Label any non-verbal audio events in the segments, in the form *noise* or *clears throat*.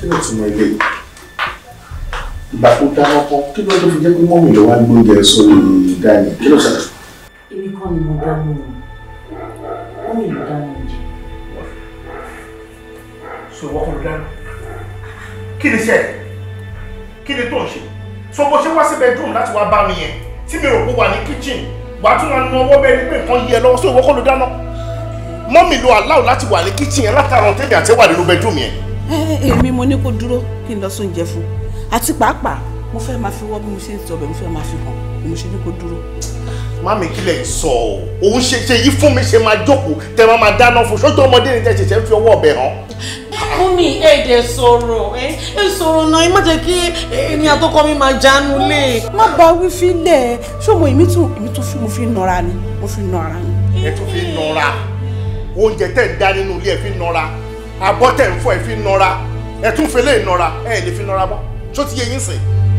kí ló túmọ̀ ilé ìgbà tó dáná kọ́ kí ló tó fi jẹ́ pé mọ́mì ló wá gbóúnjẹ sórí dání kí ló ṣẹlẹ̀. èmi kọ́ ni mo dáná o mọ́mì ló dáná oúnjẹ. sọ wọ́n kọ́ ló dáná kí ni iṣẹ́ kí ni tó ń ṣe sọ bó ṣe wá sí bedroom láti wá bá mi yẹn tí mi rò pé wà ní kitchen wà á tún wá nu ọwọ́ bẹ́ẹ̀ ni pé nǹkan yẹ lọ́wọ́ sọ ìwọ́kọ́ ló dáná mọ́mì ló aláwọ̀ láti wà ní kitchen yẹn látara ọ̀tẹ́lẹ̀ àtẹ́wà nínú bedroom yẹn. Eh, èmi mo ní kó dúró kí n lọ sóúnjẹ fún àti pàápàá mo fẹ́ máa fi wọ́ bí mo ṣe ń sọ mo fẹ́ máa fi hàn bí mo ṣe ní kó dúró. Mami kí lẹ̀ ń sọ o, òun ṣe ṣe yí fún mi ṣe máa jókòó tẹ máa máa dáná fún ṣọ́jọ́ ọmọdé ni tẹ̀sẹ̀ ṣe ń fi ọwọ́ ọbẹ̀ hàn. Mumi èdè sọ̀rọ̀ ẹ sọ̀rọ̀ náà ẹ má jẹ́ kí èmi àtọkọ mi máa jánu lé. Má bá wí fi lẹ̀ ṣọ́mọ èmi tún èmi tún fi mo fi nọra ni mo fi nọra ni. Ẹ tún fi nọra oúnjẹ tẹ̀ abọ́tẹ̀ ń fọ ẹ fi nọra ẹ tún fẹlẹ́ ìnọra ẹ lè fi nọra mọ́ tó ti yẹ yín sìn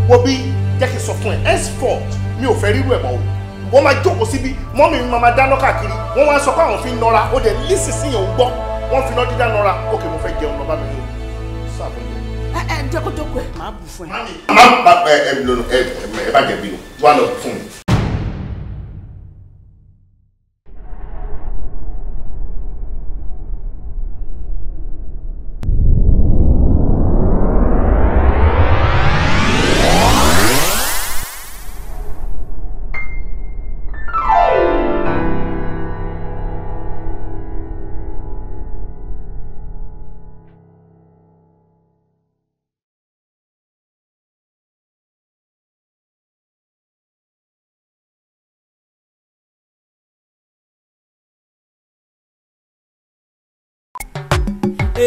wo bí jẹ́ kí n sọ fún ẹ henceforth mi ò fẹ́ rírú ẹ̀ mọ́ o wọ́n máa jókòó síbi mọ́mì mi máa dáná káàkiri wọ́n wá sọ pé àwọn fi nọra ó dẹ̀ lísì sí yẹn ò gbọ́ wọ́n fi iná dídá nọra ókè mo fẹ́ jẹun lọ́ba mi ní sàbẹ̀lẹ̀. ẹ ẹ jẹ́ kó jókòó ẹ̀ máa bù fún ẹ.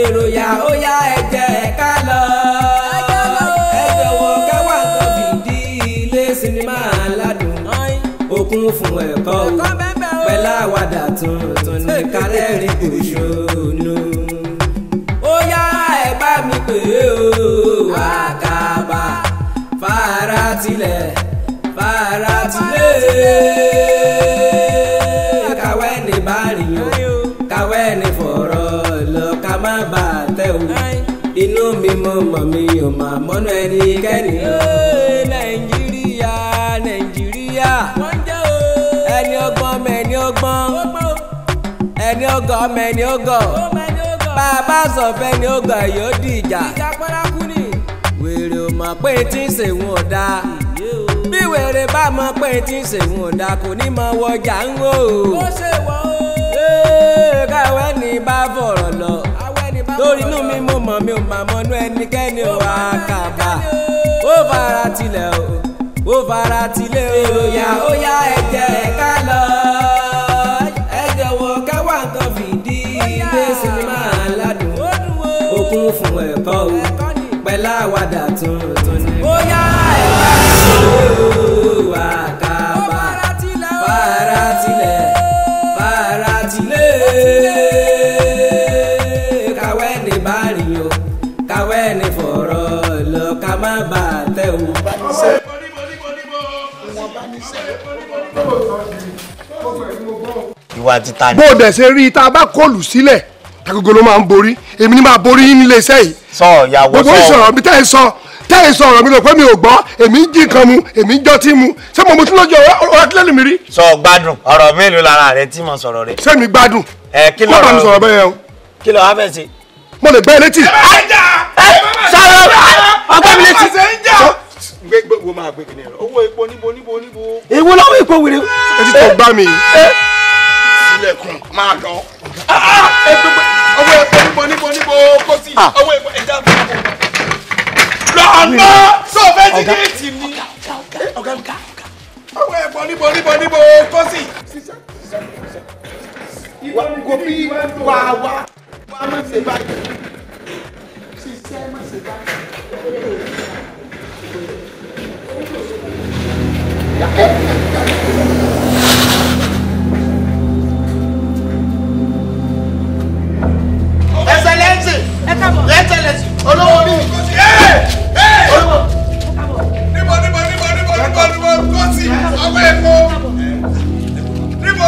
èrò yá ó yá ẹ̀jẹ̀ ká lọ. ẹ̀jẹ̀ wọ káwá nǹkan fìdí ilé sinimá aládùn Okun fún ẹ̀kọ́ o pẹ̀lú àwàdà tuntun ní kárẹ́rìn kò ṣonú. ó yá ẹ bá mi pè é o àkàbà fara tilẹ̀ fara tilẹ̀. mi mo mọ̀ mi ò mà mọ́nà ẹnikẹ́ni. nàìjíríà nàìjíríà ẹni ọgbọ́n ọmọ ẹni ọgbọ́n ẹni ọgọ́ ọmọ ẹni ọgọ́ bá a bá sọ fẹ́ ni ọgọ́ yóò di ìjà. wèrè ò mọ̀ pé tí ń ṣèwọ̀n ọ̀dà bí wèrè bá mọ̀ pé tí ń ṣèwọ̀n ọ̀dà kò ní mọ̀ wọjà ń wò. ó ṣèwọ̀ o. ni bá fọ̀rọ̀ lọ torí inú mi mo mọ̀ mi ò mà mọ́nú ẹnikẹ́ni ò àkàbà ó fara tilẹ̀ o ó fara tilẹ̀ o. èròyà ó yá ẹ̀jẹ̀ ká lọ ẹ̀jẹ̀ wọ káwá nǹkan fìdí ilé sinimá aládùn òkun fún ẹ̀kọ́ o pẹ̀lú àwàdà tuntun ni. ó yá ẹ̀jẹ̀ lọ. ìwà títa ni. bó o dẹ̀ ṣe rí i tá a bá kọlù sílẹ̀ tagogo ló máa ń borí èmi ni máa borí yín nílé iṣẹ́ yìí. sọ ìyàwó sọ gbogbo ìṣòro mi tẹ́ sọ tẹ́ ẹ mi lọ pé mi ò gbọ́ èmi ń jí kan mu èmi ń jọtí mu ṣé mo mutí lójú ọ̀rọ̀ akílẹ̀ lèmi rí. sọ gbádùn ọ̀rọ̀ mélòó lára rẹ tí mo sọ̀rọ̀ rẹ. sẹ́mi gbádùn kó bá mi sọ̀rọ̀ bẹ́ẹ̀ o. kí ló wá fẹ́ ṣe. mo lè gbẹ́ ẹ létí. sọ̀rọ̀ ọgbẹ́ mi létí. gbogbo máa gbé kìnìún owó epo níbo níbo níbo. èwo láwọn epo wèrè. ẹ ti tọ́ gbá mi ilẹ̀kùn máa lọ. Ah, ah, ah, ọwọ́ ẹ̀fọ́ níbo níbo níbo kó sí ọwọ́ ẹ̀fọ́ ẹ̀dá mi. lọ́nà sọ fẹ́ ti géètì mi. ọwọ́ ẹ̀fọ́ níbo níbo níbo kó sí. gòbí wà wá wà má ṣe báyìí. má ṣe báyìí. Yeah. yẹ tẹlẹ sí olówó mi. olówó. níbo níbo níbo níbo níbo níbo tó sì ọwọ́ epo. níbo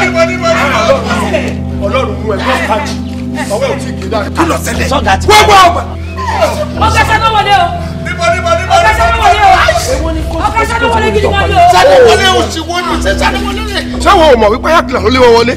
níbo níbo níbo níbo. ọlọ́run mú ẹgbẹ́ pàjì ọwọ́ ò tí kì í dáa. kí ló ṣẹlẹ̀ gbogbo ọgbà. ọgbà sẹ́nu wọlé o. níbo níbo níbo níbo ọkọ sanu wọlé gidi ma ni o. sanu wọlé o ti wọlé o ti sanu wọlé. sáwọn ò mọ̀ wípé ayakilá ló lé wọn wọlé.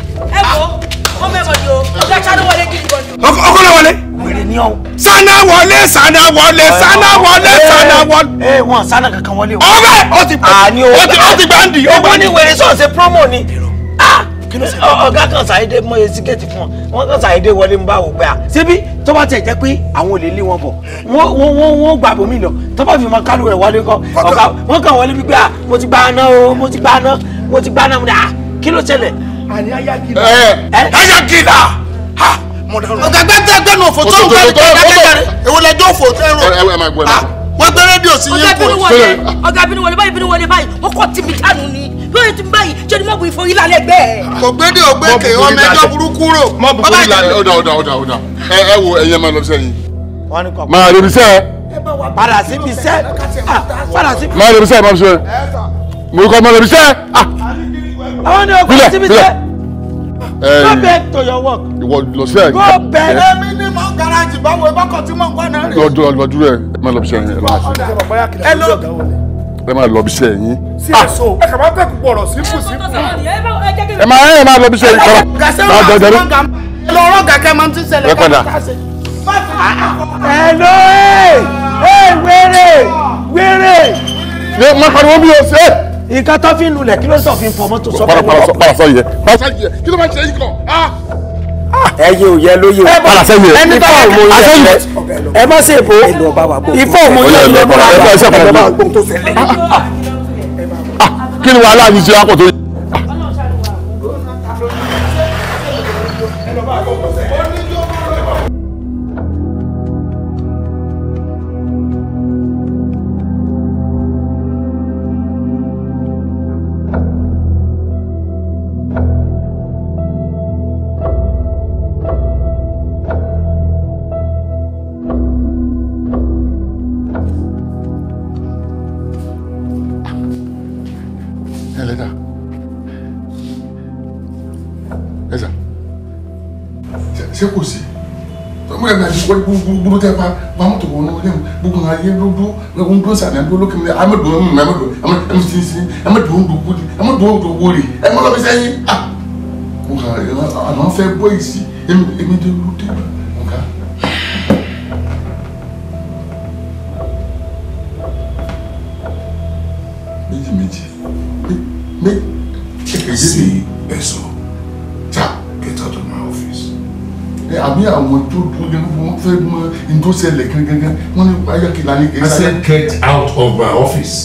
ọkọlọ wọlé. sanna wọlé sanna wọlé sanna wọlé sanna eh, wọlé. ee eh, wọn sanna kankan wọlé o. ọbẹ ah, o ti o ti gbandi o gbandi. ewu ni wèrè sọ̀rọ̀ ṣe promo ni ah, ọ̀gá kan ṣàyédé mọ esi gẹ̀ẹ́tì fún ọ wọn kan ṣàyédé wọlé ń bá wò pé à. Ah, síbí tó bá tẹ̀ jẹ́ pé àwọn olè lé wọn bọ̀ wọ́n wọ́n wọ́n gba àbòmí lọ tó bá fi mọ kálù rẹ̀ wọlé kọ́ ọ̀gá wọn kàn wọlé wípé à mo ti gba aná o mo ti gba aná mo ti gba aná mo ni à kí ló ṣẹlẹ̀ àní ayagila. Eh, eh. eh. ayagila ha ọ̀gágbá tẹ gbẹ́nu òfò tó ń gbẹ́ kẹ́kẹ́rẹ́ èwo lẹjọ́ òfò tẹ rọ wọ́n gbé rédíò sí yín kù. ọ̀gá bínú wọlé báyìí bínú wọlé báyìí ó kọ́ tìmí kánú ni lóye tí n báyìí ṣe ni mọ̀bù ìfọyín lálẹ́ gbẹ́ ẹ̀. kò gbédè ògbé kè ọmọ ẹjọ́ burúkú rò. mọ̀bù ìfọyín lálẹ́ ọ̀dà ọ̀dà ọ̀dà ọ̀dà ẹ ẹ wo ẹyẹ máa lọ sí ẹyin. máa lè bisẹ́. padà sí bisẹ́. padà sí bisẹ́. máa lè bisẹ́ máa bisẹ́. mo kọ́ máa lè bisẹ́ àwọn ni ọkọ go back to your work. ìwọ lọ sí àyè. go back. èmi ní mọ garaji báwo ẹ bá kọ tí mò ń gbọ́nà rẹ̀. lọ́dọ̀ lọ́dọ̀ rẹ̀ ẹ máa lọ bí sẹ́yìn ẹ máa ẹ máa lọ bí sẹ́yìn. Ah! ẹ kà máa bẹ̀kú gbọ̀rọ̀ sípò sípò. ẹ máa ẹ máa lọ bí sẹ́yìn kọ́. lọ rọ gàkẹ́ máa ń tún ṣẹlẹ̀ káàkiri. ẹ ló ẹ ẹ wéré wéré. ní mọ́kànlélógún yóò ṣe é nǹkan tó fi ń lulẹ̀ kí ló sọ fi ń fọ mọ́tò sọ fún mi. parasọ yẹ parasọ yẹ kí ló máa ṣe yìí kan ẹyẹ o. yẹ lóye o parasẹ yẹ ẹni tó wà mọ yẹ ẹ má ṣe bò ifọ̀ mọ yẹ ìlú ọba wa ah! kí ni wàhálà yìí ṣe wá kò tẹ pa mamutu wọn ní wọlé mu gbogbo nǹkan ayé ló dún lọ́wọ́ ń dún sàmì àdúró lókè mi àmì dùn ún àmì dùn àmì àmì sí sí àmì dùn ún dùn kúrì àmì dùn ún dùn kúrì ẹ mọ́ lọ́bi sẹ́yìn ah àná fẹ́ bọ́ ìsì èmi èmi dé ṣẹlẹ̀ gangan wọ́n ní ayọ́kẹ́lá ní gẹ̀ẹ́sì. I said get out of my office.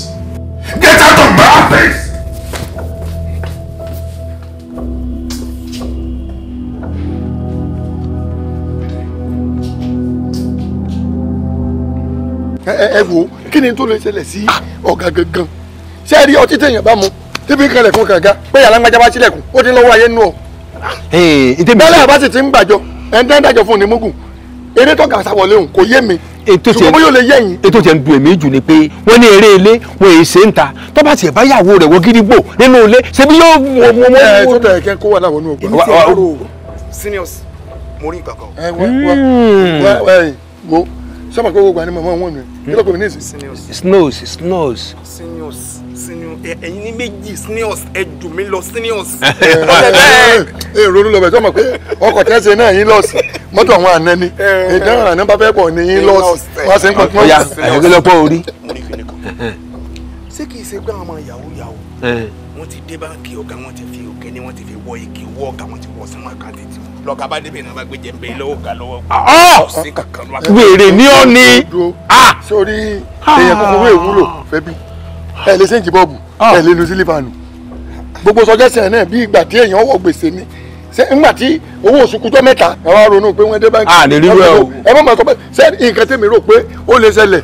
Get out of my office. ẹ wo kí ni tó lè ṣẹlẹ̀ sí ọ̀gá gangan ṣé ẹ rí ọtí téèyàn bá mu tíbi kan lẹ̀kùn kànga pé yàrá bá sílẹ̀kùn ó ti lọ́wọ́ ayé nù ọ́. bẹ́lẹ̀ àbá sì ti ń gbàjọ ẹ̀ ń dáńdájọ fún un ní mugun eré tọ́ka sáwọlé òun kò yé mi ṣùgbọ́n yóò lè yẹ yín. ètò tiẹ̀ ń dùn èmi jù ni pé wọ́n ní eré ilé wọ́n èyí ṣe ń ta tó bá tiẹ̀ báyàwó rẹ̀ wọ́n gidi gbò nínú ilé ṣebí yóò wọ wọ wọ. ẹ tó tẹ kẹ kó wà láwọn inú ògbà. seniors mo rí ìgbà kan. ẹ wọ hmm. ẹ wo sábà kó gbogbo àní màmá wọn mi kí ló pè mí ní ìsìn. snows snows. seniors senior ẹ̀yin ní méjì seniors ẹ jù mí lọ seniors. *laughs* ẹ ronú lọ bẹ sọ ma pé ọkọ tẹsẹ náà yín lọ sí mọ́tò àwọn àná ni ìdáhùn àná bá fẹ́ pọ̀ ní yín lọ sí wá sí pọpọ. ọ̀ya àyẹ̀kẹ́lẹ́ pọ̀ orí. ṣé kìí ṣe pé àwọn ọmọ yahoo yahoo wọ́n ti dé báńkì ọ̀gá wọ́n ti fi òkè ni wọ́n ti fi wọ ike wọ ọ̀gá wọ́n ti wọ sínú àkáǹtì tí wọ́n lọ́ọ́ ká bá débẹ̀ náà bá gbé jẹ́ nbẹ̀ lọ́wọ́ ọ̀gá lọ́wọ́ ọ̀sìn ah, ah! ah, kankan lọ́wọ́. wèrè ni ó ní. sórí èèyàn kúkúrú èwúlò fẹ́ bí ẹ lè ṣe ń jìbọ̀bù ah. ẹ lè lu sílífà nù gbogbo sọjẹsẹ náà bí ìgbà tí èèyàn wọ gbèsè ni nígbà tí owó oṣù kújọ mẹ́ta ẹ wá ronú pé wọn dé báńkì à ah, lè rí rẹ o ẹ má máa sọ pé ṣé nǹkan tèmi rò pé ó lè ṣẹlẹ̀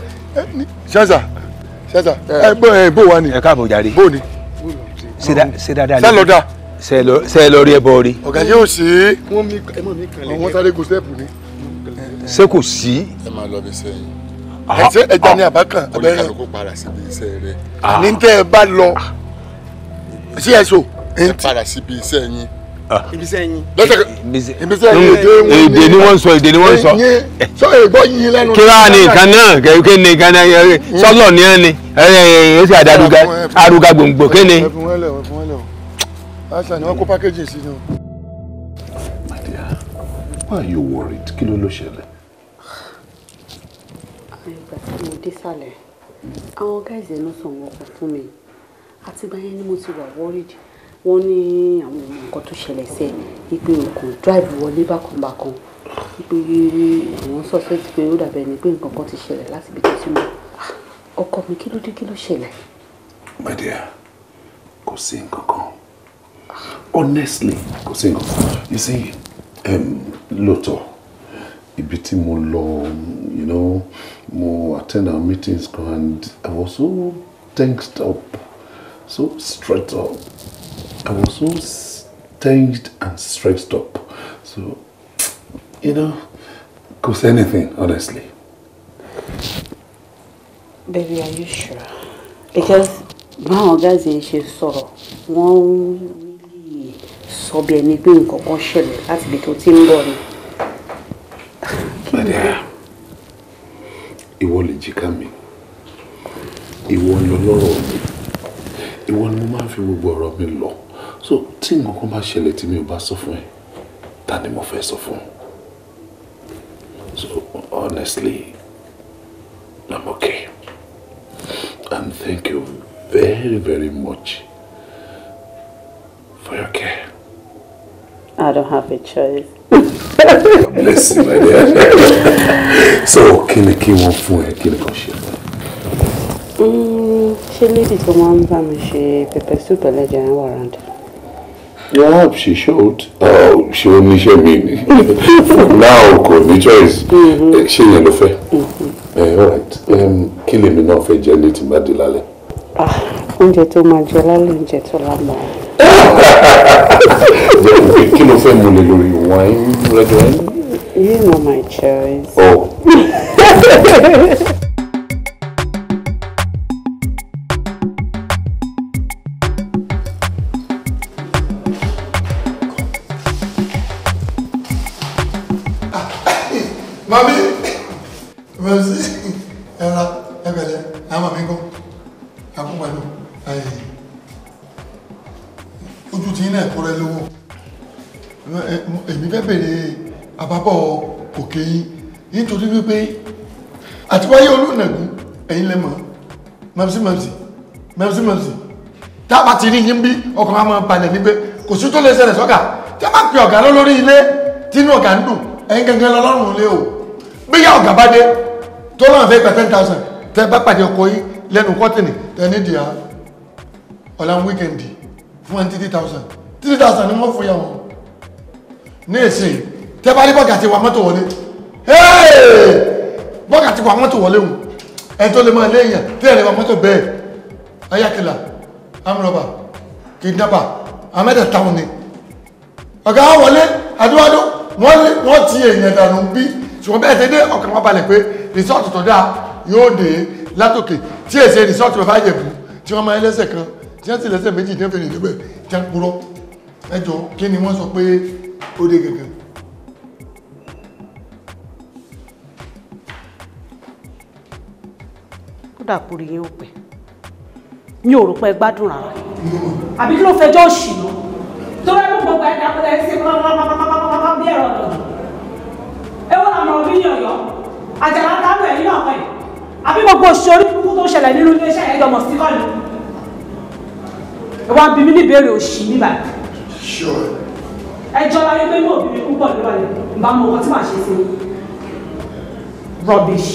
ṣẹṣà ṣẹṣà eh. ẹ bó ẹ bó wa ni. ẹ káàbọ̀ jàre bó ni. ṣe dáadáa ni sẹlọ da. sẹlọ rí ẹ bọ rí. ọ̀gá yóò ṣe é. wọ́n sáré go step ni. ṣé kò sí. ẹ máa lọ bí sẹ́yìn àti ẹja ní àbákan ah. abẹ́rẹ́. oníkàlùkù padà ah. ẹ bá lọ sí ah. ẹ̀sọ́. ẹ padà síbi yín. ibi iṣẹ́ yín. ibi iṣẹ́ yín èdè ni wọ́n sọ èdè ni wọ́n sọ. sọ ègbó yín lẹ́nu. kíra ni nǹkan náà kí ni nǹkan náà sọ́lọ̀ ni ẹ ẹ ẹ ṣe àdàrúgà àrùgà gbòǹgbò kí ni. ni wọn kó pákéjì sí ni o. Why are you worried? kí ló ló ṣẹlẹ̀? mo dé àwọn guys ẹ̀ náà sàn wọ́pọ̀ fún mi àtìgbà yẹn ni mo ti wà worried wọ́n ní àwọn nǹkan tó ṣẹlẹ̀ sẹ́ ipe òkú drive wọlé bákanbákan ipe àwọn sọ́sẹ́tì pé ó dàbẹ̀ ni pé nǹkan kan ti ṣẹlẹ̀ láti ibi tó ti mọ̀ ah, ọkọ mi kí ló dé kí ló ṣẹlẹ̀. my dear kò sí nǹkan kan honestly kò sí nǹkan kan you see um, lóòótọ́ ibi tí mo lọ you know, More attend our meetings and I was so tensed up, so stressed up. I was so tensed and stressed up. So, you know, cause anything, honestly. Baby, are you sure? Because my guys yẹn ṣe sọ̀rọ̀, wọ́n ń sọ bí ẹni pé nǹkan kan ṣẹlẹ̀ láti ibi tó ti ìwọ lè jìkà mi ìwọ ni ọlọ́rọ̀ mi ìwọ ni mo máa ń fi gbogbo ọ̀rọ̀ mi lọ so tí nǹkan kan bá ṣẹlẹ̀ tí mi ò bá sọ fún ẹ ta ni mo fẹ́ sọ fún so honestly I'm okay and thank you very very much for your care. I don't have a choice bless you my dear so kí ni kí wọ́n fún ẹ kí ni kò ṣe fún mm, ẹ. ṣé lady tó máa ń bá mi soup ẹlẹ́jà ẹ̀ wà yeah she showed Oh, she only showed me. for now kò ní choice mm-hmm. eh, ṣé yẹn no fair. all right Um, lèmi me no fair. létí bá dé lálẹ́. Ah, oúnjẹ tó máa jẹ lálẹ́ oúnjẹ tó lágbà. *laughs* kí ló fẹ́ mu lè lórí wine red wine. you know my choice. Oh. Mami, merci. Elle là, elle est là. Ah, mami, go. náà kọ́ rẹ lọ́wọ́ èmi fẹ́ bèrè àbábọ̀ òkè yín nítorí wípé àtiwáyé olóònàgún ẹ̀yin lẹ́mọ̀ mẹ́mísí mẹ́mísí mẹ́mísí mẹ́mísí dábàá ti rí yín bí ọkàn wa máa balẹ̀ ní pé kò sí tó lè ṣẹlẹ̀ sọ́gà tí a bá pe ọ̀gá lórí ilé tínú ọ̀gá ń dùn ẹ̀yin gangan lọ́lọ́run lé o bíyà ọ̀gá bá dé tó lọ́n fẹ́ gba ten thousand tẹ bá pàdé ọkọ yín lẹ́nu kọ́tìnì tẹ nídìí ọ̀la wíkẹ̀ndì fún ẹni títí thousand three thousand ni wọ́n fún yà wọ́n ní èsì tẹ́ bá rí bọ́gà ti wà mọ́tò wọlé bọ́gà ti wà mọ́tò wọlé wọn ẹ̀ tó lè máa lé èèyàn tí ẹ̀ lè wà mọ́tò bẹ́ẹ̀ ayákìlá amúrọ̀bà kidnapper amẹ́tẹ̀ táwọn ni ọ̀gá wọlé adúwádó wọ́n lé wọ́n ti èèyàn dànù bí ṣùgbọ́n bẹ́ẹ̀ tẹ́ dé ọkàn wọn balẹ̀ pé rìsọ́ọ̀tù tó dáa yóò dé látòkè tí èsì rìsọ́ọ̀tù bàbá yẹ̀bù tí wọ́n máa lẹ́sẹ̀ kan tí wọ́n sì lẹ́sẹ̀ méjì tí wọ́n fi rìn níbẹ̀ tí wọ́n purọ́ ẹjọ́ kí ni wọ́n sọ pé ó dé gẹ̀gẹ̀ ó dàpọ̀ rí yín ó pẹ́ mi ò rò pé gbádùn rárá àbí kí ló fẹjọ́ òṣì lọ tó bá gbogbo ọgbà ẹ̀dá pẹ̀lú ẹ̀sìn pápápápápápápá bí ẹ̀rọ ọ̀dọ̀ ẹ wọ́n làmọ̀ ọ̀bí ní ọ̀yọ́ àjàlá dábọ̀ ẹ̀yìn náà pẹ̀ àbí gbogbo òṣèré kúkú tó ṣẹlẹ̀ nínú iléeṣẹ́ ẹ̀dọ̀mọ̀ sí kọ́ni ẹ wá bí mi ní ìbéèrè òṣì níbàdí ẹ jọba wípé mo bí mi púpọ̀ níwájú bá mọ ọkọ tí màá ṣe sí rubbish.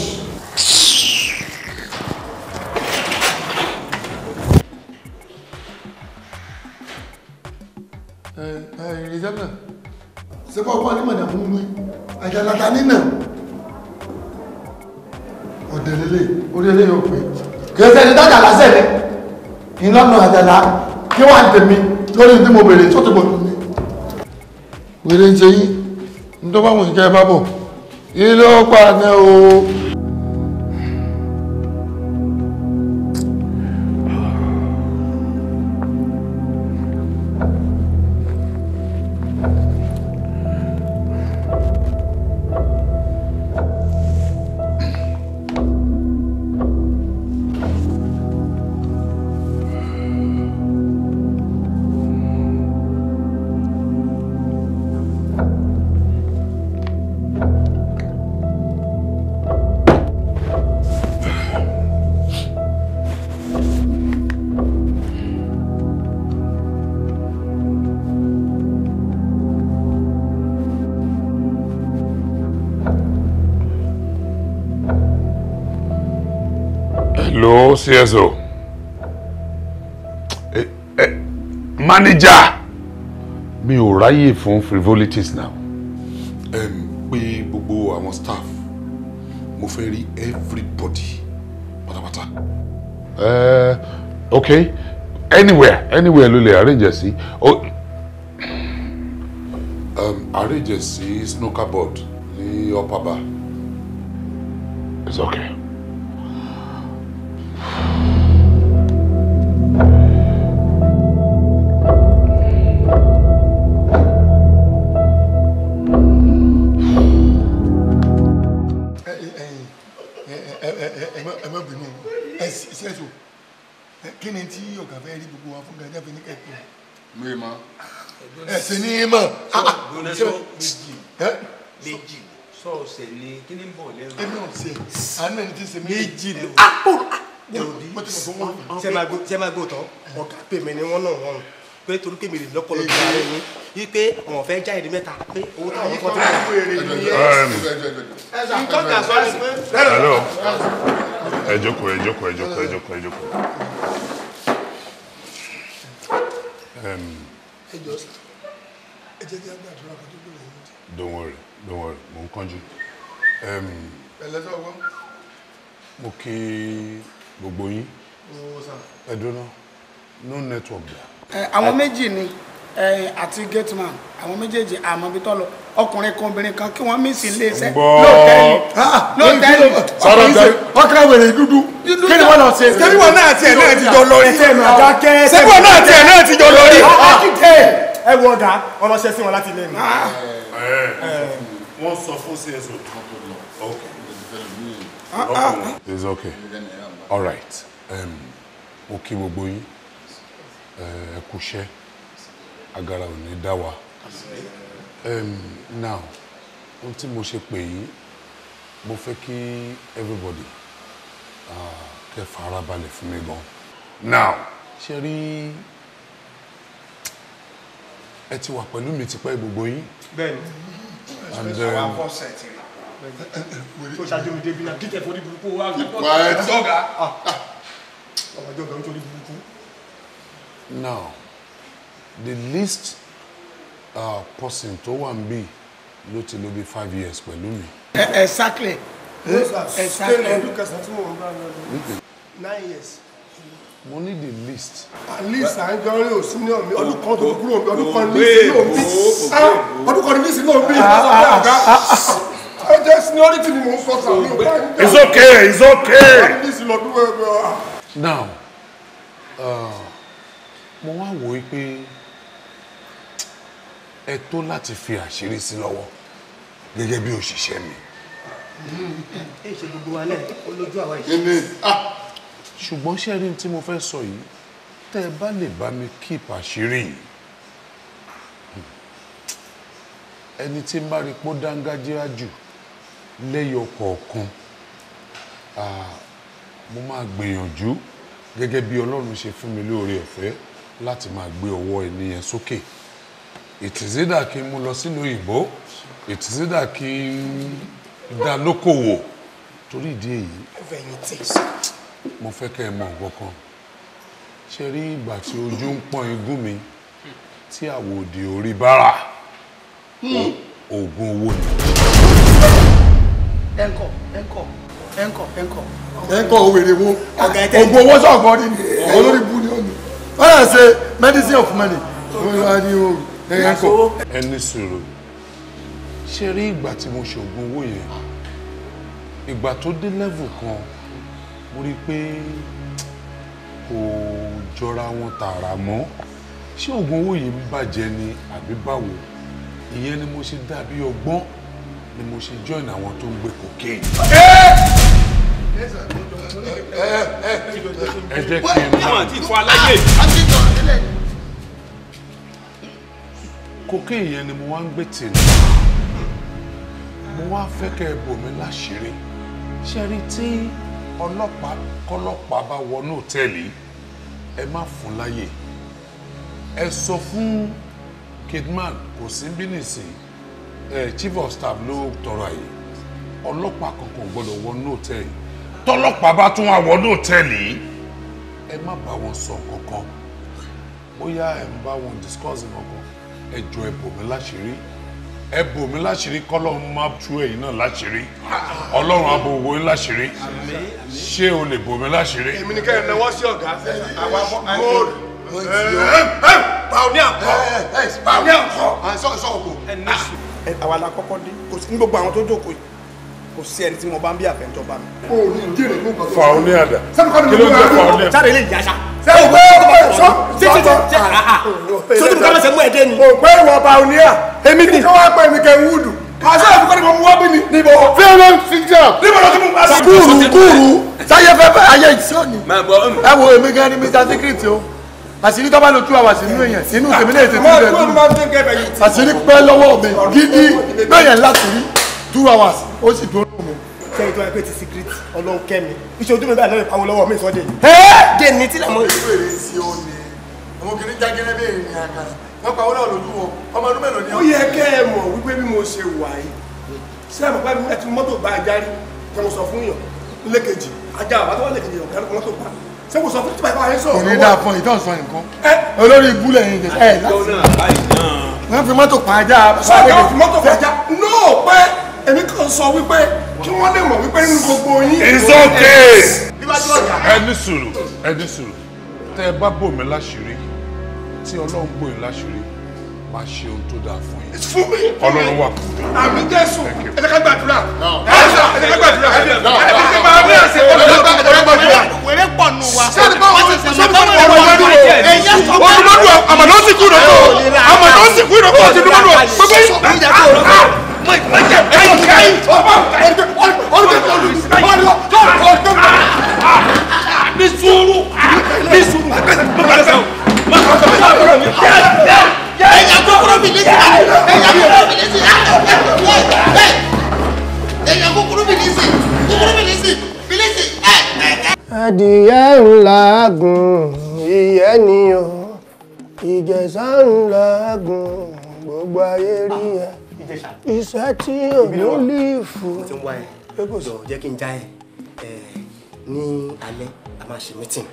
Elizabeth ṣe kọ́ ọkọ anímọ̀ náà mú mi àjàlàta nínà ọ̀dẹ̀lélẹ̀ orí eléyìí ò pé kìí ṣe ẹni dájà lásẹ̀ rẹ̀ ìlànà àjàlà kí wà ní tèmi lórí tí mo bèrè tó ti bò ní. wèrè ń ṣe yín ní tó bá wù ní ẹ bá bọ̀ ilé ó pàdé o. serious o eh, eh, manager mi ò ráyè fún frivolities now. Um, pé gbogbo àwọn staff mo fẹ́ rí everybody pátápátá. Uh, ok anywhere anywhere ló lè arrange sí. Oh. Um, arrange sí snooker board ní upper bar. it's okay. sì ní í mọ̀. méjì ni kí ni bọ̀ lẹ́nu. èmi ò ṣe ni. ṣé máa gbó pèmí ni wọ́n náà wọ́n pé torí pé mi lè lọ́pọ̀ ara yín yí pé fẹ́ já ìdí mẹ́ta pé owó táwọn kọ́ tó wà. nǹkan kan sọ ni pé. hello ẹ jókòó ẹ jókòó ẹ jókòó ẹ jókòó ẹ jókòó ẹ jẹ́ kí á gbàdúrà kan tó bẹ̀rẹ̀ yìí. don't worry don't worry mo ń kánjú. pẹ̀lẹ́ sọ wọ́n. mo kí gbogbo yín. ẹ dúró no network bla. àwọn méjì ni àti gateman àwọn méjèèjì àmọ́ bí tọ́lọ ọkùnrin kan obìnrin kan kí wọ́n mí sí ilé iṣẹ́ lóòtẹ́ẹ̀lì ah, ah, lóòtẹ́ẹ̀lì ọkùnrin wèrè dúdú kí ni wọ́n lọ ṣe ṣé bí wọn náà tiẹ̀ náà ti jọ lọ rí ṣé bí wọn náà tiẹ̀ náà ti jọ lọ rí. Ah, ẹ wo ọ̀gá ọlọ́ṣẹ́ sí wọn láti ilé mi. Ah. Eh, eh. Eh, wọ́n sọ fún cso okay ah, ah. it's okay all right mo kí gbogbo yín ẹ kúṣẹ́ agara ò ní dá wa now ohun tí mo ṣe pè yín mo fẹ́ kí everybody kẹ́ farabalẹ̀ fún mi gan now ṣe rí ẹ ti wà pẹ̀lú mi tipẹ́ gbogbo yín. bẹ́ẹ̀ni àwọn afọ́sẹ̀ ti rí tó ṣáájú mi débi náà dídẹ̀ fún oníburúkú wa ọ̀gá ah, ah. ọmọdé ọ̀gá nítorí burúkú. now the least uh, person tó wà ń bì ló ti lò bí five years pẹ̀lú mi. Eh, exactly. Eh, exactly. nine years mo need a list. at least à ń gbọ́ òsín ní ọ̀mí ọdún kan tó kúrò ọ̀mí ọdún kan ní list ló ń bí ọdún kan ní list ló ń bí ọ̀gá ẹjẹ seniority ni mo ń sọ sàmì ọ̀gá. it's okay it's okay. list lọ́dún ẹgbẹ́. now uh, mo wá wò ó pé ẹ tó láti fi àṣírí sí lọ́wọ́ gẹ́gẹ́ bí òṣìṣẹ́ mi. ẹ ṣe gbogbo wa náà olójú àwa ìṣe ṣùgbọ́n ṣẹ́rin tí mo fẹ́ sọ yìí tẹ́ ẹ bá lè bá mi kíp àṣírí yìí ẹni tí ń bá rí pó dángájíá jù lẹ́yọ kọ̀ọ̀kan mo máa gbìyànjú gẹ́gẹ́ bí Ọlọ́run ṣe fún mi lóore ọ̀fẹ́ láti máa gbé ọwọ́ ẹni yẹn sókè ìtìsídà kí n mú lọ sílùú òyìnbó ìtìsídà kí n dá lókòwò torí ìdí èyí. ẹ fẹ̀yìntì mo fẹ́ kẹ́ ẹ mọ nǹkan kan ṣe rí ìgbà tí ojú ń pọ́n igún mi tí àwòdì orí bára oògùn owó ni. ẹnkọ ẹnkọ ẹnkọ ẹnkọ. ẹnkọ òwèrè wo oògùn owó sọ̀gbọ́n ni olórí bú ni ó ní. wọ́n yà ṣe medicine of money ẹni sùúrù ṣe rí ìgbà tí mo ṣògùn owó yẹn ìgbà tó dé level kan mo rí i pé kò jọra wọn tààrà mọ́ ṣé oògùn owó yìí ń bàjẹ́ ni àbí báwo ìyẹn ni mo ṣe dàbí ọgbọ́n ni mo ṣe join àwọn tó ń gbé cocaine. ẹ jẹ́ kí n mọ̀ ah, ah, ah, cocaine yẹn ni mo wá ń gbé tèmi mo wá fẹ́ kẹ́ ẹ bò mí láṣìírí ṣe rí tí ọlọ́pàá kọ́lọ́pàá bá wọnú òtẹ́ẹ̀lì ẹ má fún láyè ẹ sọ fún kidman kò sí bínìsì ẹ chief of staff ló tọrọ àyè ọlọ́pàá kankan gbọ́dọ̀ wọnú òtẹ́ẹ̀lì tọ́lọ́pàá bá tún wà wọnú òtẹ́ẹ̀lì ẹ má bá wọn sọ kankan bóyá ẹ ń bá wọn discuss nǹkan ẹ jọ ẹ bò mí láṣìírí ẹ bò mí láṣìírí kọ́lọ́run má tú ẹ̀yin náà láṣìírí ọlọ́run abòwò yín láṣìírí ṣé o lè bò mí láṣìírí. èmi ni kẹ́hìn náwó sí ọ̀gá àwọn gold báwọnì àkọ́ báwọnì àkọ́ àìsàn ìṣọ́ òkò. Ah. àwa la kọ́kọ́ dé kò sí ní gbogbo àwọn tó jókòó yìí kò sí ẹni tí mo bá ń bí àfẹ́ntọ́ bá mi. o ò ní ìdí rẹ̀ ló ń kọ́ tó. fa àdá kí ló ń jẹ́ fa oní àdá ẹ ò gbé ọkọ ẹ̀ṣọ́ títí tí sọtí mo kábọ̀ sẹ́ mú ẹ̀dẹ́ ni. o gbé ìwọ ọba òní à èmi ni. kí wọ́n pè mí kẹ́ wúdù. àṣà ìfúkọ́ ni mo mú wábí ni. níbo fẹ́rẹ́ fíjà. níbo ló ti mú pàṣẹ. kúrú kúrú sáyé fẹ́fẹ́ ayé ìsọ́ni. Um. ẹ wo èmi gan ni Mr Secret o àṣírí tó bá lo two hours nínú èèyàn inú tèmi náà ètò ìbẹ̀rẹ̀ dùn àṣírí pẹ́ lọ́wọ́ mi gidi bẹ́ẹ̀ yẹn láti rí two hours ó sì dúró nù mí ṣe ètò ẹgbẹ́ ti secret ọlọ́run kẹ́mi iṣẹ́ ojú mi báyìí lọ́yẹ̀ pawọ́ lọ́wọ́ mi sọ́dẹ̀. dé ní tí làwọn. ìwé rẹ̀ sí ọ ni àwọn kìíní jágẹ́rẹ́ bẹ́ẹ̀ ni àga wọ́n pawọ́ lọ́wọ́ lójú wọn ọmọ ọdún mẹ́rin ni. ó yẹ kẹ́ ẹ mọ̀ wípé bí mo ṣe wà yìí ṣé àmọ́ mi ti mọ́tò bá a járí kí wọ́n sọ fún yàn lẹ́kẹ̀jì ajá àwọn lẹ́kẹ̀jì ọ̀gá èmi kàn sọ wípé kí wọ́n lè mọ̀ wípé nínú gbogbo yín. it's okay. ẹni sùúrù ẹni sùúrù tẹ ẹ bá bò láṣìírí tí ọlọ́run bò láṣìírí máa ṣe ohun tó dáa fún yín. fún mi. ọlọ́run wà fún mi. àmì jésù ẹ jẹ́ ká gbàdúrà ẹ jẹ́ ká gbàdúrà ẹ ká gbàdúrà ẹ ká gbàdúrà. wèrè pọ̀ nù wa. sẹ́ni bá wọn ṣe sọ́ni bá wọn wọ́n lọ́dún o wọ́n lọ́dún o àmọ̀ lọ́sìkú ìdókòwò àmọ̀ lọ́sìkú ìdókòwò ti dúró lọ́dún o gbogbo yìí ní sùúrù ní sùúrù ẹ̀yà kúkúrú mi adìyẹ ńlá gùn ìyẹ́ ni o ìjẹ̀ṣà ńlá gùn gbogbo ayé rí ẹ ìṣẹ́ tí òní líìfù. mo ti ń wá ẹ lọ jẹ́ kí n já ẹ ní alẹ́ a máa ṣe mítìn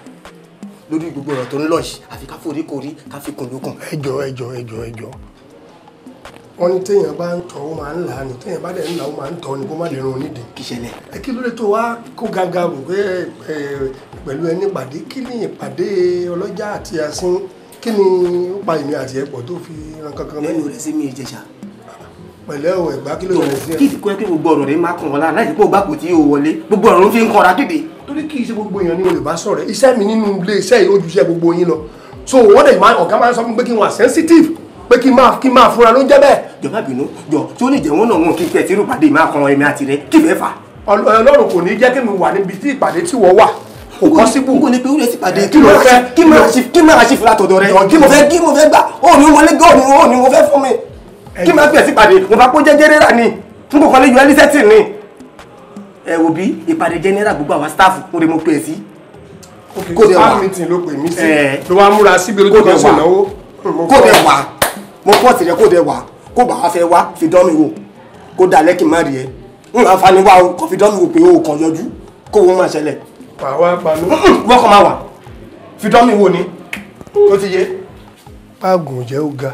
lórí gbogbo ọ̀rọ̀ tó ń lọ yìí àfi ká foríkorí ká fi kùn lókun. ẹjọ ẹjọ ẹjọ ẹjọ wọn ní téèyàn bá ń tọ ó máa ń là á ní téèyàn bá dẹ̀ ń là ó máa ń tọ ni kó má lè rún onídìí. kí ṣẹlẹ̀. ẹ kí ló dé tó wá kó gàgà rò pé ẹ pẹ̀lú ẹni pàdé kí ni ìpàdé ọlọ́jà àti asín kí ni ó pa èmi àti ẹ̀pọ̀ tó fi ran kankan mẹ́rin. lẹ́yìn rẹ̀ sí mi ìjẹ̀ṣà pẹ̀lẹ́ ò ẹ̀gbá kí ló yẹ sí ẹ. kí ìsìnkú ẹ pé gbogbo ọ̀rọ̀ rẹ máa kàn wọ́n lára láì sí pé ògbà kò tí yóò wọlé gbogbo ọ̀rọ̀ ló fi ń kọ́ra dìde. torí kì í ṣe gbogbo èèyàn ni olùbá sọ̀rọ̀ iṣẹ́ mi nínú ilé iṣẹ́ yìí ó ju iṣẹ́ gbogbo yín lọ so wọ́n dẹ̀ máa ọ̀gá máa ń sọ fún kí sensitive pé kí n máa kí n máa fúnra ló ń jẹ́ bẹ́ẹ̀. jọba bínú jọ tí ó lè jẹ wọn náà wọn kí n tẹ̀sí ìrùpàdé máa kan ẹ̀mí àti rẹ kí fẹ́ẹ́ fà. ọlọ́run kò ní jẹ́ kí mi wà níbi tí ìpàdé tí wọ́n wà kò kọ́ síbù. kò ní pe wúlò sí ìpàdé kí mo fẹ́ kí mo fẹ́ kí mo fẹ́ gbà ó ní wọlé gọ́ọ̀nù ó ní mo fẹ́ fún mi kí n máa fi ẹ̀sìn pàdé mo bá kó jẹ́ jẹ́nẹ́rà ni n kò kọ́ lé yọ̀ẹ́lì sẹ́tìn ni. ẹ wò bí ìpàdé jẹ́nẹ́rà gbogbo àwọn staff mo rè mo pè é sí. kò tẹ wá eh. ló wá múra síbi olójú kan sí ìnáwó. kò tẹ wá mo pọ̀ sí rẹ kò tẹ wá kó bàá fẹ́ wá fi dán mi wò kó dalẹ́ kí má rí ẹ n máa fa wá o kò fi dán mi wò pé o kàn yọjú kó o máa ṣẹlẹ̀. pàwá panu. wọ́n kàn máa wà fi dán mi wò ni ó ti yé. aagùn jẹ́ ó ga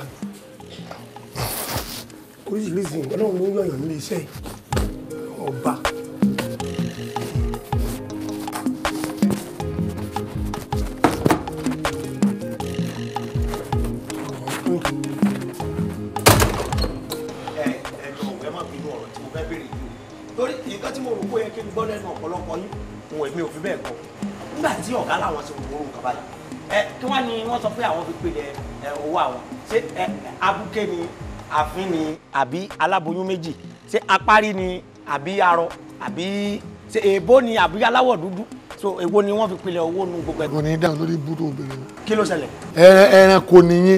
oríṣiríṣi nǹkan náà ló ń yọ̀yàn nílé iṣẹ́ ọba. torí nǹkan tí mo rò pé yẹ kí n gbọ́ lẹ́nu ọ̀pọ̀lọpọ̀ yín òun èmi ò fi bẹ́ẹ̀ kọ́ nígbà tí ọ̀gá làwọn ti wò ó nǹkan báyìí ẹ kí wọ́n ní wọ́n sọ pé àwọn fi pèlè owó àwọn ṣé abúké ni àfín ni àbí aláboyún méjì ṣé apárí ni àbí arọ àbí ṣé èèbó ni àbí aláwọ̀ dúdú so èwo ni wọ́n fi pilẹ̀ owó nu gbogbo ẹ̀. kò ní dáhùn lórí ibùdó obìnrin. kí ló ṣẹlẹ̀. ẹranko nìyí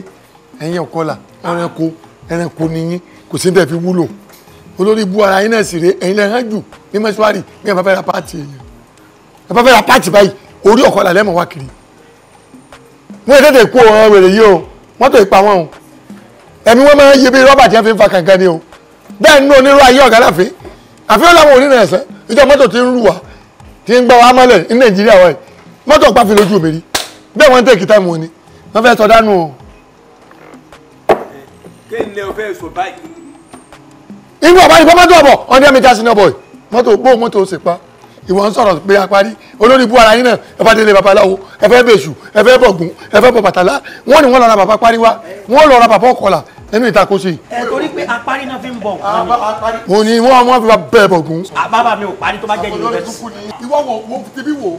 ẹ̀yin ọ̀kọ́là ẹranko ẹranko nìyí kò sí tẹ̀ fi wúlò olórí ibú ara yín náà sì rè ẹ̀yin náà hàn jù ní mọ́ṣúárì ní ẹ̀ bá fẹ́ ra pààtì èèyàn ẹ̀ bá fẹ́ ra pààtì báyìí orí ọ̀kọ́là lẹ́mọ̀ wá kiri wọ́n yẹ tètè kó ọ̀rọ̀ wèrè yìí o mọ́tò ìpa wọn o ẹ̀mí wọn máa ń yẹ bí rọ́bà tí wọ́n fi ń fa kankan ni o bẹ́ẹ̀ nínú onírú ayé ọ̀gá láfi àfihàn làwọn onínà ẹ̀sẹ̀ ìjọ mọ́tò ti ń rù wá ti ń gbọ́ wá mọ́lẹ̀ ní nàìjíríà wọ̀nyí mọ́tò pàfi lójú òmìnirí bẹ́ẹ̀ wọ́n ń tẹ̀kì táìmù òní wọ́n fẹ́ sọ dánú o. kéèlè o ìbọn mọ́tò ọ̀bọ̀ ọ̀ndẹ́ mi jásí náà bọ̀ mọ́tò gbó mọ́tò ó sì pa ìwọ ń sọ̀rọ̀ pé a parí olórí ibú ara yín náà ẹ fà délé babaláwo ẹ fẹ́ bèṣù ẹ fẹ́ bọ̀gùn ẹ fẹ́ bọ̀ bàtàlá wọ́n ní wọ́n lọ ra bàbá pariwa wọ́n lọ ra bàbá ọ̀kọ̀là nínú ìtakò sí. ẹ torí pé apárí náà fi ń bọ̀ nǹkan ah, ni. mo ní wọn wọn fi bá bẹ́ẹ̀ bọ̀ gún. bàbá ah, mi ò parí tó bá jẹ́ yunifásitì. ìwọ wọ wo ti bí wo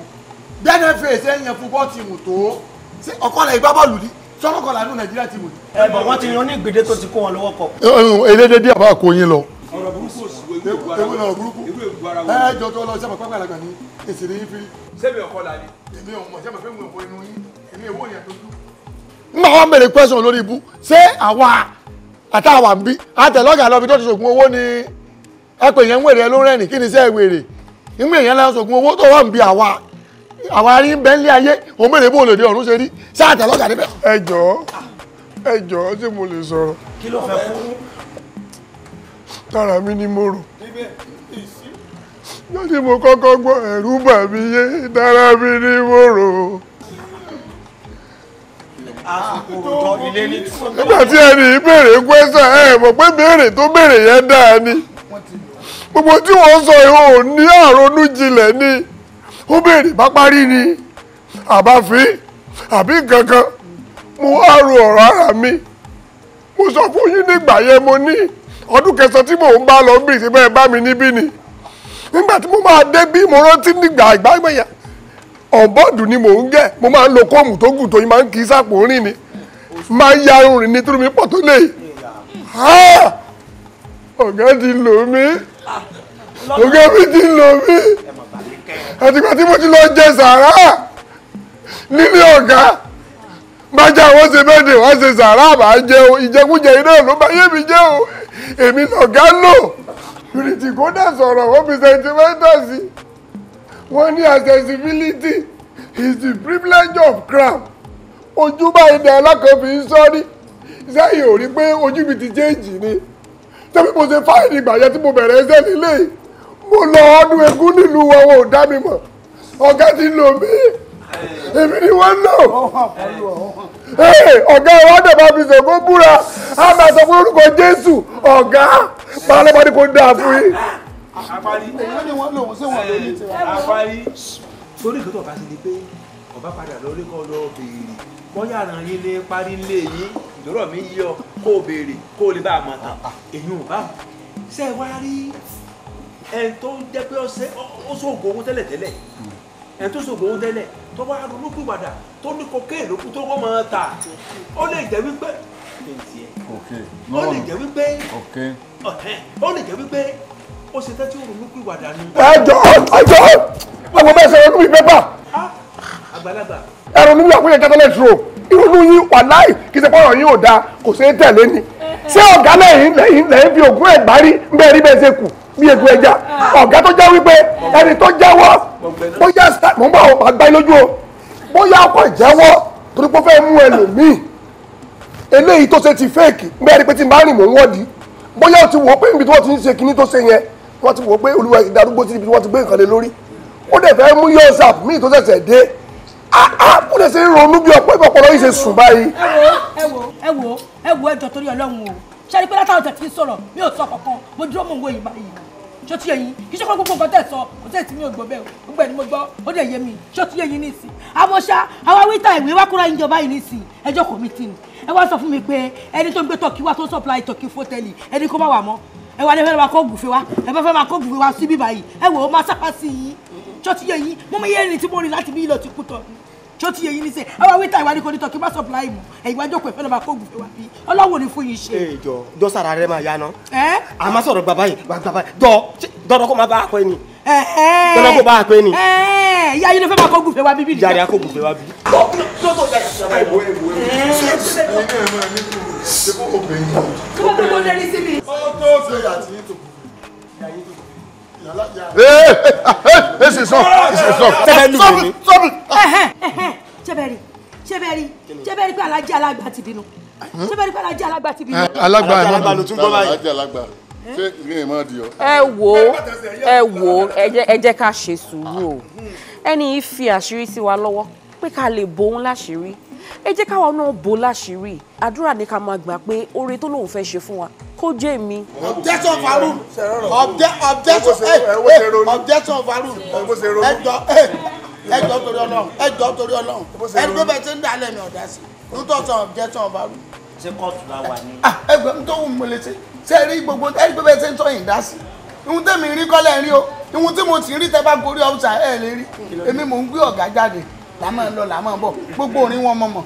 bẹ́ẹ̀ fẹ́ ṣe ń yan fúbọ́ tìmù tó ọkọ rẹ̀ ìgbá bọ́ọ̀lù ni sọ́kọ̀kọ̀ làánú nàìjíríà tìmù. ẹ bọ̀ wọ́n ti yan ní gbèdé tó ti kó wọn lọ́wọ́ kọ. elédè díẹ̀ bá kó yín lọ. ọ̀rọ̀ burúkú ewu ọ̀rọ̀ burúkú ẹ jọ tó lọ sẹ́mi pápá ìlànà ní ìsìnrì yín firi. sẹ́mi ọkọ la ni. èmi ò mọ̀ sẹ́mi fẹ́ mú ẹ̀kọ́ inú yín èmi èwo yẹn tó dùn. ń bá wọn bèrè pẹ́sàn lórí ibú ṣé àwa àtàwà ń bí àtẹ̀lọ́gà lọ́bi tó ti ṣògùn owó ni ẹ pè yẹn ń wèrè ló rẹ́ni kí ni iṣẹ́ ìwèrè ìmú èèyàn lọ ṣògùn owó tó wà ń bí àwa àwa rí ń bẹ́ ń lé ayé òun mèrè bó lòdì ọ̀run ṣe rí ṣá àtẹ̀lọ́gà níbẹ̀. ẹ tí mo lè sọrọ, kí ló fẹ́ kú. tara kọ́kọ́ gbọ́ ẹ̀rú yé tara mi ni nígbà tí ẹni ìbéèrè kwẹ́sà ẹ mọ̀ pé béèrè tó béèrè yẹn dáa ni gbogbo tí wọ́n sọ ìhò ní àrònú jinlẹ̀ ni ó béèrè bá parí ni àbáfin àbí kankan mo á ro ọ̀rọ̀ ara mi mo sọ fún yín nígbà yẹn mo ní ọdún kẹsàn-án tí mò ń bá lọ bí ìṣẹ́gbẹ́ bá mi níbí ni nígbà tí mo máa dé bí mo rántí nígbà ìgbà ìgbà yẹn ọ̀nbọ́ọ̀dù ni mò ń gẹ̀ mo máa ń lo kóòmù tó gùn tó yín máa ń kì sàpò rìn ni máa ń ya irun rìn ni tó mi pọ̀ tó lè ah! ọ̀gá ti lò mí ọ̀gá mi ti lò mí àtìgbà tí mo ti lọ jẹ sàrà nílé ọ̀gá máa jẹ àwọn ṣe bẹ́ẹ̀dẹ̀ wá ṣe sàrà máa jẹ o ìjẹkújẹ iná ló bá yé mi jẹ o èmi lọ̀gá lò yunifásitì kó dà sọ̀rọ̀ wọ́n fi sẹ́ńtímẹ́tà sí i wọ́n ní accessibility is the privilege of crown ojú báyìí ní alákọ̀ọ́bí sọ́rí sẹ́yìn ò rí pé ojú mi ti jẹ́ẹ̀jì ni tẹ́bí mo ṣe fáìlì ìgbàyẹ tí mo bẹ̀rẹ̀ ẹsẹ̀ nílé mo lọ ọdún egún nílùú wọn wọn ò dá mi mọ̀ ọ̀gá ti lò mí èmi ni wọ́n lò ọ̀gá ẹ̀rọ ọ̀dẹ̀ bá fi ṣègùn búra a máa sọ fún orúkọ Jésù ọ̀gá pàálọ́pàá ni kò dáa fún yín àparí èyí ni wọ́n lòun sí wọn lórí tiwa. àparí torí ìkótó ọba sí ni pé ọba padà lórí kọ́ lọ béèrè bóyá àrùn yín ní parí lé yín ìdúró mi yọ kó o béèrè kó o lè bá a mọ̀ tán èyí ò bá ṣe wá rí ẹni tó jẹ́ pé ó sóògùn owó tẹ́lẹ̀tẹ́lẹ̀ ẹni tó sóògùn owó tẹ́lẹ̀ tó wá ronú pìwàdà tó ní kokéè lókun tó wọ́n máa ta ó lè jẹ́ wípé ó lè jẹ́ wípé ó lè jẹ́ wípé ó ṣe tẹ́tí òrònú pì wàdà ni. ẹjọ ẹjọ ọmọ bẹ́ẹ̀ ṣe ronú mi pépà. àgbàlagbà. ẹrù nínú àkúnyẹ kẹtọlẹ dúró ìrònú yín wà láì kì ṣe pọ́nrọ̀ yín ò dáa kò ṣe é tẹ̀lé ni. ṣé ọ̀gá lẹ́yìn lẹ́yìn lẹ́yìn fi ògùn ẹ̀gbá rí bẹ́ẹ̀ rí bẹ́ẹ̀ ṣe kù bí egun ẹja ọ̀gá tó jẹ́ wípé ẹni tó jẹ́wọ́ bóyá mọ̀ ń bọ̀ àgbá lójú o bóyá ọkọ̀ ìjẹ́wọ́ torí pé ó fẹ́ mú ẹlòmíì eléyìí tó ṣe ti fẹ́ẹ̀kì bẹ́ẹ̀ rí pé tí n bá rìn mò ń wọ́ọ̀dì bóyá o ti wò ó pé níbi tí wọ́n ti ń ṣe kinní tó ṣe yẹn wọ́n ti wò pé olúwa ìdarúgbó ti níbi wọ́n ti gbé nǹkan lé lórí ó dẹ̀ fẹ́ mú yọ̀ọ̀sà míì tó ṣẹ̀ṣẹ̀ dé kó lè ṣe ń ronú bí ọ̀pọ̀ ìpọ̀pọ̀lọ́ yìí ṣe sùn báyìí. ẹ wo ẹ wo torí Ọlọ́run o ṣe ni pé látàwọn tẹ̀sí sọ̀rọ̀ mi ò sọ kankan mo dúró mò ń wo ìgbà yìí ṣó ti yẹyin kì í ṣe kó gbogbo nǹkan tẹ̀ sọ kò tẹ̀ sí mi ò gbọ́ bẹ́ẹ̀ o gbogbo ẹ̀ ni mo gbọ́ ó dẹ̀ yé mi ṣó ti yẹyin nísì àmọ́ ṣá àwa wíta ìwé wá kúrò yín jọba yìí nísì ẹjọ́ kò mí tì ní ẹ wá sọ fún mi pé ẹni tó ń gbé tọ́kì wá tó ń supply tọ́kì fótẹ́lì ẹni kó má wà mọ́ ẹ wà ní fẹ́ máa kó gùfẹ́ wa ẹ fẹ́ máa kó gùfẹ́ wa síbí báyìí ẹ wò ó máa sápá sí i tó ti yẹ yìí mo mọ iye ẹni tí mo rìn láti bí ilọ̀ ti kú tọ́ tó yẹ yìí níṣẹ́ ẹ wá wíta ìwádìí kan ní tọ́kí bá supply mu ẹ̀yìn wájú òkú ẹ máa kó gùfẹ́ wa bí ọlọ́wọ́ ni fún yìí ṣe. ee jọ jọ sara rẹ máa yaná. ẹ a máa sọ̀rọ̀ bàbá yìí bàbá yìí jọ dọ́dọ̀ kó máa bá a pẹ́ ni. kó bá a pẹ́ ni. ìyá yìí ló fẹ́ máa kó gùfẹ́ wa bí bí. a kó gùfẹ́ wa bí. People obeying God. Come on, people, there is in it. All those that are need to Hey, hey, this is not. This is not. Stop it! Stop it! Ṣebẹ̀rì, ṣebẹ̀rì, ṣebẹ̀rì pé alájẹ́ alágbà ti bínú. Ṣebẹ̀rì pé alájẹ́ alágbà ti bínú. Alágbà alágbà ló tún gbọ́ báyìí. Alájẹ́ alágbà. Ṣé ìrìn ẹ̀ máa di ọ? Ẹ wo, ẹ wo, ẹ jẹ́ ká ṣe sùúrù o. Ẹni yìí fi àṣírí sí wa lọ́wọ́ pé ká lè bo ẹ jẹ́ káwa náà bò láṣìírí àdúrà ni ká máa gbà pé oore tó lóun fẹ́ ṣe fún wa kó jẹ́ mi. objection Farouk objection Farouk ẹjọ́ ẹjọ́ torí Ọlọ́run ẹjọ́ torí Ọlọ́run ẹni tó bẹ ti ń dalẹ̀ mi ọ̀dà sí nítorí objection Farouk. ṣé kóòtù la wà ní. Ah, ẹgbẹ́ mi tó wù mí létí ṣé ẹ rí gbogbo ẹni tó bẹ ti ń tọ́ yìí dá sí ihun tẹ́mi rí kọ́lẹ̀ rí o ihun tí mo ti rí tẹ́ bá gorí ọ̀sà ẹ̀ lè rí èmi mò ń gbé ọ̀gá jáde là máa ń lọ là máa ń bọ̀ gbogbo orin wọn mọ̀mọ̀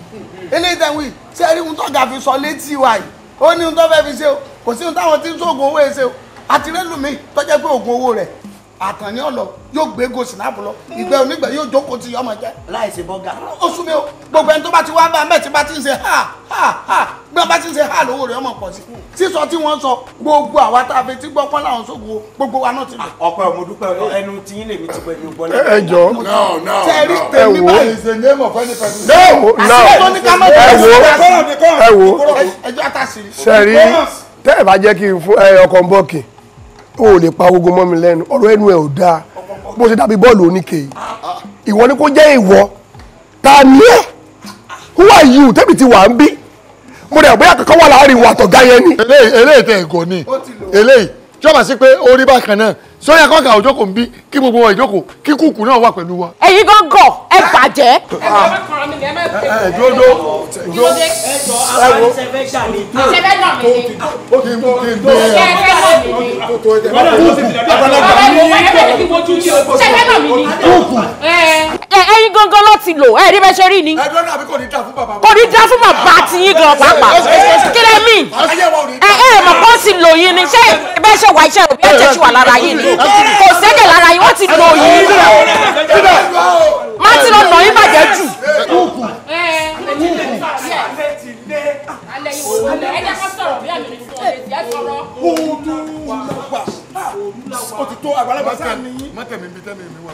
eléyìí tẹ̀ ṣé ẹ rí ohun tọ́gà fi sọ létí wa yìí ó ní ohun tó fẹ́ fi ṣe o kò sí ohun táwọn tí ń sóògùn owó ẹ̀ ṣe o àti rẹ́lùmí pé oògùn owó rẹ̀ àtàní ọ̀lọ́ yóò gbé go sinapu lọ ìgbẹ́ onígbẹ́ yóò jókòó ti ọmọ jẹ́. láìsí bọ́gà. ó sún mi o gbogbo ẹni tó bá ti wá bá mẹ́ẹ̀ tí bá ti ń ṣe ha ha ha bí wọ́n bá ti ń ṣe ha lówó rẹ̀ ọmọ pọ̀ sí. sísọ tí wọ́n sọ gbogbo àwa tá a fi ti gbọ́ láwọn sóògùn o gbogbo wa náà ti lò. ọpẹ́ ọmọ dúpẹ́ ẹnu tí yín lèmi ti pẹ̀lú bọlá. ẹ jọ ẹ wo ẹ wo ẹ wo ẹ wo sẹ́rí tẹ́ ẹ bá jẹ́ kí n fún ọkọ̀ ń bọ́ọ̀kì o ò lè pa ogun mọ́ mi lẹ́nu ọ̀rọ̀ ẹnu ẹ̀ ò dáa bó ṣe dàbí bọ́ọ̀lù oníke ìwọ ni kò jẹ́ ìwọ ta ni ẹ́ who are you tẹ́bi ti wà ń bí mo rẹ̀ bóyá kankan wà láàrin ìwà àtọ̀gá yẹn ni. eléyìí eléyìí tẹ̀ ẹ̀kọ́ ni eléyìí tí wọ́n bá sí pé orí bákan náà sọ́yà kọ́ńkà òjò kò ń bí kí gbogbo wọn ìjókòó kí kúkú náà wà pẹ̀lú wa. ẹ̀yin gángan ẹ bàjẹ́. ẹ kókó gángan ló ti lò ẹ̀rí bẹ́ẹ̀ ṣe rí ni. kò ní dá fún bàbá. kò ní gan pàápàá kí lẹ́ mìn. ẹ ẹ mọ̀ kó sì lò yín ni ṣé bẹ́ẹ̀ ṣe wà iṣẹ́ rẹ̀ bí ẹ̀jẹ̀ lára yín ni kò sẹ́jẹ̀ lára yín yín wọ́n ti lò yín. má ti lọ nà yín bàjẹ́ jù. ó ti tó àgbàlagbà mi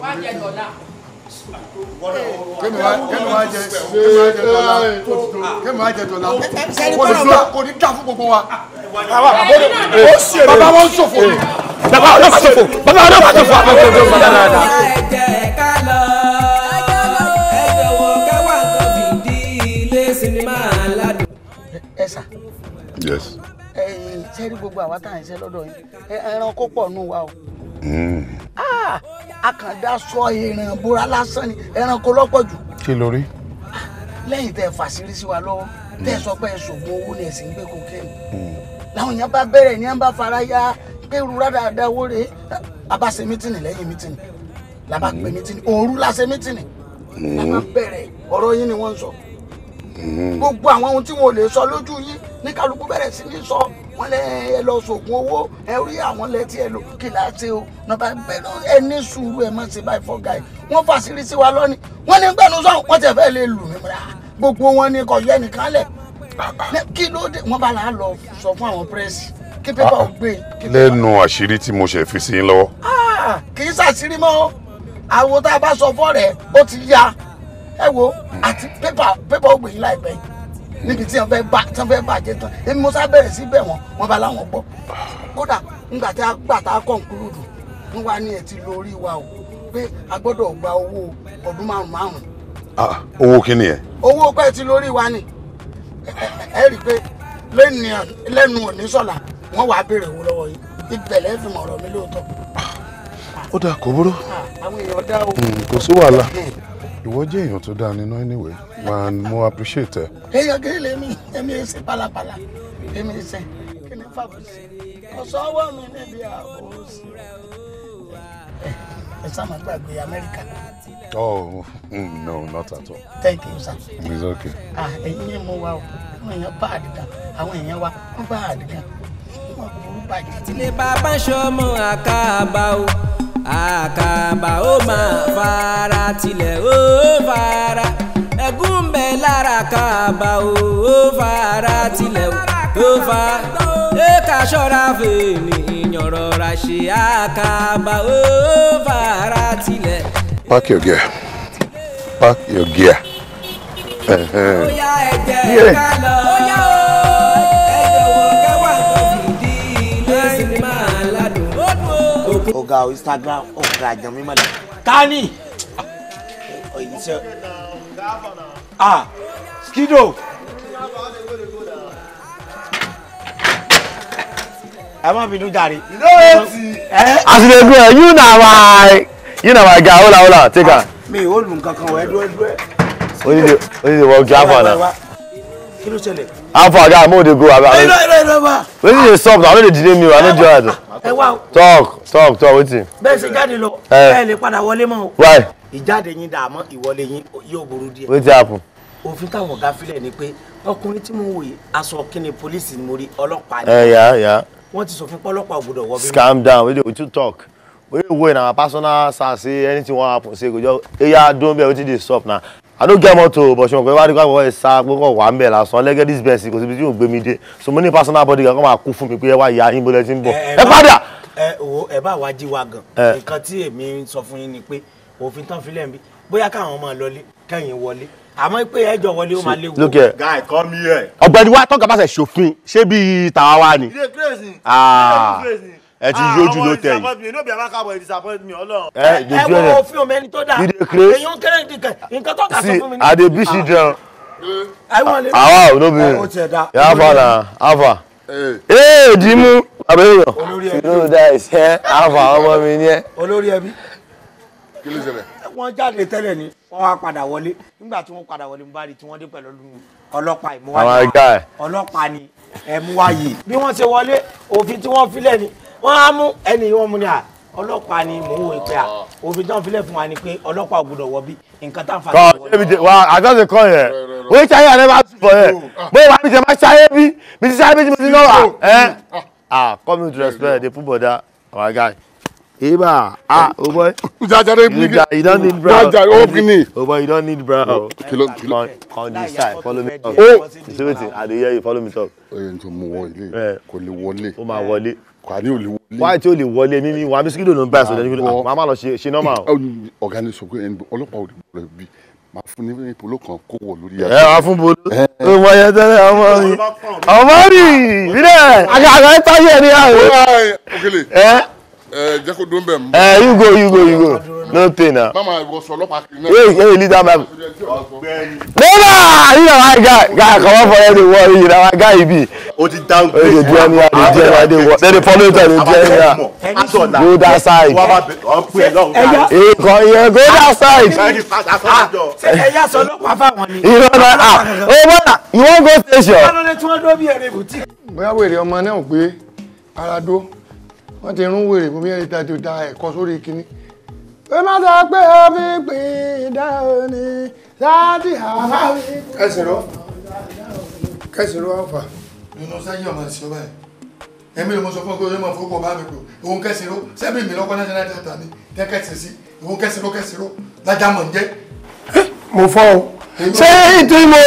wà lórí ẹ̀ kémi wá jẹ tọ́lá kémi wá jẹ tọ́lá kò ní fúlà kò ní dà fún gbogbo wa. bàbá wọn ṣòfò ni. wọn ṣòfò bàbá wọn ṣòfò àbẹ̀wò ọjọ́ ìgbà dáadáa. ẹ yes. Hey ṣe rí gbogbo àwa tá à ń ṣe lọ́dọ̀ yín ẹranko pọ̀ nù wa o. àkàndá hmm. ah, sọ ìrìn búra lásán ni ẹranko lọ́pọ̀ jù. kí ló rí. lẹ́yìn tẹ́ fàṣírí sí wa lọ́wọ́ hmm. tẹ́ sọ pé ṣògùn owó ni ẹ̀sìn gbé kokéènì. Hmm. làwọn èèyàn bá bẹ̀rẹ̀ ní ẹ̀ bá fara ya pé irú rádàdà owó rèé bàbá ṣe mítìnì lẹ́yìn mítìnì làbá pè mítìnì òru la ṣe mítìnì làbá bẹ̀rẹ̀ ọ̀rọ̀ yín ni wọ́n ń sọ gbogbo àwọn ohun tí wọn ò lè sọ lójú yín ní kálukú bẹ̀rẹ̀ sí ní sọ wọ́n lẹ ẹ lọ sògùn owó ẹ rí àwọn lẹ tí ẹ lò kí o náà bá ẹ ní sùúrù ẹ má ṣe báyìí fọ́gà yìí wọ́n fàṣírí sí wa lọ́ni wọ́n ní gbẹ̀nu sọ̀rọ̀ wọ́n tẹ̀ fẹ́ lè lù mí ra gbogbo wọn ni kò yẹ nìkan lẹ̀ kí ló dé wọ́n bá là á lọ sọ fún àwọn pírẹ́sì kí pépà ò gbé. lẹ́nu àṣírí tí mo ṣe fi sí yín lọ́wọ́. Ah, kì í ṣàṣírí mọ́ àwo tá a bá sọ fọ́ rẹ̀ ó ti ya ẹ wo àti pépà pépà ò gbé yín láìpẹ́ yìí níbi tí wọ́n fẹ́ bá tí wọ́n fẹ́ bàjẹ́ tán èmi mo sá bẹ̀rẹ̀ sí bẹ̀ wọ́n wọ́n bá láwọn gbọ́ kódà ńgbà tá a gbà tá a kọ̀ǹkúlùdù ń wá ní ẹtì lórí wa o pé a gbọ́dọ̀ gba owó ọdún márùn márùn. Ah, owó kíni ẹ. owó pẹ́ ti lórí wa ni ẹ rí i pé lẹ́nu òní sọ̀la wọ́n wàá béèrè owó lọ́wọ́ yìí ìbẹ̀lẹ̀ fi mọ̀ ọ̀rọ̀ mi lóòótọ́. Ah, ó dáa kò burú. Ah, àwọn èèyàn dá o. Hmm, kò sí wàhálà. Hmm ìwọ jẹ́ èèyàn tó dáa nínú anyway and mo appreciate ẹ. èèyàn kiri lèmi èmi èsì pàlàpàlà èmi èsì kí ni fàbùsì kò sọ́wọ́ mi níbi àwòsí ẹ sáàmà gbàgbé amẹ́ríkà. oh mm, no not at all. thank you sir. it's okay. ah ẹ̀yin ni mo wá o àwọn èèyàn bá àdìgàn àwọn èèyàn wa wọ́n bá àdìgàn wọ́n kúrú bàjẹ́. àtìlẹ́ bàbá ṣọmọ àkàbà o àkàbà ó máa fara tilẹ̀ ó fara ẹ̀gún ń bẹ lára kàbà ó fara tilẹ̀ ó fa ẹ̀ka ṣọ́ra fèmí ìyànrọ̀ra ṣe àkàbà ó fara tilẹ̀. Park your gear. Park your gear. Uh Ó yá ẹ̀jẹ̀ ká lọ. ọ̀gá o instagram ọ̀gá àjàn mímọ́ dà tani ah, ah skido. ẹ má bínú jàre. àṣìlẹ̀ ẹgbẹ́ ẹ̀ you na eh? eh, my you na my guy hola hola take am. Ah, mi ò lù nǹkan kan wẹ́ẹ́ dúró dúró. onídìí onídìí wọ́n gbé àfọ̀ náà. kí ló ṣẹlẹ̀ how far guy going to go I'm going to no no ma wetin dey sup na i no dey delay me o i no do hard. talk talk talk What's bẹ́ẹ̀ ṣe jáde lọ eh. ẹ lè padà wọlé mọ́ o. why. ìjáde yín dà mọ́ ìwọlé yín yóò burú díẹ̀. wetin happen. òfin táwọn ọ̀gá filẹ̀ ni pé ọkùnrin tí mo wòye aṣọ kíni pólísì ni mo rí ọlọ́pàá ni. ẹ yà yà. wọ́n ti sọfin pọ́lọ́pàá ògbódò wọ́ bí. calm down we dey to talk we dey wait now. personal side say anything will happen say go eh, Yeah, don't be. bẹ́ẹ̀ wetin dey sup na I don't get motor but you know, I wá dípò àwọn ẹ̀sà gbọ́kọ̀ wà ń bẹ̀ this best kò síbi tí yóò gbé so many ní personal body kan kó máa kú fún mi pé ẹ wá ya yín bọ́lẹ̀ tí ń bọ̀ ẹ padà. ẹ wo ẹ eh, bá wa jí wa gan eh. nǹkan tí èmi sọ fún yín ni pé òfin tán filẹ̀ ń bí bóyá káwọn máa lọlé kẹ́yìn wọlé àmọ́ pé look here guy come here. ọ̀gbẹ́ni wa tọ́ka bá ṣe ṣòfin ṣé bíi tàwa wa ni. ilé ẹ ti yójú ló tẹ yìí. ẹ wo òfin ọmọ ẹni tó dáa èyàn kẹrẹ nìkan nǹkan tó kà sọ fún mi. see i dey ah. eh, ah, ah, be children. àwa ò lóbi yàfa na afa ee di mu abẹ́rẹ́ yàn ló da ìṣe afa ọmọ mi ni ẹ. olórí ẹbí wọ́n jáde tẹ́lẹ̀ ni wọ́n wá padà wọlé nígbà tí wọ́n padà wọlé mo bá rí tí wọ́n dé pẹ̀lú ọlọ́pàá ìmúwáyé ọlọ́pàá ni ẹ̀múwáyé bí wọ́n ṣe wọlé òfin tí wọ́n filẹ̀ ni wọ́n á mú ẹni wọ́n mú ni à ọlọ́pàá ni mò ń wo ìpè à òfin tán filẹ̀ fún wa ni pé ọlọ́pàá ò gbọdọ̀ nǹkan tá à ń fa. wa àtọ́sí kan yẹn oye ṣayé àlẹ́ máa tún bọ̀ yẹn bó wa mi ṣe máa ṣayé bí mi ti ṣayé bí mo ti náà wà ah come with respect The put border our guy. Eba, ah, oh boy. Jajare big. You don't need brown. Jajare open oh, oh boy, you don't need brown. Oh, kilo, kilo. On this side, follow me. Oh, you see I dey hear you. Follow me talk. Oye, n tó mú wọlé. Eh. Kò lè wọlé. Ó máa wọlé kwari ò lè wọlé. wáyé tí ò lè wọlé mímí wọn àbí síkìdò ló ń bá ẹsọ lẹni kúlò màmá lọ ṣe normal. ọ̀gá ni sọ pé ọlọ́pàá ò lè wọlé bí máa fún ní polo kan kó wọ lórí yàrá. ẹ wá fún polo ẹ wọ yẹn tẹ́lẹ̀ ọmọ mi ọmọ mi bílẹ̀ àgàgà ẹ táyé ẹ ní àwọn. òkèlè Eh, ẹ dún bẹ̀ mú. ẹ eh, you go you go you go no pay na. mama ìwọ sọ ọlọ́pàá kiri náà. wait lead am back. bẹ́ẹ̀ni you na my guy guy come on for every war you na my guy you be. o ti down grade. o dey do anyhow dey do anyhow dey work dey dey follow each other dey do anyhow. go that side. ee kan iye go that ah, side. Ah, ẹ̀yà sọ ọlọ́pàá fáwọn ni. ìrọ̀lá ah o oh, bọ́lá you wan go station. bóyá wèrè ọmọ náà gbé ara wọ́n ti rún wèrè fún bí ẹni tàbí da ẹ̀kọ́ sórí kínní. ó má sọ pé ó fi pín ìdá òní láti àbá mi. kẹsìrọ kẹsìrọ àǹfà. nínú sẹ́yìn ọmọ ìṣọ́ báyìí èmi ni mo sọ fún ọ pé ó máa fọwọ́ bá mi pò òun kẹsìrọ sẹ́bìn mi lọ́kọ́ náà ṣe náà dáta ni tẹ́kẹ̀sì sí òun kẹsìrọ kẹsìrọ lájà mọ̀ ń jẹ́ mo fọ́ o ṣé tí mo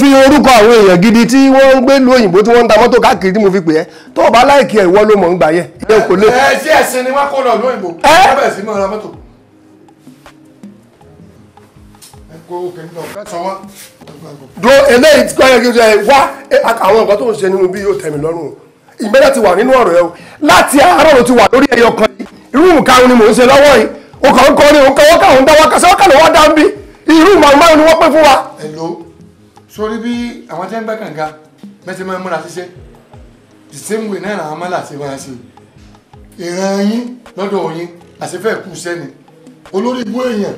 fi orúkọ àwọn èèyàn gidi tí wọ́n ń gbé lu òyìnbó tí wọ́n ń ta mọ́tò káàkiri tí mo fi pè ẹ́ tó o láìkí ẹ̀ ìwọ ló mọ̀ ń gbà yẹ. ẹ ẹ sí ẹsìn ni wọn kó lọ lóyìnbó ẹ bẹ̀rẹ̀ sí mọ́ ra mọ́tò. do eléyìí tí kọ́yọ̀ kí n ṣe wá àwọn nǹkan tó ń ṣe nínú bí yóò tẹ̀ mí lọ́rùn ìmẹ́lẹ̀ ti wà nínú ọ̀rọ̀ ẹ o láti irú màmá ni wọ́n pè fún wa. hello sórí bí àwọn tẹ́ ń gbẹ́ kànga mẹ́tẹ́ máa ń múra ṣiṣẹ́ the same way náà làwọn máa láti máa ṣe ìran yín lọ́dọ̀ yín àṣefẹ́ kù sẹ́ni olórí ibú èèyàn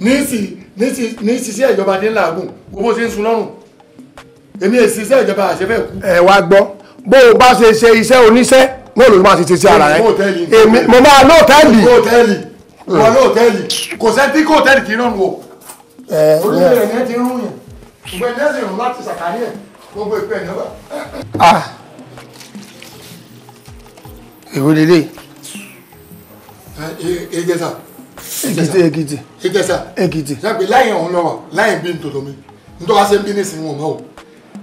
ní ìṣiṣẹ́ ìjọba ní làágùn gbogbo ṣe ń sun lọ́rùn èmi ìṣiṣẹ́ ìjọba àṣefẹ́ kù. ẹ wá gbọ́ bó o bá ṣe ṣe iṣẹ́ oníṣẹ́ náà ló máa ṣe ṣe ara rẹ èmi mo máa lóòtẹ́ẹ̀lì. lóòtẹ́ẹ̀lì hmm. kò sẹ́ńtì kò kì í rọrùn o. Eh, orílẹ̀ èèyàn ti ń rún yẹn gbogbo ẹni ẹ̀sìn rún láti sàkárí ẹ̀ gbogbo ìpẹ́ ẹ̀ nígbà. Ah. èwo lélẹ̀. ìjẹsà. èkìtì èkìtì. ìjẹsà. èkìtì. sábẹ́ láyìn ọ̀hún lọ́wọ́ láyìn bí ntòtò mi ntọ́ wá sí bí ní ìsìn wọn mọ́ o.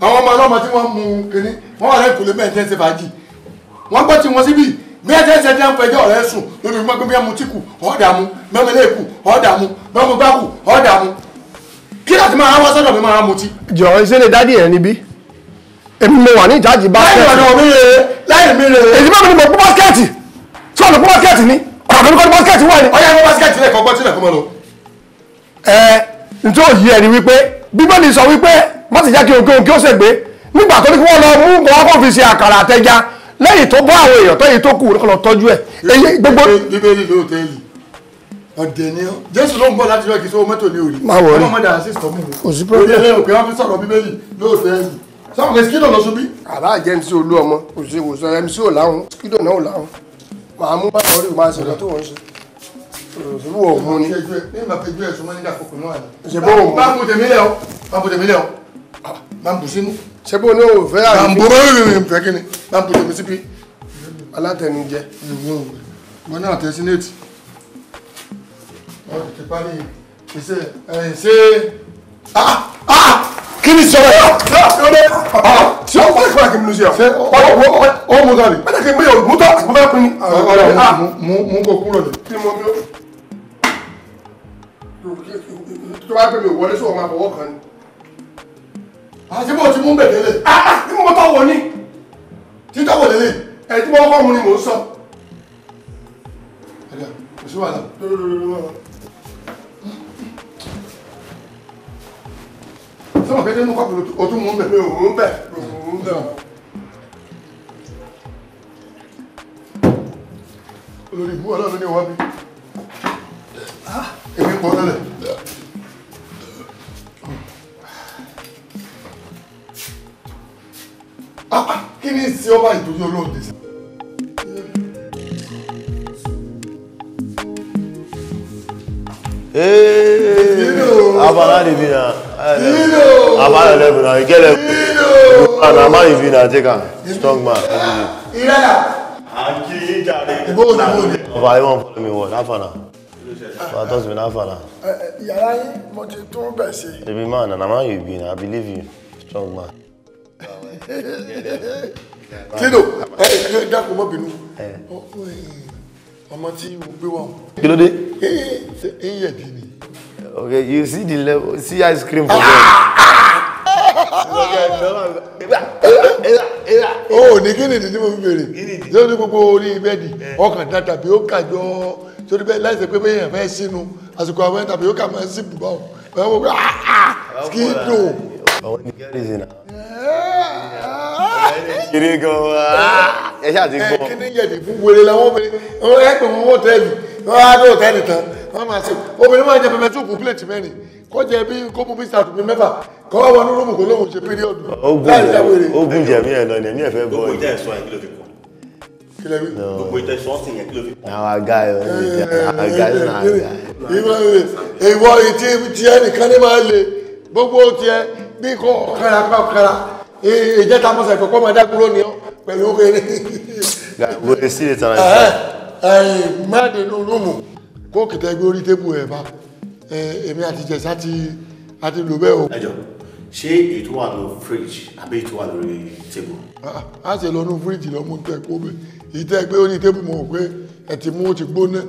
àwọn ọmọ ọlọ́mọ tí wọ́n mú kínní wọ́n wà lẹ́kùn lé mẹ́ẹ̀ẹ́dẹ́sì fàájì wọ́n gbọ́ tí wọ́n síbí mẹ́ẹ̀ẹ́dẹ́sẹ̀ jẹ́ ń pẹjọ́ rẹ̀ sùn lórí mọ́gbẹ́mí ẹmu tí kù ọ̀ọ́dàmú mẹ́mẹ́lẹ́kù ọ̀ọ́dàmú mẹ́mú bá kù ọ̀ọ́dàmú kí láti máa wá sọ́dọ̀ mi máa mutí. jọ ìṣẹ̀lẹ̀ dádì ẹ níbí èmi mo wà ní ìjájì báskẹ́tì. láì ọ̀nà mi rè é láì mi rè é. èyí bá mi ní mo kú báskẹ́tì tí ọ̀nà kú báskẹ́tì ni ọ̀nà mi kọ́ ní báskẹ́tì wà ní. ọ̀yá mi báskẹ́tì lẹ̀ kọ́gbọ́n sílẹ̀ fún mi lọ. ẹ ǹtí ò yí ẹni wípé bíbélì sọ wípé má ti já kí oge oge ó ṣe gbé nígbà tó ní kí wọ́n lọ mú nǹkan kó fi ṣe àkàrà àtẹja lẹ́yìn tó bọ́ àwọn èèyàn tó yìí tó kù lọ́kọ̀ọ́ tọ́jú ẹ̀. gbogbo bíbélì lóòótọ́ yìí ọ̀dẹ̀ ni ọ́ jésù ló ń bọ̀ láti rẹ̀ kí sọ mọ́tò ní orí má wọrí ọmọ mọ́dà àṣìṣ tọ́ mú mi kò sí pé orí ẹlẹ́rìn pé wọ́n fi sọ̀rọ̀ bíbélì lóòótọ́ ẹ̀yìn sọ́wọ́n pé skidọ̀ lọ subí. àbá jẹ́ mc olú ọmọ kò sí kò sọ mc ò láwọn skidọ̀ náà ò láwọn màá mú bá wọrí màá ṣe tó wọ́n ṣe òṣèlú wọ̀ mú ni. ṣebó ah, ní o fẹ́ àná. bàbá mi fẹ́ kí ni bàbá mi síbi alátẹnujẹ. wọn náà tẹ sínú ètì wọ́n tètè parí ìṣe ẹ̀yìn ṣe ah, ah! kí ni sọ̀rọ̀ yà tí ó fọ́ọ̀kì fọ́ọ̀kì mímú sí ọ ọ mú tọ́lì pẹ́tẹ́ kí n bẹ́yẹ̀ ògùn tọ́ àti fọ́fẹ́ pin ní. ọ̀rọ̀ ah! mú kó kúrò ní. kí ni mo bí ó tó bá pè mí wọlé sọ̀rọ̀ máa fọwọ́ kan ni. àti bó ti mú bẹ̀rẹ̀ lẹ̀. kí mo tọ́ wọ ni títọ́ wọ lélẹ̀ ẹ̀ tí mo kọ́ mu ni mò ń sọ. ẹ̀dá kò sí wàhálà. sọ́mọ̀ pé nínú kọ́pù o tún mú bẹ̀ pé òun bẹ̀ òun bẹ̀ olórí ìbú ọlọ́run ní ọwọ́ mi èmi ń bọ́ lọ́lẹ̀. kí ni ìsìn ọba ìtòjú olóòdì sí. Hey, abala de bi na. Hero. Abana level now. You get level. Hero. I'm at even gonna take am. Strong man. Irada. I'm killing Jare. Go on, go on. If I won't follow me, what? Half an hour. But I thought been half an hour. Yàrá yín, mo ti Baby man, I'm at you be, I believe you. Strong man. Kilo, *laughs* ẹ dákun mọ́ bínú. Eh. Ọmọ I'm at you. Be one. ló dé? Ẹ ẹ yẹ̀ bí ni. Okay, you see the level. See ice cream for them. *laughs* Oh, ní kí ni ìdí mo fi bèrè? Ṣé o ní gbogbo orí bẹ́ẹ̀dì? Eh. Ọkàn dá tàbí ó kà jọ sórí bẹ́ẹ̀ láìsí pé bẹ́ẹ̀ yẹn fẹ́ sínú. Àsìkò àwọn tàbí ó kà máa sí bùbá o. Bẹ́ẹ̀ mo gbé ah, ah skido. Àwọn ní kẹ́rì sí náà. Kiri go. wa. Ah, ẹ ṣáà ti eh, gbọ́. Kí ni yẹ̀dì fún wèrè làwọn obìnrin? Ẹ pè wọ́n wọ́n tẹ́lì. Wọ́n á dọ̀ tẹ́lì tán wọ́n máa ṣe obìnrin máa jẹ pẹpẹ tó kù plẹ̀tì mẹ́rin kó jẹ bí kó mú bísí àtùmí mẹ́fà kó wá wọnú rúmù kó lóhùn ṣe píríọ̀dù láì dáwèrè. ogun jẹ̀mí ẹ̀ lọ ni ẹ̀mí ẹ̀ fẹ́ bọ́ ọ̀yìn. gbogbo ìtẹ̀ sọ yẹn kí ló fi kọ́. àwọn àga ẹ̀ àwọn àga ẹ̀ náà àga ẹ̀. ìwọ ìtì tiẹ̀ nìkan ní máa le kò ọ̀kadà ìjẹta mọ́sà ìfọ̀pọ̀ máa dákúrò ní ọ pẹ̀lú obìnrin. gbogbo ìsílẹ̀ tàbí. ẹ̀ẹ́n máàdínú rúmù kóòkì tẹ gbé orí tébù ẹ̀ bá èmi àti jẹ̀sà ti àti lò bẹ́ẹ̀ o. ẹ jọ ṣé ètò wà lórí fíríjì àbí ètò wà lórí tébù. a ṣe lọ nú fíríjì lọ mú tẹ kó bẹ èyí tẹ gbé orí tébù mọ̀ pé ẹ ti mú ó ti gbóná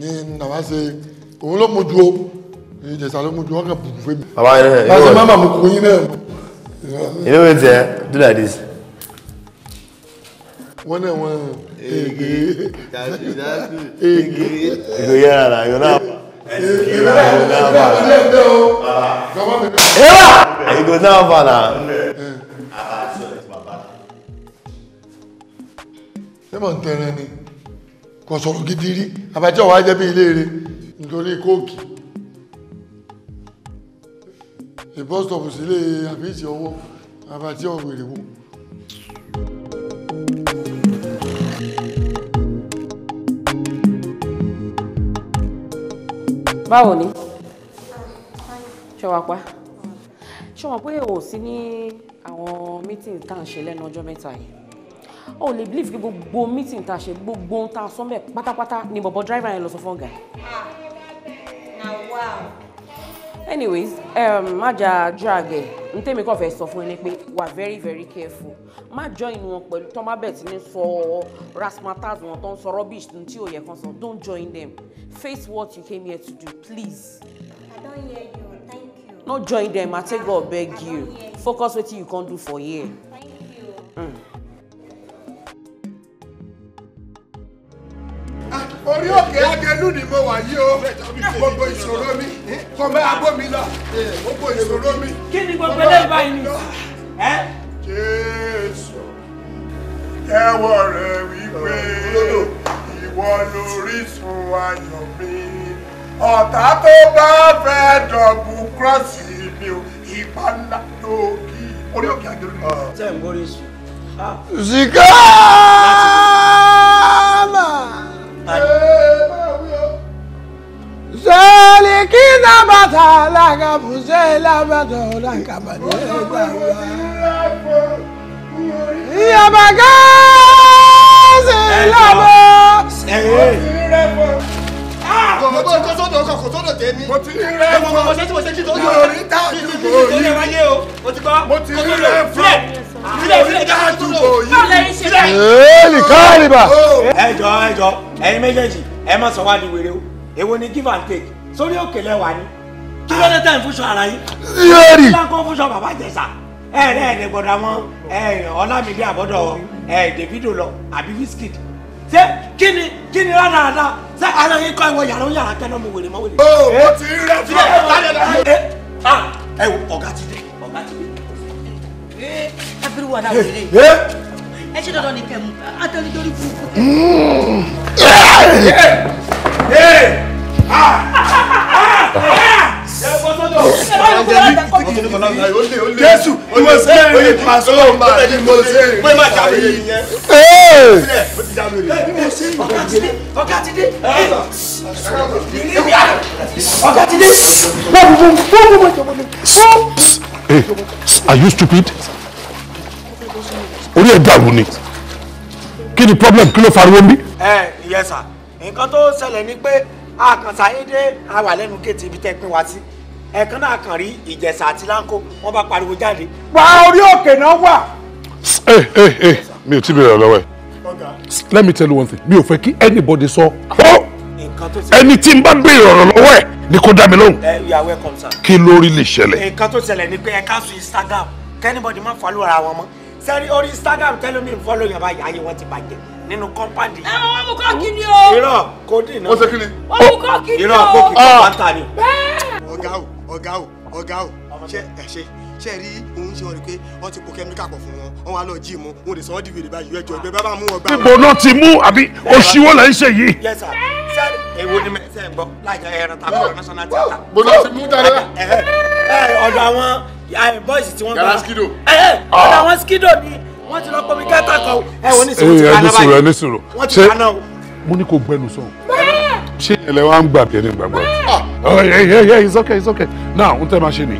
ní nàwa ṣe òun ló mú ju o jẹ̀sà ló mú ju wọn kàn bùkún fún mi. bàbá yẹn náà yóò ṣe má màmú yín náà. you know wetin do like this. wọ́n náà wọ́n. Ege. That's it. That's it. Ege. Ego yẹra la, yọ náà ma. Yọ náà ma. Ewa! Ego náà ma na. Ṣé mọ̀ ń tẹ̀rẹ̀ ni? Kò sọ̀rọ̀ gidi rí. Àbájá wa jẹ́ bí ilé rẹ̀ nítorí kóòkì. Ìbọ́sítọ̀pù sílé àbíjì ọwọ́. Àbájá ọ̀wẹ̀rẹ̀ wo. báwo ni ṣe wà pa ṣe wà pé o sí ní àwọn meeting tá à ń ṣe lẹ́nu ọjọ́ mẹ́ta yìí o lè believe pé gbogbo meeting tá a ṣe gbogbo ohun tá a sọ mẹ́ pátápátá ni bọ̀bọ̀ driver yẹn lọ sọ fún ọ̀gá ẹ̀. Ah, na wow anyways um, má jà drag ẹ̀ ntẹ́mi kàn fẹ́ sọ fún ẹni pé wà very very careful má join wọn pẹ̀lú tọ́ má bẹ̀ tí ní sọ rasmatas wọn tó ń sọ rubbish tí ò yẹ kàn sọ don't join them face what you came here to do please. I don hear you thank you. no join them I take God beg you focus wetin you come do for here. thank you. Mm. orí òkè agẹnú ni mo wà yí o gbogbo ìṣòro mi kò mẹ́ abọ́ mi là gbogbo ìṣòro mi. kí ni gbogbo eléyìí báyìí ni. jésù jẹ́wọ́ rẹ̀ wípé ìwọ lórísun ayọ̀ mi ọ̀tá tó bá fẹ́ dọ̀gùn kírọ́ọ̀sì mi ò ipa ńlá lókì orí òkè agẹnú ni. sẹ́yìn borí zika. alágàbùsẹ̀ lábàtọ̀ làǹkàbàdé ẹ̀dá wa. ìyàbá gáàsì lábọ̀. Kò tó sọ́dọ̀ ọkọ̀ kò sọ́dọ̀ tèmi. Mo ti rí rẹ́ fún. Mo ṣe tí mo ṣe kí tó yọ. Mo rí táàtù kò yí. Mo rí wáyé o. Mo ti gbọ́. Mo ti rí rẹ́ fún. Mo rí táàtù kò yí. Èèlì káàlìbà. Ẹ jọ ẹ jọ ẹyin méjèèjì ẹ má sọ wá di wèrè o. Èwo ni give and take? Sórí òkè lẹ́wà ni kí ló dé tẹ̀ ń fúnṣọ ara yín. yéèrì kí ló ń kó fúnṣọ bàbá ìjẹsà ẹ ẹ ẹ gbọ́dọ̀ àwọn ọlámídé àbọ̀dọ̀ ẹ Davido lọ àbí Wizkid ṣé kí ni kí ni rárá ṣé ara yín kọ́ ìwọ yàrá yàrá kẹ́ náà mo wèrè mọ́ wèrè. o mo ti rí rẹ fún ọ. ẹ ẹ ọ̀gá ti dé ọ̀gá ti dé. abiriwo ada wele ẹ ṣe dandan ni kẹmu atẹni torí burúkú jẹ̀bi jésù mo ṣe oye pàṣọ ọmọ àti mo ṣe pé má jà lóye yẹn. ọ̀gá ti dé ọ̀gá ti dé wọ́n bú bú bú bú. are you stupid? orí ẹ̀ dàrú ni kí ni problem kí ló fariwo mi. ẹ ìyẹn sà nǹkan tó ṣẹlẹ̀ ni pé àkànṣàyédé àwà lẹ́nu kéètì ibi tẹ́ pín wa sí ẹ̀kan náà kàn rí ìjẹ̀sà àti láńkó wọ́n bá pariwo jáde. wá orí òkè náà wà. ẹ ẹ ẹ mi ò tí bèrè lọ́wọ́ ẹ let me tell you one thing mi ò fẹ́ kí anybody sọ ẹni tí n bá bèrè ọ̀rọ̀ lọ́wọ́ ẹ ni kò dá mi lóhùn. are welcome sir. kí lórí lè ṣẹlẹ̀. nǹkan tó ṣẹlẹ̀ ni pé ẹ sun instagram kẹ́nìbọ̀dì má fọ́lù ara wọn mọ́ sẹ́ni orí instagram tẹ́lómi fọ́lù yẹn ayé wọn ti bàjẹ́ nínú kọ́ńpáàdì. ẹ wọ́n mú kọ́ọ̀kì ni o. irọ́ kò dín iná. wọ́n ṣe kí ni. wọ́n mú kọ́ọ̀kì ni o. irọ́ kò kì í kọ́ ah. pátá ọ̀gá o ọ̀gá o ọ̀gá o ṣe ẹ ṣe ṣe rí òun ṣe wọn rí pé wọn ti po kẹ́míkà pọ̀ fún wọn wọn wá lọ jí mu wọn lè sọ ọ́ dìbò ìdìbò àyè ẹjọ́ ìgbẹ́ bá mú wọn gbà. ibo náà ti mú àbí oṣìwọ́ là ń ṣe yìí. yes sir sẹ́ẹ̀lì èwo ni mẹ́tẹ́ ń gbọ́ láàjọ ẹran tàbí ọ̀rọ̀ national theatre. mo náà ti mú dáadáa. ọ̀dọ̀ àwọn bọ́ìsì tí wọ́n gbà. skido. Ah. ọ̀dọ̀ àwọn skido ni wọ́n ti lọ pọ̀ mi kẹ́ta kan. ẹ wo ní sùúrù ti kaná báyìí. ẹ ní sùúrù ẹ ní sùúrù ṣé mo ní kò gbẹnu sọ ṣé ìyẹlẹ wa ń gbà bí ẹni gbàgbọ́ ẹ ẹ ẹ it's okay it's okay now n tẹ́ máa ṣe ni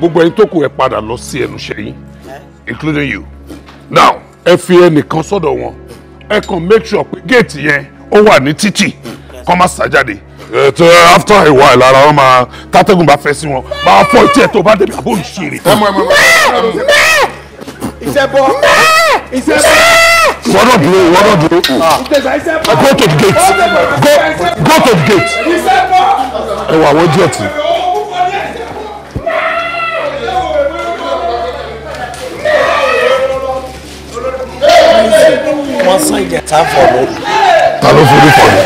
gbogbo ẹ̀yin tó kù ẹ padà lọ sí ẹnu ṣẹ́yìn including you now ẹ fi ẹnìkan sọ́dọ̀ wọn ẹ kàn make sure pé géètì yẹn ó wà ní títì kọ́ máa ṣàjáde ètò uh, after a while ara wọn máa tátẹ́gùn bá fẹ́ sí wọn máa fọ́ etí ẹ̀ tó bá débi àbó ìṣeré. mẹ́ẹ̀ mẹ́ẹ̀ ìṣẹ́bọ̀ mẹ́ẹ̀ ìṣẹ́bọ̀ wọ́n dúró wọ́n náà dúró go to the gate go go to the gate ẹ wà wọ́n díẹ̀ tì. wọ́n sàn ìjẹta fọ̀ ló. ta ló forí fọ̀ ló.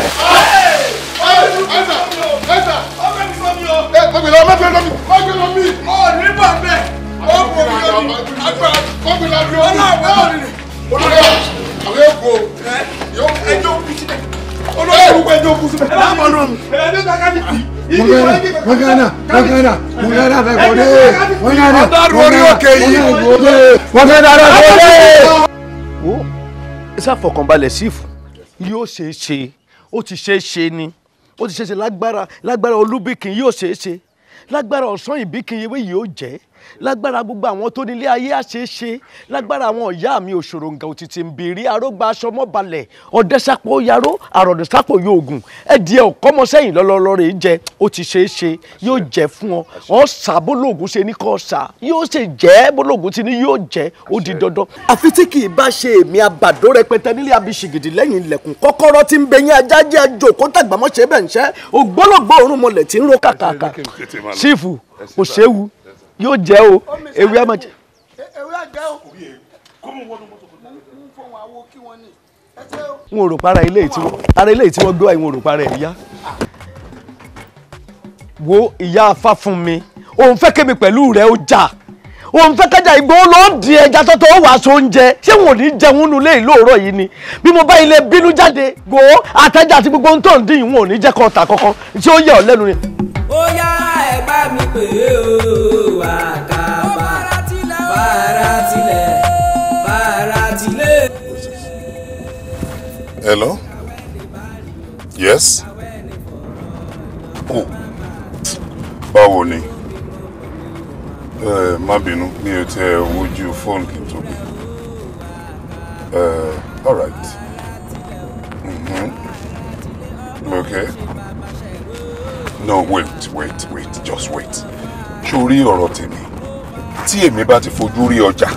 Thank you àwọn yóò kó yóò ẹjọ́ kú síbẹ̀ olóòkú ẹjọ́ kú síbẹ̀. ẹ bá bọ̀ nù. ẹjọ́ ta ká ní kì í wangana wangana wangana bẹ kọ dee wangana wangana ṣe é ṣe ó ti ṣe é ṣe ni ó ti ṣe é ṣe lágbára lágbára olúbìkin yóò ṣe é ṣe lágbára ọ̀sán ìbíkin yìí ó jẹ́ lágbára gbogbo àwọn tó nílé ayé àṣeéṣe lágbára àwọn ìyá mi òṣòròǹgà òtítì ń bèrè arógbá aṣọ mọ́balẹ̀ ọ̀dẹ́sàpọ̀ yaró àròdẹ́sàpọ̀ yóògùn ẹ̀dìẹ̀ ọ̀kọ́mọsẹ́yìn lọ́lọ́lọ́rẹ̀ jẹ ó ti ṣeé ṣe yóò jẹ fún ọ ọ sà bólóògùn ṣe ní kò sà yóò ṣe jẹ́ bólóògùn ti ní yóò jẹ́ ó di dandan. àfi tí kì í bá ṣe èmi àbàdo rẹpẹtẹ nílé abisigidi lẹ́yìn ilẹ̀kùn kọ́kọ́rọ́ ti ń bẹ yín ajá jẹ́ àjòkó tàgbàmọ́ṣe bẹ́ẹ̀ ń ṣẹ́ ògbólógbòórùn mọ̀lẹ̀ tí ń ro kàkàkà sífù kò yóò jẹ́ o ewé ẹ̀ mọ̀ jẹ́. E-, ewé ẹ̀ jẹ́ o n fọ wọn awo kí wọn ní n ò rò para ilé tí wọn ara ilé tí wọn gbé wa n ò rò para ẹ ìyá wo ìyá afá fún mi òun fẹ́ kémi pẹ̀lú rẹ̀ ó jà òun fẹ́ kájà ìgbó ló ń di ẹja tó tó wàá so oúnjẹ ṣé wọn ò ní jẹun nu lé lóòrọ̀ yìí ni bí mo bá ilé bínú jáde gbòó àtẹjà àti gbogbo ohun tó ń dín ìwọn ò ní jẹ́ kọ́ ta kankan tí ó yẹ ọ́ lẹ́nu ni. ó yá mi pè o àkàbà faratilẹ̀ faratilẹ̀. hello yes báwo ni ẹ má bínú mi ò tiẹ̀ wojú fóònù kí n tó all right mm-hmm. okay no wait wait wait just wait sórí ọ̀rọ̀ tèmi tí èmi bá ti fojú rí ọjà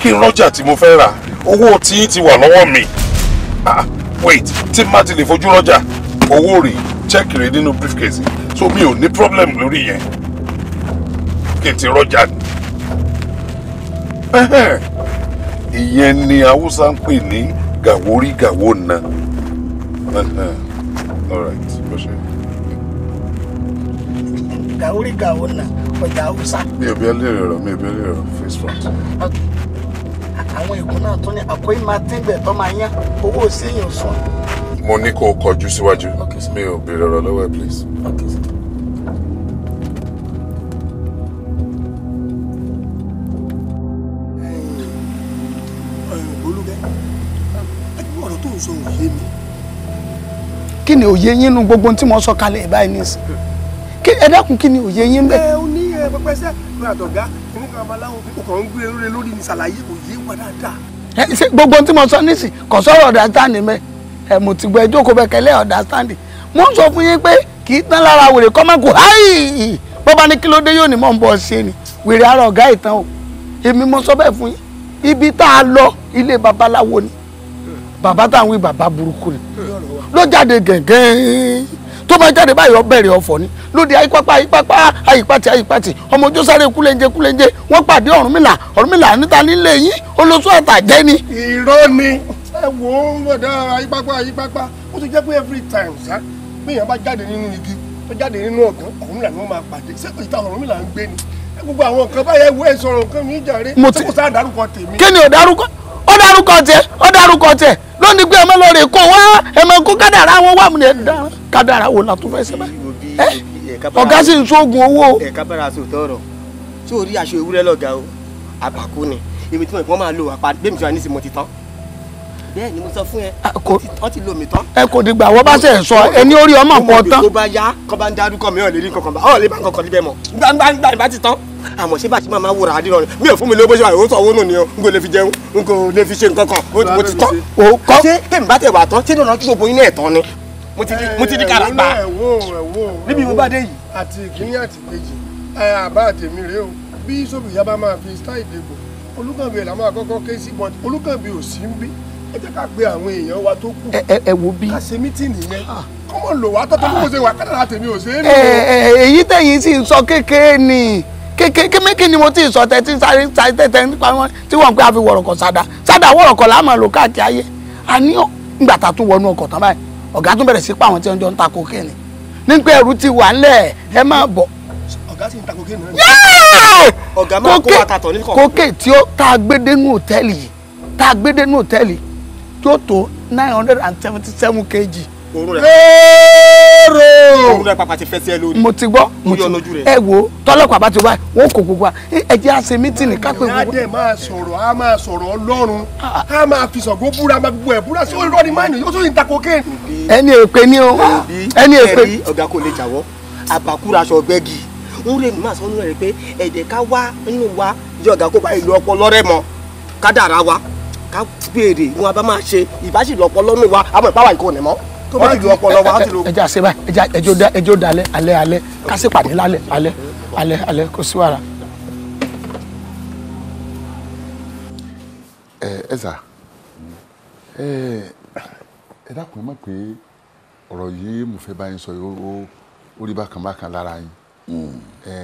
kí n rọ́jà mo fẹ́ rà owó tí ti wà lọ́wọ́ mi ah wait tí má ti lè fojú rọ́jà owó rè check rè nínú briefcase so mi ò ní problem lórí yẹn kí n ti rọ́jà ni ìyẹn ni haúsá ń pè ní gàwórí gàwó na all right ọ̀dà oríga òun nà ọ̀dà haúsá. mi ò bí ẹ léèrè rọ mi ò bí ẹ léèrè rọ face front. àwọn ègún náà tún ní àkóyí máa tẹ́gbẹ̀ẹ́ tó máa yán owó òsèyàn sùn. mo ní kó o kọjú síwájú mi ò béèrè ọ̀rọ̀ lọ́wọ́ ẹ please. kí ni òye yín nu gbogbo tí mo sọ kalẹ̀ báyìí nísìnyí ẹ dákun kí ni òye yín bẹ. ẹ o ní ẹ pẹpẹ sẹ ní àtọgá ní babaláwo o kàn ń gbé eré lórí ní ṣàlàyé òye wa dáadáa. ẹ ṣe gbogbo tí mo sọ nísìn kò sọ̀rọ̀ understand mẹ ẹ mo ti gbọ́ ẹjọ́ kò bẹ kẹlẹ́ understand mo ń sọ fún yín pé kì í tán lára wèrè kọ́ máa kú háì bó bá ní kí ló dé yóò ní mọ̀ ń bọ̀ ṣe ni wèrè ara ọ̀gá ìtàn o èmi mo sọ bẹ́ẹ̀ fún yín ibi tá a lọ ilé babaláwo ni bàbá táwọn ni ló jáde gẹ̀gẹ́ tó bá jáde báyìí ọ ọ̀fọ̀ ni lóde àyípápá àyípápá àyípàtì àyípàtì ọmọ ojú sáré kúlẹ̀ńjẹ kúlẹ̀ńjẹ wọ́n pàdé Ọ̀rúnmìlà Ọ̀rúnmìlà níta nílé yín olóṣù àtàjẹ́ ni. irọ́ ni ẹ wò ó bọ̀dá àyípápá àyípápá ó ti jẹ́ pé every time ṣá bíyàn bá jáde nínú igi tó jáde nínú ọ̀gán Ọ̀rúnmìlà ni máa pàdé ṣé ìta Ọ̀rúnmìlà ń gbé ni ó dárúkọ tẹ ó dárúkọ tẹ lónìí pé ẹmọ lọrẹ kó wá ẹmọ kó kádàrá wọn wà múlẹ dáná kádàrá wo la tó fẹ́ ṣe báyìí ọ̀gá sì ń sóògùn owó. ẹ̀ka bára aṣọ òtọ́rọ̀ tí ò rí aṣọ ewúrẹ́ lọ́gàá o àbàkú ni èmi tí wọ́n máa lo àpá bẹ́ẹ̀ mi ti wà ní ìsìn ti tán bẹ́ẹ̀ ni mo sọ fún ẹ ah, wọ́n ti lo tán. ẹ kò dìgbà wọ́n bá ṣe sọ ẹni orí ọmọ kan tán. tó bá yá kọ́ bá ń darúkọ mi ò lè rí kankan bá ọ̀ lè bá kankan níbẹ̀ mọ́ gbangba nígbà ìbá ti tán. àmọ́ ṣé bá ti wúra àdìrọ̀ ni mi ò fún mi lówó ṣe àwọn owó nù ni o n kò lè fi jẹun n kò lè fi ṣe nǹkan mo ti tán. ṣé tèmi bá tẹ̀ wà tán ṣé lọ́nà tí gbogbo yín náà tán ni mo ò sí ń bí ẹ jẹ́ ká pe àwọn èèyàn wa tó kù. ẹ wo bí. ká ṣe mítìnì yẹn kọ́mọ ah. lò wá tọ́tọ́ bí mo ah. ṣe wà kádàrá tèmi ò ṣe é lò. èyí tẹ̀yìn sì ń sọ kékeré ni kékeré ni mo ti sọ tẹ̀tí sáré sáré tẹ̀tẹ̀ nípa wọn tí wọ́n pé a fi wọ̀rọ̀kọ̀ sáda sáda wọ̀rọ̀kọ̀ la máa lò káàkiri ayé a ní ìgbà tá a tún wọnú ọkọ̀ tán báyìí ọ̀gá tún bẹ̀rẹ̀ sí pa àwọn tí wọ́n jọ ń ta kokéènì ní pé ẹrù ti wà ńlẹ̀ ẹ máa bọ̀. ọ̀gá sì ń ta kokéènì náà. ọ̀gá máa kó wa tatọ̀ ní kọ̀ọ̀kan. kókè tí ó tá a gbé dénú hòtẹ́ẹ̀lì yìí tá a gbé dénú hòtẹ́ẹ̀lì yìí yóò tó nine hundred and seventy seven kg. oorun rẹ lóòrò. oorun rẹ pàpà ti fẹ́ sí ẹ lórí. mo ti gbọ́ mo ti gbọ́ ẹ wo tọ́lọ́pàá bá ti wá wọn kò gbogbo ẹ jẹ́ àṣẹ mítìnì kápẹ́ gbogbo. adé máa sọ̀rọ̀ a máa sọ̀rọ̀ ọlọ́run ah, ah. a máa fi sọ̀gbọ́ búra máa gbogbo ẹ̀ búra sí olùrọ̀ ni máàlì yóò tún ta cocaine. ẹni èpè ni o ẹni èpè. ẹ̀rí ọ̀gá kò lè jàwọ́ àbàkúrà aṣọ ọ̀gbẹ́gì ń rè máa sọ nínú rẹ̀ pé ká béèrè wọn a bá máa ṣe ìbáṣìlọpọ lọnà wa àmọ́ ìpáwà ìkó ni mọ tó bá ju ọpọlọ wa á ti lo. ẹja ṣe báyìí ẹja ẹjọ da ẹjọ da alẹ́ alẹ́ alẹ́ ká sì pàdé lálẹ́ alẹ́ alẹ́ alẹ́ kò sí wàrà. ẹ ẹ zà ẹ ẹ dákun ẹ mọ̀ pé ọ̀rọ̀ yìí mo fẹ́ bá yín sọ yìí ó rí bákan bákan lára yín hmm. ẹ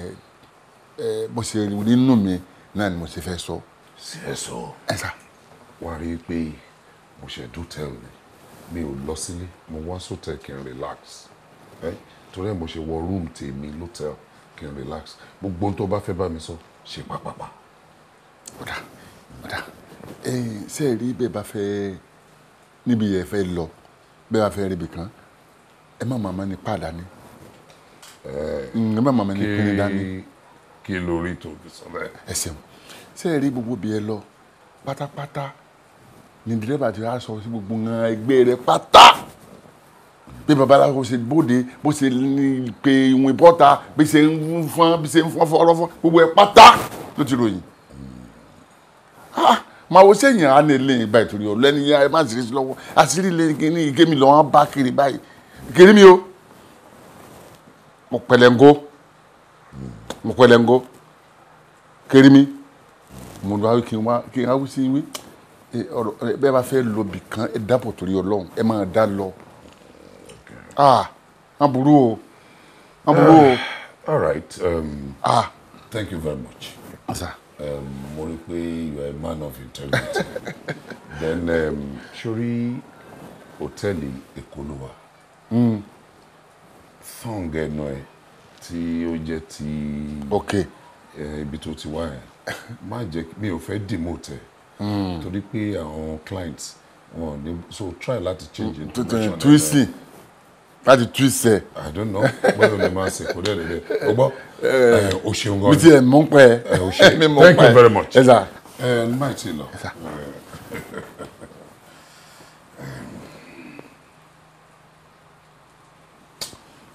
ẹ mo ṣe nínú mi náà ni mo ṣe fẹ́ sọ. ṣe é wá rí i pé mo ṣẹ̀dú tẹ́lẹ̀ mi ò lọ sílé mo wá sọ́tẹ̀ kí n relax torí ẹ̀ mo ṣe wọ room tèmi lọ́tẹ̀ kí n relax gbogbo ohun tó bá fẹ́ bá mi sọ ṣe pàpàpà. ọ̀dà ọ̀dà ẹ̀yin ṣe é rí bẹ́ẹ̀ bá fẹ́ níbi yẹn fẹ́ lọ bẹ́ẹ̀ bá fẹ́ rí ibìkan ẹ má màmá ni pàdá ni ẹ mm, má màmá ni pinni dání. kí lórí tó fi sọ bẹ́ẹ̀. ẹ ṣeun ṣe é rí gbogbo bí ẹ lọ pátápátá ni dírẹ́bà ti wá sọ sí gbogbo ǹkan ẹgbẹ́ rẹ pátá bí babaláwo ṣe bóde bó ṣe pe ìwìn bọ́ta bí ṣe ń fọ́n bí ṣe ń fọ́n fọ́rọ́fọ́ gbogbo ẹ pátá ló ti ròyìn ah, màá wo sẹ́yìn á ní ilé ìgbà ìtòrí ọ̀lẹ́ni ẹ má sì rí sí lọ́wọ́ àṣírí ilé ní ìgémi lọ́wọ́ bá kiri báyìí kiri mi o mo pẹlẹngo mo pẹlẹngo kiri mi mo lọ kí n wá kí n wá sí wí bẹ́ẹ̀ bá fẹ́ lọ bì kan ẹ dábọ̀ torí ọlọ́run ẹ máa dá lọ ah wọ́n burú o wọ́n burú uh, all right um, ah thank you very much. Asa. Um, mo you are a man of integrity *laughs* then um, sori hòtẹ́ẹ̀lì èkó ló wà song ẹnu ẹ ti Okay. Eh, tó ti wá yẹn má jẹ́ mi ò fẹ́ Hmm. torí pé àwọn clients wọn ní so try láti change hmm. information náà. twisi láti twisi ẹ. i don't know bóyá o lè máa ṣe kó dẹ́rẹ́ dẹ́ o gbọ́ eh. Eh, o ṣeun gan mi ti ẹ̀ mọ́ pẹ́ ẹ eh, o ṣe *laughs* thank you very much. ẹ ẹ máa ti lọ.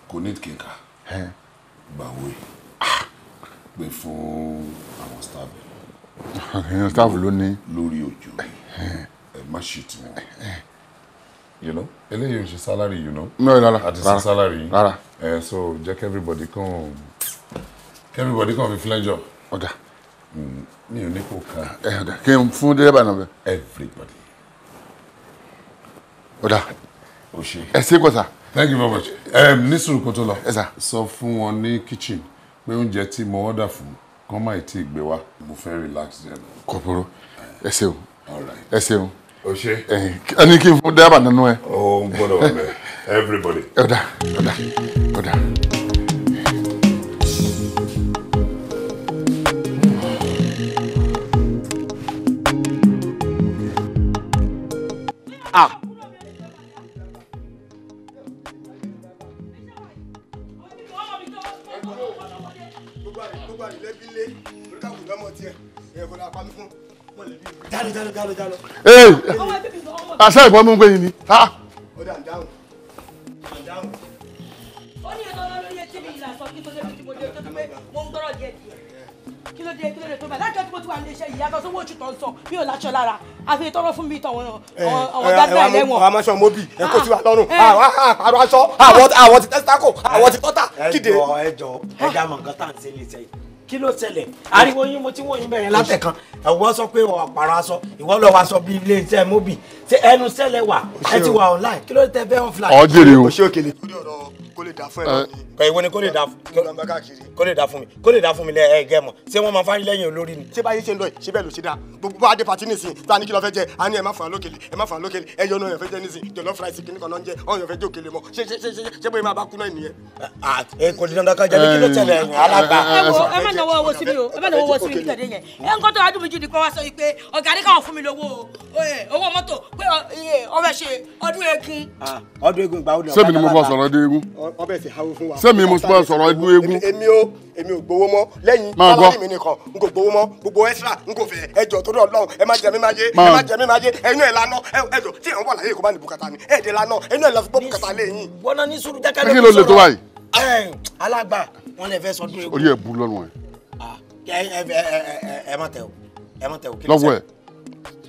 kò ní kíkà gbàwé pé ah. fún àwọn staff èèyàn staff ló ní. lórí ojú ẹ má ṣe tí wọn you know eléyìí ò ṣe salary you know. no rárá rárá àti ṣe salary. rárá ẹ so jẹ́ kí everybody kàn kí everybody kàn fi flenjọ. ọ̀gá hmm, mi ò ní kó kan. ẹ ọ̀gá kí n fún dírẹ́bà náà bẹ. everybody. ọ̀gá o ṣe. ẹ ṣe kọ thank you very much. ẹ ní sùúrù kó tó lọ. ẹ sà. sọ fún wọn ní kitchen pé oúnjẹ tí mo order fún kán má tí gbé wa mo fẹ́ relax jẹnu. kòkòrò ẹ ṣeun ẹ ṣeun o ṣe ẹni kí n fún dábàá nínú ẹ. ó ń gbọ́dọ̀ wà bẹ́ẹ̀ everybody. ọ̀dà ọ̀dà ọ̀dà. Ah. ee àṣà ìbọn mú pé yìí ni. kí ló dé kí ló dé tó wà nílé iṣẹ́ yìí yàtọ̀ sówó oṣù tó ń sọ mi ò láṣọ lára àfi tọrọ fún mi tọwọn eh, eh, àwọn gbàgbà ẹlẹ́wọ̀n. àwọn amáṣọ mobi ẹkọ ah. eh. ah, ah, ti nǹkan tá à ń ṣe lè ṣe kí ló ṣẹlẹ̀ ariwo yín mo ti wọ̀nyí bẹ̀rẹ̀ látẹ̀kan ẹ̀wọ́ sọ pé wọ́n àpàrọ̀ aṣọ ìwọ́ lọ́ọ́ wa sọ bí ilé iṣẹ́ móbì ṣé ẹnu ṣẹlẹ̀ wà ẹ ti wà online kí ló tẹ fẹ́ offline. ọ̀ọ́ jèrè o. ṣé òkèlè kó lè dá fún ẹ lọ ni. kọ lè dá fún mi kó lè dá fún mi lẹ ẹ ṣé wọn máa fárí lẹ́yìn olórí ni. ṣé báyìí ṣe ń lọ yìí ṣé bẹ́ẹ̀ ló ṣe dáa gbogbo adé pati nísìn tá a ní kí lọ fẹ́ jẹ a ní ẹ má fà á lókèlè ẹ má fà á lókèlè ẹ yọ ọ́nà ọ̀yàn fẹ́ jẹ nísìn jọ̀lọ́ fúráìsì kìíní kan ló ń jẹ ọ̀yàn fẹ́ jẹ òkèlè mọ ṣé bóyá máa bá kú náà nìyẹn ọbẹ̀ ti hawo fún wa. sẹ́mi mo sọ sọ̀rọ̀ ẹdún eégún. èmi ò èmi ò gbowó mọ́ lẹ́yìn sálárì mi nìkan n kò gbowó mọ́ gbogbo extra n kò fẹ́ ẹjọ́ torí ọlọ́run ẹ má jẹ mí má jẹ ẹ má jẹ mí má jẹ ẹnu ẹ̀ lánà ẹjọ́ tí ẹ̀ ń wà láyé kó bá ní bùkátà ni ẹ̀ dẹ̀ lánà ẹnu ẹ̀ lọ fi gbọ́ bùkátà lẹ́yìn. wọn ní sùúrù jákàdé kí ló lè tó báyìí. alàgbà wọn lè fẹ́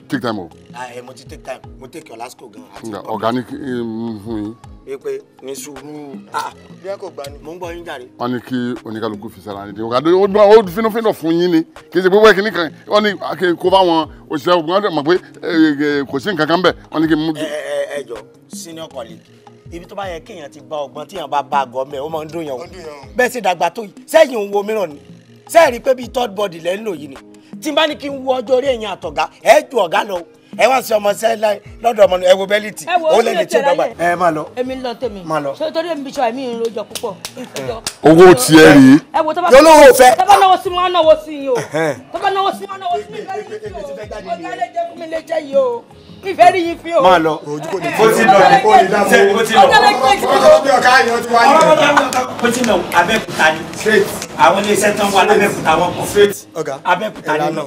take time o. ẹ ah, eh, mo ti take time mo take your last call gan. organic eh, fún yín. ẹ pé ní sùúrù ah, bí ẹ kò gbà ni mò ń gbọ́ yín jàre. wọ́n ní kí oníkálukú fi sára nídìí ọ̀gá ó fínàfínà fún yín ni kì í ṣe pé wọ́n kìíní kan wọ́n ní ah, kó bá wọn òṣìṣẹ́ ogun ọ̀dọ̀ mọ̀ pé eh, kò sí nǹkan kan bẹ̀ wọ́n ní kí ẹ jọ senior colleague ibi tó bá yẹ kéèyàn ti bá ọgbọ́n tíyàn bá bá àgọ́ mẹ́ ó máa ń dùn yàn o bẹ́ẹ̀ sì dàgbà tó yìí sẹ́yìn òun wo mìíràn ni sẹ́ẹ̀rí pé bíi third body lẹ́ ń lò yìí ni tí n bá ní kí n wo ọjọ́ orí ẹ̀yìn àtọ̀gá ẹ ju ọ̀gá lọ ẹ wá sí ọmọ sẹ́lá lọ́dọ̀ ọmọ ẹ wo bẹ́líìtì ó lè tí ó dọ́gba ẹ má lọ. èmi lọ tèmi má lọ. ṣé torí èmi bíṣọ èmi ń rojọ púpọ̀. owó tiẹ̀ rí. ẹ wo tọ́ba náwó sí mi náwó sí yìí o. tọ́ba náwó sí mi náwó sí mi lẹ́yìn yìí o. ọ̀gá lè jẹ́ fún mi lè jẹ́ yìí o ìfẹ́ rí yín fi o. máa lọ mo ti lọ ní kóyè dáàbò o ti lọ ọjọ́ bí ọ̀ká yẹn ti wáyé. mo ti lọ abẹ́kúta ni àwọn iléeṣẹ́ tán wà lábẹ́kúta wọn kọ abẹ́kúta ni lọ.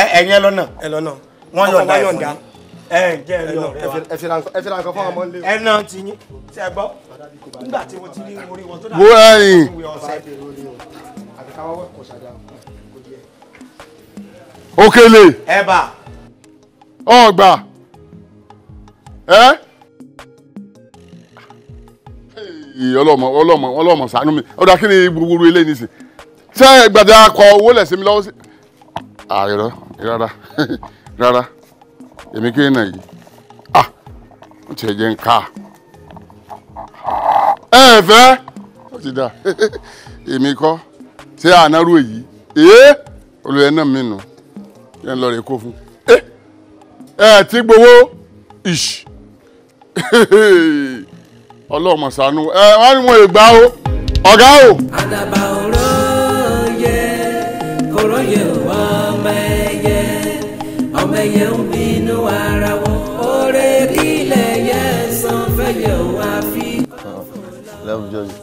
ẹ ẹyin ẹ lọ́nà ẹ lọ́nà wọ́n yọ̀ǹda ẹ fún mi ẹ jẹ ẹ lọ rẹ wa ẹ fi ra fún ọmọ ilé. ẹ náà ti yín tí gbọ́ nígbà tí mo ti ní orí wọn tó dà bọ́ ẹ̀yìn. Òkèlè. ẹ̀bà. ọ̀gbà. ọlọ́mọ ọlọ́mọ ọlọ́mọ ṣàánú mi ọ̀dà kí ni gbogbo ilé ní sìn ṣé akọ owó lẹ̀ sí mi si. àìrọ rárá *laughs* rárá èmi kí nà ah ó tiẹ̀ jẹ́ ń ká ẹ fẹ́ *laughs* èmi èyí ee olùyẹ náà mi *laughs* ọlọ́run mà ṣàánú ẹ wọ́n ní mo lè gbá o ọ̀gá o. àdàbà ọ̀rọ̀ yẹ kọ̀rọ̀ yẹ ọmọ ẹyẹ ọmọ ẹyẹ ń bínú ara wọn oore kílẹ̀ yẹ san fẹ́yẹ̀ wá fi. lẹ́mú jọ́jú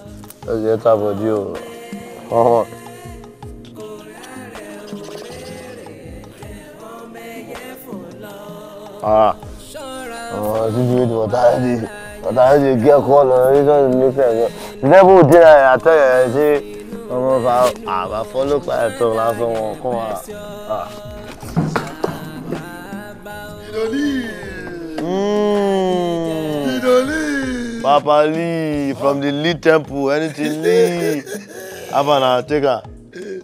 ẹ jẹ́ káàbọ̀ dí o ah ọmọ tuntun ti ẹ̀kọ́ ọ̀nà ẹ̀ríkọ́ nífẹ̀ẹ́ gan ìdẹ́bù dínà àtọ̀ ẹ̀ ṣe ọmọ fa àbá fọ́lọ́pà ẹ̀tọ́ lásán wọn kọ́ wa. ìdòlì hmm. ìdòlì. Papa Lee from the Lee temple anything Lee abana take am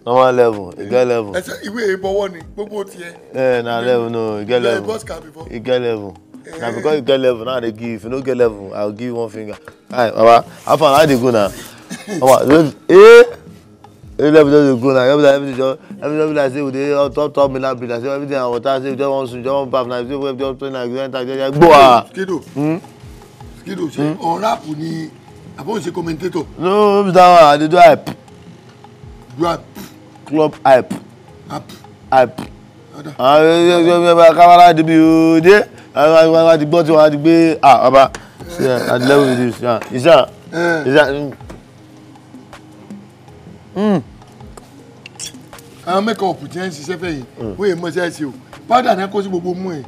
normal level e get level. ẹ ṣe ìwé ìbọwọ́ ni gbogbo tiẹ̀. ẹ eh, na level no e get level e get level na because you get level now they give if you no get level i go give you one finger hi baba how far how dey go na baba eh every level just dey go na every time everything just every level like say we dey top top mainland bridge like say everything na water say we just wan swim just wan baff na say we just play na green tag just gbo ah. skido skido ṣe on rap ni abo ṣe commentator. no no be that one i dey do hype. do hype. club hype. hype. hype. àwọn ẹgbẹ́ kámẹ́rà dìbò yóò dé wá ti gbọ́ tí wọ́n á ti gbé ah bàbá adilẹ́wò yìí ìṣá eh. ìṣá. Mm. Hmm. àwọn mẹ́kọ̀ọ̀pù tí wọ́n ń ṣiṣẹ́ fẹ́ yìí hmm. wọ́n yẹ mọ́ṣẹ́ ṣe o pádà náà kó sí gbogbo mú ẹ̀.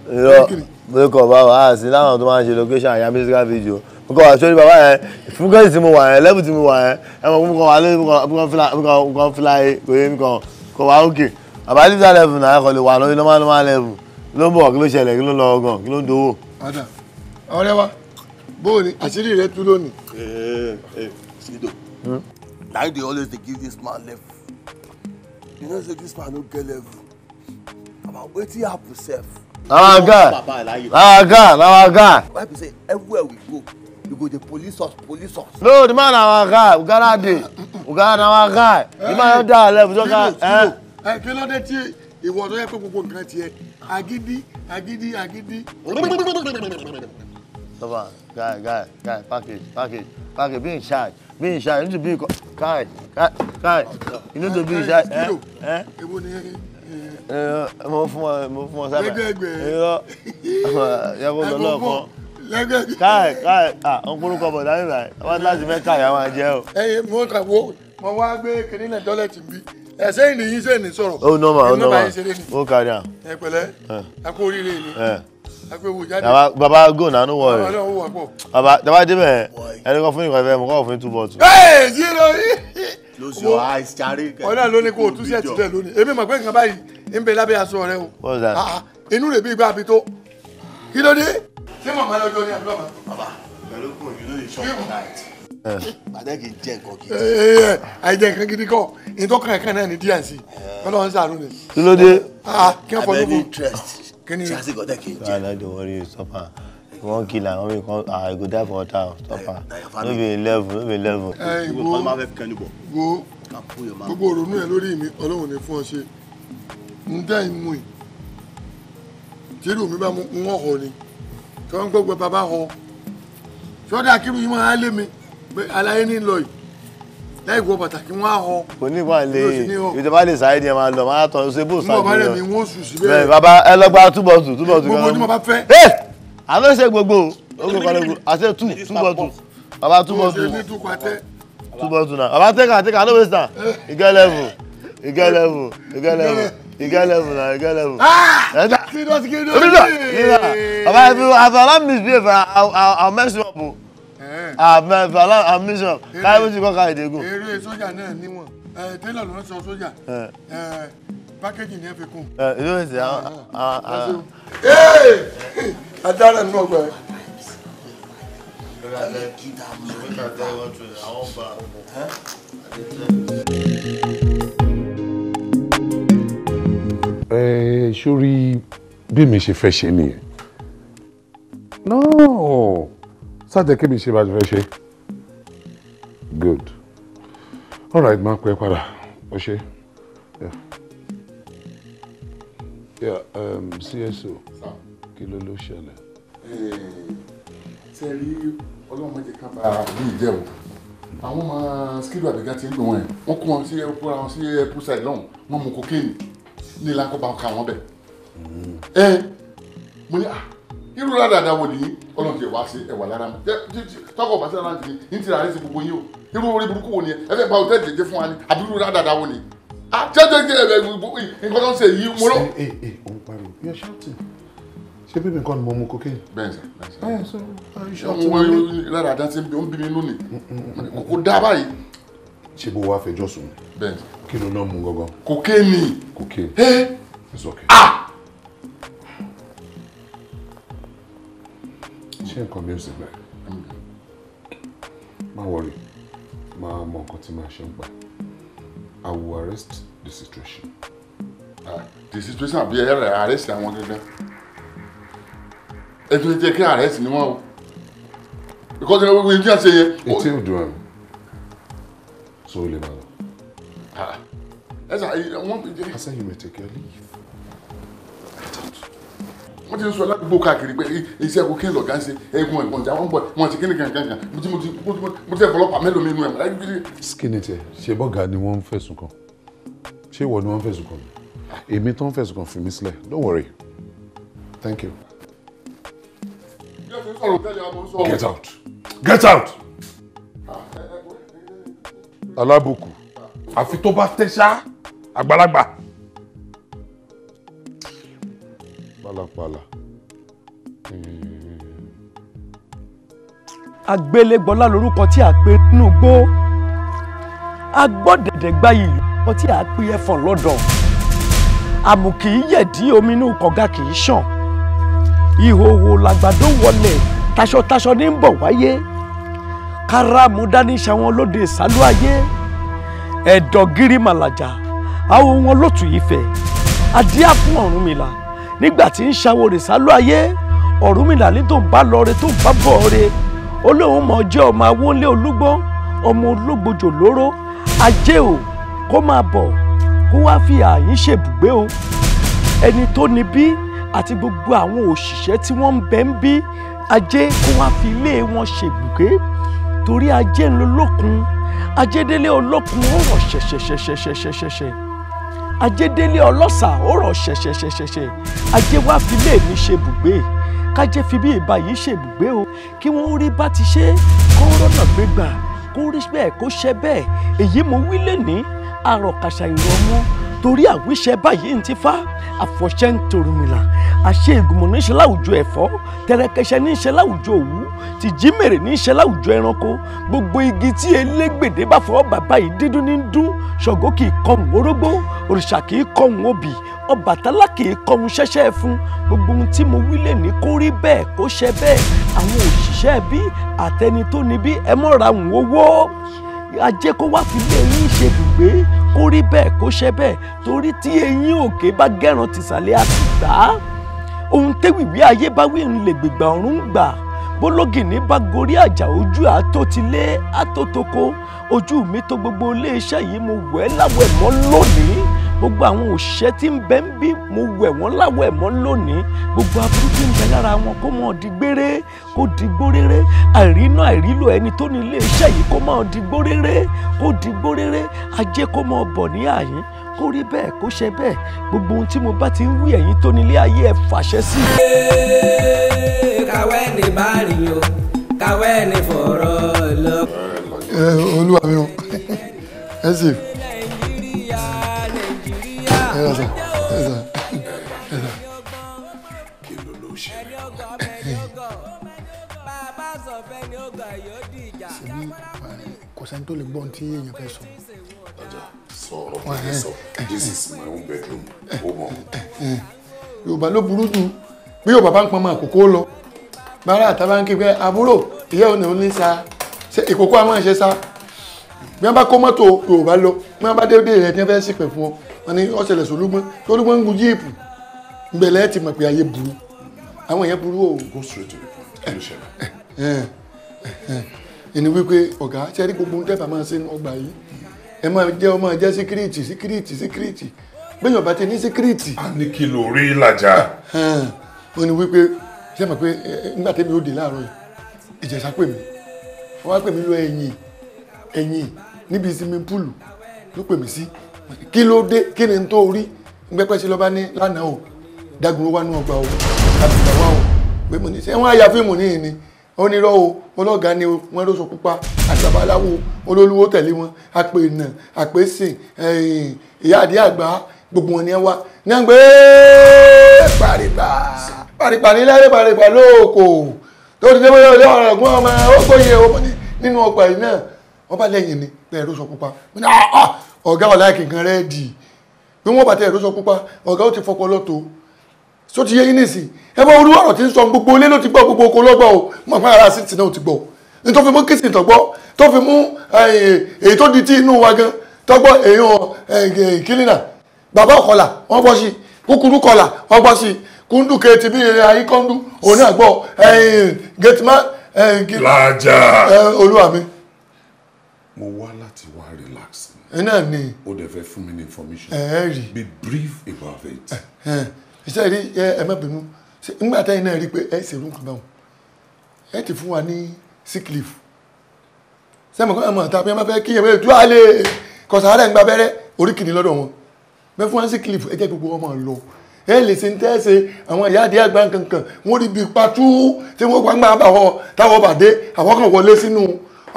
mẹ́kọ̀ bá wà á sí láwọn tó máa ń ṣe location àyà musical video mo kọ́ wà sórí bàbá yẹn fúnkẹ́sì tí mo wà yẹn lẹ́bù tí mo wà yẹn ẹ mọ̀ mo kọ́ wà lórí mo kọ́ fly kò yé mi kàn kọ́ wà ókè àbá leave that level náà ẹ kọ́ lè wà lórí normal normal level kí ló ń bọ̀ kí ló ṣẹlẹ̀ kí ló ń lọ ọgàn kí ló ń dowó. padà ọ̀rẹ́ wa bóò ni àṣírí rẹ tú lónìí. ẹ ẹ Sido na you always dey give this man level you know say this man no get level about wetin happen sef. our guy our guy our guy. why be say everywhere we go you go dey police us police us. no the man na our guy ugara dey ugara na our guy the man no die level just like. Eh? Eh, kí ló dé tí ìwọ tó yẹ pé gbogbo nǹkan tiẹ̀ agídí agídí agídí. sọba guy guy guy package package package be in charge be in charge you need to be kai kai kai you need to be in charge. ewo eh, eh? eh? ni mo fún ọ mo fún ọ sábà irọ́ yàgò lọ́lọ́ kan káì káì ah n kúrúkọ bọ̀ dání báyìí wọ́n láti fẹ́ káì àwọn àjẹ́ o. ẹyin mo kà wo mo wá gbé kinní náà dọ́lẹ̀ tì mí ẹ sẹ́yìn nìyí sẹ́yìn ní sọ̀rọ̀ ó nọ́mà ó nọ́mà ó kárí à. ẹ pẹ̀lẹ́ eh. ẹ kú oríire ni eh. ẹ pé wò jáde. baba go na no worry baba baba débẹ̀ ẹni kan fún ìkọ̀fẹ́ mo kọ́ fún two bottles. ee zero yìí. lóṣù àìsí àárẹ̀ kẹ́. ọ̀nà lónìí kò tún sí ẹ̀tì bẹ́ẹ̀ lónìí èmi mọ̀ pé nǹkan báyìí ń bẹ lábẹ́ aṣọ rẹ o. Ah, ah, inú rẹ̀ bí igbá àbí tó kí ló dé. ṣé màmá lọ́jọ́ ní àbúrò màmá. bàbá pẹ̀lú kùn yìí ló lè ṣọ́ọ̀kì náà bàtẹ́ kì í jẹ́ nǹkan gidi. àìjẹ́ nǹkan gidi kọ́ ẹ̀kan náà ní díẹ̀ sí ọlọ́run ṣàánú ni. kí ló dé. Ah, kí wọ́n fọdún kí ni ṣáàṣì gọ́dẹ̀ kì í jẹ́. I no dey worry you suffer if kill am I go die for town suffer no be level no be level. ẹ eh, ìwo wo gbogbo òrònú ẹ lórí mi ọlọ́run ní fún ọ ṣe ń dá ìmú ì tí èrò bá ń wọ́n họ ni tí wọ́n ń gbọ́gbọ́ bàbá họ ṣọ́dá kírun yìí máa ń lé mi aláyé ní lọ yìí láì wọ bàtà kí á họ. kò ní ìwà lè ìjọba lè sáré ni ẹ máa lọ máa tọ́ ṣe bó sáré lọ. mo mi wọ́n sùn síbẹ̀. bẹ́ẹ̀ bàbá ẹ lọ gba túbọ̀ tù túbọ̀ tù. gbogbo ni mo bá fẹ́. ẹ àlọ́ ṣe gbogbo ogun kan lógun àti tù túbọ̀ tù bàbá túbọ̀ tù túbọ̀ tù náà bàbá tẹ́ka tẹ́ka no waste am you get level you get level you get level you ah serious kiri no dey. bàbá if you if you allow me misbehave i i i mess you up o àbẹ̀fẹ̀ amíṣọ̀ káyọ̀ ti kọ́ ka ìdégò. eré sójà náà níwọ̀n eh, tẹ́lẹ̀ ló ń sọ sójà eh. eh, pákéjì ni ẹ fi kún. ẹ ìlú ẹsẹ àwọn. ee adara nínú ọgbà ẹ. ẹ sórí bí mi ṣe fẹ́ ṣe nìyẹn. náà. No sáàjẹ́ kébì ṣe bá a fẹ́ ṣe good all right máa pẹ́ Yeah. Yeah. Um, cso kí ló ló ṣẹlẹ̀. Eh, ṣe rí ọlọ́mọ jẹ ká bá bí ìjẹ́ o àwọn ọmọ skidu àbíká ti ń dùn wọn yẹn wọ́n kó wọn sí ẹkú ara wọn sí ẹkú side lọ́hùn wọ́n mú kokéènì ní ìlànà kó bá wọn ká wọn bẹ̀. Mm. Eh, mo ní à ah, irú ládàdà wo nìyí ọlọ́run ti wá sí ẹ̀wà lára mi tọkọ bàtí lára ti ní ti rà ní ti gbogbo yín o irú orí burúkú wo nìyẹn ẹ fẹ́ gba òtẹ́ẹ̀lì jẹjẹ fún wa ni àbí irú ládàdà wo nìyí àtẹ́tẹ́tẹ́ ẹ̀ nǹkan tó ń ṣe yìí mo lọ. ṣe ẹ ẹ òun pariwo you are shouting ṣé bíbí nǹkan ni mo mu cocaine. bẹ́ẹ̀ sẹ́ bẹ́ẹ̀ sẹ́ ọmọ wọn lára àdá ti ń bí mi nú ni kò dá báyìí. ṣé bó wàá fẹjọ́ sùn. bẹ́ẹ̀ kí ló náà cocaine. cocaine. ẹ eh? it's okay. ah ṣé nǹkan mi ò sì gbà má wọrí máa mọ nǹkan tí máa ṣe ń gbà I will arrest the situation. Ah, the situation àbí ẹ rẹ̀ arrest àwọn gẹ́gẹ́ ẹ tún jẹ́ kí arrest ni wọ́n o because ẹ wọ́n gbé ní kí etí ò dùn ẹ̀ so ó lè máa lọ. Ah, ẹ sà wọ́n. I said you may take your leave. I thought wọ́n ti sọ aládùúgbò káàkiri pé iṣẹ́ kò kí n lọ̀gá ń ṣe ẹ̀gbọ́n ẹ̀gbọ́n ìjà wọn bọ̀ wọn ti kíni kankan kan mo ti mo ti mo ti ẹ̀fọ́lọ́pàá mélòó mi nù ẹ̀. skinny tẹ ṣe bọ́gà ni wọ́n ń fẹ̀sùn kàn ṣé ìwọ ni wọ́n ń fẹ̀sùn kàn èmi tó ń fẹ̀sùn kàn fi mí sílẹ̀ don't worry thank you. get out get out. alábùkù àfi tó bá tẹ́ àgbàlagbà. pálapàla. àgbélégbọlá hmm. lorúkọ tí a pè nínú gbó agbọ́dẹ̀dẹ̀ gbayì lorúkọ tí a pè ẹfọ̀n lọ́dọ̀ àmù kì í yẹ̀dí omi inú kọ̀gá kì í ṣàn ìhòòhò làgbàdo wọlé taṣọtaṣọ ní bọ̀ wáyé káràmù dání ṣàwọn lóde ìsálú ayé ẹ̀dọ̀ gírí màlàjà àwọn ohun olótùú ìfẹ́ adíá fún Ọ̀rúnmìlà nígbà tí ń ṣàwòrè sálọ ayé Ọ̀rúnmìlà ní tó ń bá lọ́ọ́rẹ́ tó ń bá bọ́ọ̀rẹ́ ó lóun mọ̀ jẹ́ ọmọ awónlé olúgbọ́n ọmọ ológbòjò lóró ajé o kó máa bọ̀ kó wá fi àyín ṣèbùgbé o ẹni tó ní bí àti gbogbo àwọn òṣìṣẹ́ tí wọ́n ń bẹ ń bí ajé kó wá fi ilé wọn ṣèbùgbé torí ajé ńlọlọ́kun ajédélé olókun ọ̀rọ̀ ṣẹ̀ṣẹ̀ṣẹ̀ṣẹ̀ṣẹ̀ṣẹ̀ ajédélé ọlọ́sà ọ̀rọ̀ ṣẹ̀ṣẹ̀ṣẹ̀ṣẹ̀ ajé wá fi lé mi ṣe bùgbé kájé fi bí ìbá yìí ṣe bùgbé o kí wọ́n rí bá ti ṣe kó rọ́nà gbé gbà kó rí bẹ́ẹ̀ kó ṣe bẹ́ẹ̀ èyí mo wí lé ní àròkàṣà ìrọ̀mọ́ torí àwíṣẹ báyìí ń ti fá àfọ̀ṣẹ́ ń torùmìlà àṣẹ ìgbìmọ̀ ní í ṣe láwùjọ ẹ̀fọ́ tẹ̀rẹ̀kẹ̀ṣẹ̀ ní í ṣe láwùjọ òwú tìjímèrè ní í ṣe láwùjọ ẹranko gbogbo igi tí elégbèdé bá fọwọ́ bàbá yìí dídún ní dún ṣọ̀gọ́ kì í kọ̀hún orógbó òrìṣà kì í kọ̀hún obì ọbàtálá kì í kọ̀hún ṣẹ́ṣẹ́ fún gbogbo ohun tí mo wí lè ní kó rí bẹ́ẹ̀ kó ṣe bẹ́ẹ̀ àwọn òṣìṣẹ́ bí àtẹni tó ní bí ẹ mọ́ra òun owó ajé kó wá fi lé yín ṣe dùgbé kó rí bẹ́ẹ̀ kó ṣe bẹ́ẹ̀ torí tí eyín òkè bá gẹ̀ràn tìsàlẹ̀ àtìgbà ohun tẹ́wìwí ayé bá wí ń lè gbègbà ọ̀run gbà bólógìní bá gorí àjà ojú àtòtílé àtòtòkó ojú mi tó gbogbo iléeṣẹ́ yìí mo wẹ̀ láwẹ̀ mọ́ lónìí gbogbo àwọn òṣìṣẹ́ tí ń bẹ ń bí mo wẹ̀ wọ́n láwọ̀ ẹ̀mọ́ lónìí gbogbo aburú tí ń bẹ lára wọn kó mọ̀ di gbére kó di gbóréré àìrínà àìrílò ẹni tó ní ilé iṣẹ́ yìí kó mọ̀ di gbóréré kó di gbóréré ajé kó mọ̀ bọ̀ ní àyín kó rí bẹ́ẹ̀ kó ṣe bẹ́ẹ̀ gbogbo ohun tí mo bá ti ń wí ẹ̀yin tó nílé ayé ẹ̀ fàṣẹ sí. Eh, kàwé ni bá o kàwé ni fọ̀rọ̀ lọ. Eh, olúwa mi o ẹ *laughs* sì sà ẹ sà ẹ sà. kí ló ló ṣe this is my own bedroom ó mọ̀. yorùbá ló burú jù bí yorùbá bá ń pọn mọ àkókò lọ bàárà àtàbá ń kíkẹ́ àbúrò ìyá òní òní sa ìkókó àmọ́ ṣe sa bí wọ́n bá kó mọ́tò yorùbá lọ bí wọ́n bá wọn ni ọ̀sẹ̀lẹ̀ sọlúmọ sọlúmọ ń gun jíìpù nbẹ̀lẹ̀ ti mọ̀ pé ayé burú àwọn èèyàn burú o. go straight to the point. Eh, eh, eh, ẹni wípé ọ̀gá sẹ́rí gbogbo ń máa ṣe ọgbà yìí ẹ máa jẹ́ ọmọ jẹ́ síkírìtì síkírìtì síkírìtì bẹ́ẹ̀ ọ̀bá ti ní síkírìtì. a ní kí ló rí làjà. wọ́n ní wípé mọ̀ pé nígbà tẹ́mi ó dé kí ló dé kí ni tó rí gbẹ́pẹ́ sí lọ́ba ní lánàá o dágun wá nú ọgbà o àbùkà wá o pé mo ní ṣé wọ́n á ya fíìmù níyìn ni ó ní rọ́ o ọlọ́gà ni wọ́n ló sọ pupa àgbàbà aláwo olólùwò tẹ̀lé wọn àpè ìnà àpè sìn ìyá àdí àgbà gbogbo wọn ni ẹ wá ní àgbẹ̀ paripa paripa nílẹ̀ paripa lóòkò tó ti dé bóyá ọ̀rọ̀ ọ̀gbọ́n ọmọ ó gbóyè nínú ọgbà yìí náà wọ́n bá lẹ́yìn ni bẹ́ẹ̀ sọ pupa ọ̀gá ọ̀la kìkan rẹ́ẹ̀dì pé wọ́n bàtẹ́ ìrọ́sọ pupa ọ̀gá ó ti fọkọ lọ́tọ̀ só ti yé yín nìsín ẹ bá olúwa ọ̀rọ̀ tí ń sọ gbogbo ilé ló ti gbọ́ gbogbo oko lọ́gbọ́ o mọ̀ pé ara síìtì náà ti gbọ́ ní tó fi mú kìsì tọ́gbọ́ tó fi mú èyí tó di tí inú wa gan tọ́gbọ́ èèyàn kílínà bàbá ọ̀kọlà wọ́n bọ́ sí kúkúrú kọlà wọ́n bọ́ sí kúndú kẹ́ẹ̀tì bí ayé kọ́ndú òun náà gbọ́ gẹ́tìmá. lájà olúwa mi. mo wá láti wá relax náà ni. ó dẹ̀ fẹ́ fún mi ní information. ẹ ẹ rí. be brief about it. iṣẹ́ rí ẹ má bínú nígbà táyìn náà rí pé ẹ ṣèrú nǹkan báwọn ẹ ti fún wa ní sick leave sẹ́mi kan mọ̀ tàbí ẹ máa fẹ́ kí ẹ̀wé ojú àlè kọ̀sàárẹ̀ ń gba abẹ́rẹ́ oríkìní lọ́dọ̀ wọn bẹ́ẹ̀ fún hansi cliff ẹ jẹ́ gbogbo ọmọ lọ ẹ lè ṣe ń tẹ́sẹ̀ àwọn ìyá àdé àgbà kankan wọ́n rí bíi patú tí wọ́n gbàgbà àbàwọ̀ táwọn bàdé àwọn kan wọlé sínú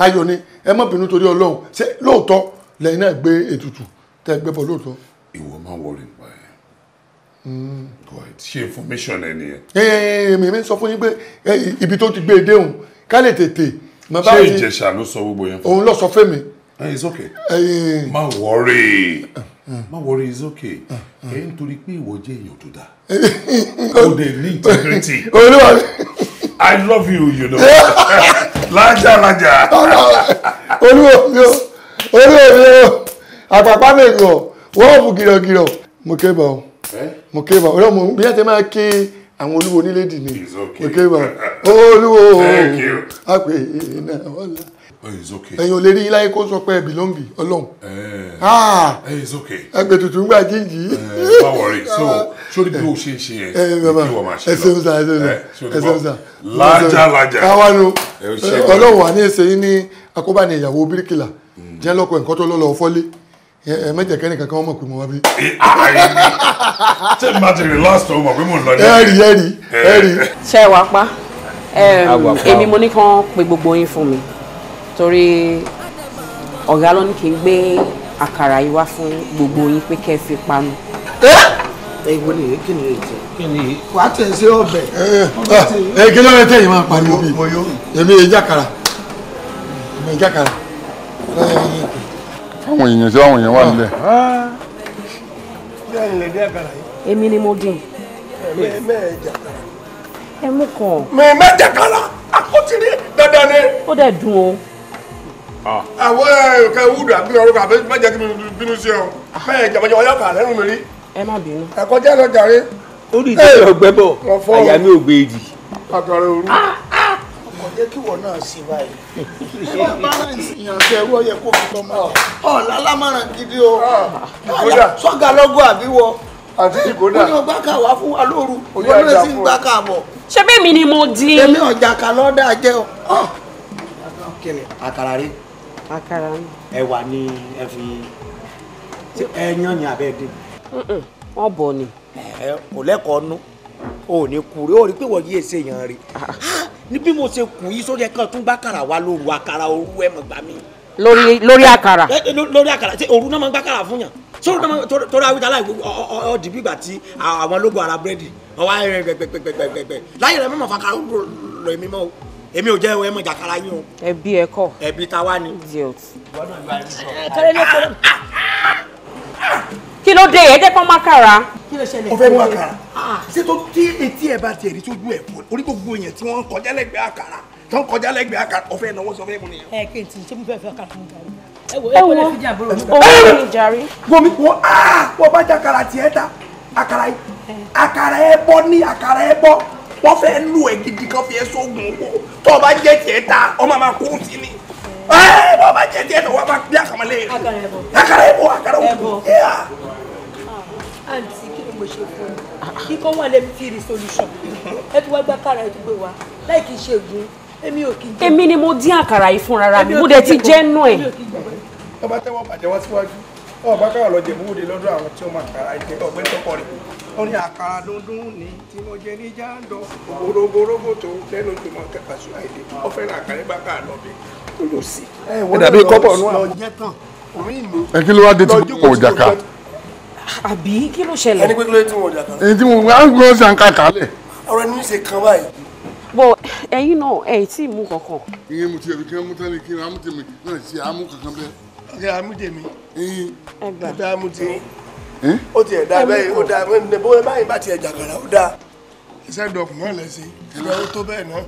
ayọ̀ ni ẹ má bínú torí ọlọ́run ṣé lóòótọ́ lẹ́yìn náà gbé ètùtù tẹ́ gbé bọ́ lóòótọ́. ìwọ máa ń wọrí nípa ẹ ṣe information ẹ nìyẹn. èmi mi sọ fún yín pé ibi tó ti gbé e déhùn ká lè tètè. ṣé ìjẹ̀ṣà ló sọ gbogbo yẹn fún mi. òun ló sọ fún mi. it's okay. má wọrí má wọrí it's okay. ẹ ń torí pé ìwọ jẹ́ èèyàn tó dáa. o de ní integrity. olúwa mi. I love you you know. lájà *laughs* lájà. olúwa mi o orí òní o àpàpá mèrò wọ́ọ̀mù gírọ̀gírọ̀ mo kébà o mo kébà o lọ́mọ bí ẹ ti máa kí àwọn olúwo nílé dì ní mo kébà o olúwo àpè iná ọ̀la oh, ẹ̀yin ò lè rí iláyé kó sọ pé ẹ̀ bìlọ́ǹgì ọlọ́run ẹgbẹ́ eh. ah. eh, tuntun gbà jíjì. Eh, don't worry. so sórí bí o ṣe ń ṣe yẹn kí wọ́n máa ṣe lọ ẹsẹ̀ ọ̀sà ẹsẹ̀ ọ̀sà lájà lájà ọlọ́run wà ní ẹsẹ̀ yín ní akóbá ní ìyàwó bíríkìlà jẹ́ lọ́kọ̀ nǹkan tó lọ́lọ́ fọ́lé ẹ mẹ́jẹ̀ kẹ́ni kankan ọmọ pé mo wá bí. ṣé má ti rí last ọmọ pé mo lọ ní. ẹ̀rì ẹ̀rì ẹ̀rì. ṣé ẹ wá pa èmi mo ní kàn pé gbogbo yín fún mi torí ọ̀gá ló ní kí n gbé àkàrà yìí wá fún gbogbo yín pé kẹ́ ẹ fi panu. Èwo ni èyí kìnìún èyí tẹ? Kìnìún. Wà á tẹ̀ sí ọbẹ̀. Ẹ tẹ̀yìn máa pariwo bíi? Èmi èyí Èmi èyí lọ́yà yín èèyàn tí àwọn èèyàn wà nílẹ̀. èmi ni mo dín. ẹ mú kàn. mẹ́ẹ̀ẹ́dì àkàrà àkótìrí dandan ni. ó dẹ̀ dùn o àwọn ẹ̀ka ewúrò àbínú ọ̀rọ̀ kàbí má jẹ́ kí mi bínú sí ọ bẹ́ẹ̀ jàmọ́jọ́ ọyọ́ kà lẹ́nu mi rí. ẹ má bínú. ẹ̀kọ́ jẹ́ lọ jàre. ó rí ìdíje ọgbẹ́ bọ̀ àyà mi ò gbé e dì. àtọ̀rẹ̀ òru. Ah! jẹ́ kí wọ́n náà sí báyìí. ìwọ balance ìyànjẹ ẹrú ọyẹ kó fi tọmọ ọ̀la lámàràn gidi o ah, sọ́gà lọ́gọ́ àbí wọ. àti ìkódà ó ní ọgbà kà wá fún wa lóru olórí sì ń gbà kà bọ̀. ṣé bẹ́ẹ̀ mi ni mo di. èmi ọ̀jà kà lọ́dà jẹ́ o. àkàrà rí. àkàrà mi. ẹ̀wà ni ẹ fi ẹyán ni abẹ́ dín. wọ́n bọ̀ ni. ẹ kò lẹ́kọ̀ọ́ nú o ò kúrò o rí pé wọ́n yí èsè rí. Ah, ah ní bí mo ṣe kù yìí sórí ẹ̀kan tún gbàkàrà wa lóru àkàrà òru ẹ̀ mọ̀ gbà mí. lórí lórí àkàrà. lórí àkàrà ṣé òru náà máa ń gbàkàrà fún yàn sórí náà máa torí awíta láì ọdì bí ìgbà tí àwọn ológun ara búrẹ́dì ọwọ́ ayẹyẹ gbẹgbẹgbẹgbẹgbẹ láyé rẹ mọ̀ fàkàrà òru lọ èmi mọ́ o èmi ò jẹ́ ẹ mọ̀ jàkàrà yín o. ẹbí ẹ kọ ẹbí ta wá ni. idiot kí ló dé ẹ̀ẹ́dẹ́ pọ́n mákàrà. kí ló ṣẹlẹ̀ ọ̀fẹ́ mú àkàrà ah. ṣé tó tí etí ẹ̀ bá tiẹ̀ rí tó dú ẹ̀ fún orí gbogbo èèyàn tí wọ́n ń kọjá lẹ́gbẹ̀ẹ́ àkàrà tó ń kọjá lẹ́gbẹ̀ẹ́ àkàrà ọ̀fẹ́ náwó sọ fẹ́ mu nìyẹn. ẹ kí n ti ṣé mo fẹ́ fẹ́ àkàrà fún gàrí ẹ wo ẹ kọ́ lẹ́ fi jà bọ́rọ̀ mi. jàre. gbomi wo wọ́n ah! bá jàkàrà tiẹ̀ ta àkàrà àkàrà ẹ ní àkàrà ẹ bọ́ wọ́n fẹ́ lù ẹ gidi kan fi ẹ sóògùn owó tó o bá jẹ́ tiẹ̀ ta ọmọ ẹẹ n'o ma jẹ tiẹ tẹ wa ma bila kamalen ye akara ẹbọ akara ẹbọ àǹtí kí ni mo ṣe fún un kíkọ́ wọn lè fi rí solution ẹ ti wá gbá kára ẹ ti gbé wa láì kí n ṣe ègún èmi ò kí n jẹ. èmi ni mo dín àkàrà yìí fúnra ra mi mo dẹ̀ ti jẹ́ nù ẹ̀. ọba tẹ́wọ́ bàjẹ́ wá síwájú ọba káwà lọ jẹ̀bú òde lọ́dọ̀ àwọn tí ó máa kára ìtẹ́ ọ̀gbẹ́ni tọkọ rẹ̀ ó ní àkàrà dúndún ni tí mo jẹ ní jáńdọ̀ ògbórógbórógbó tó lẹ́nu jùmọ̀ kẹfà sí àìdè ọ̀fẹ́ làkàrẹ́ bá káà lọ bẹ́ẹ̀ olùsí ẹ dàbí kọ́bọ̀ nù àwọn. ẹ kí ló wá dé tí kò jà ká. àbí kí ló ṣẹlẹ̀. ẹni pé kí ló dé tí wọn jà ká. èyí tí mo máa ń gbọ́ ṣàǹkà kálẹ̀. ọ̀rọ̀ ẹni ṣe kan báyìí. bọ ẹyin náà ẹ tí mú kankan. ìyẹn mo ti ẹ̀rí kí wọ́n mú tẹ́lẹ̀ kí wọ́n mú tèmi náà ṣe àmú kankan bẹ́ẹ̀. ṣe àmú tèmi. ẹgbà ẹgbà àmú tèmi. ó ti ẹ̀ dá bẹ́ẹ̀ ó dá bẹ́ẹ̀ bá tiẹ̀ jàkàrà ó iṣẹ́ dọ̀kù náà lẹ́sẹ̀ ìlú ọ̀hún tó bẹ́ẹ̀ náà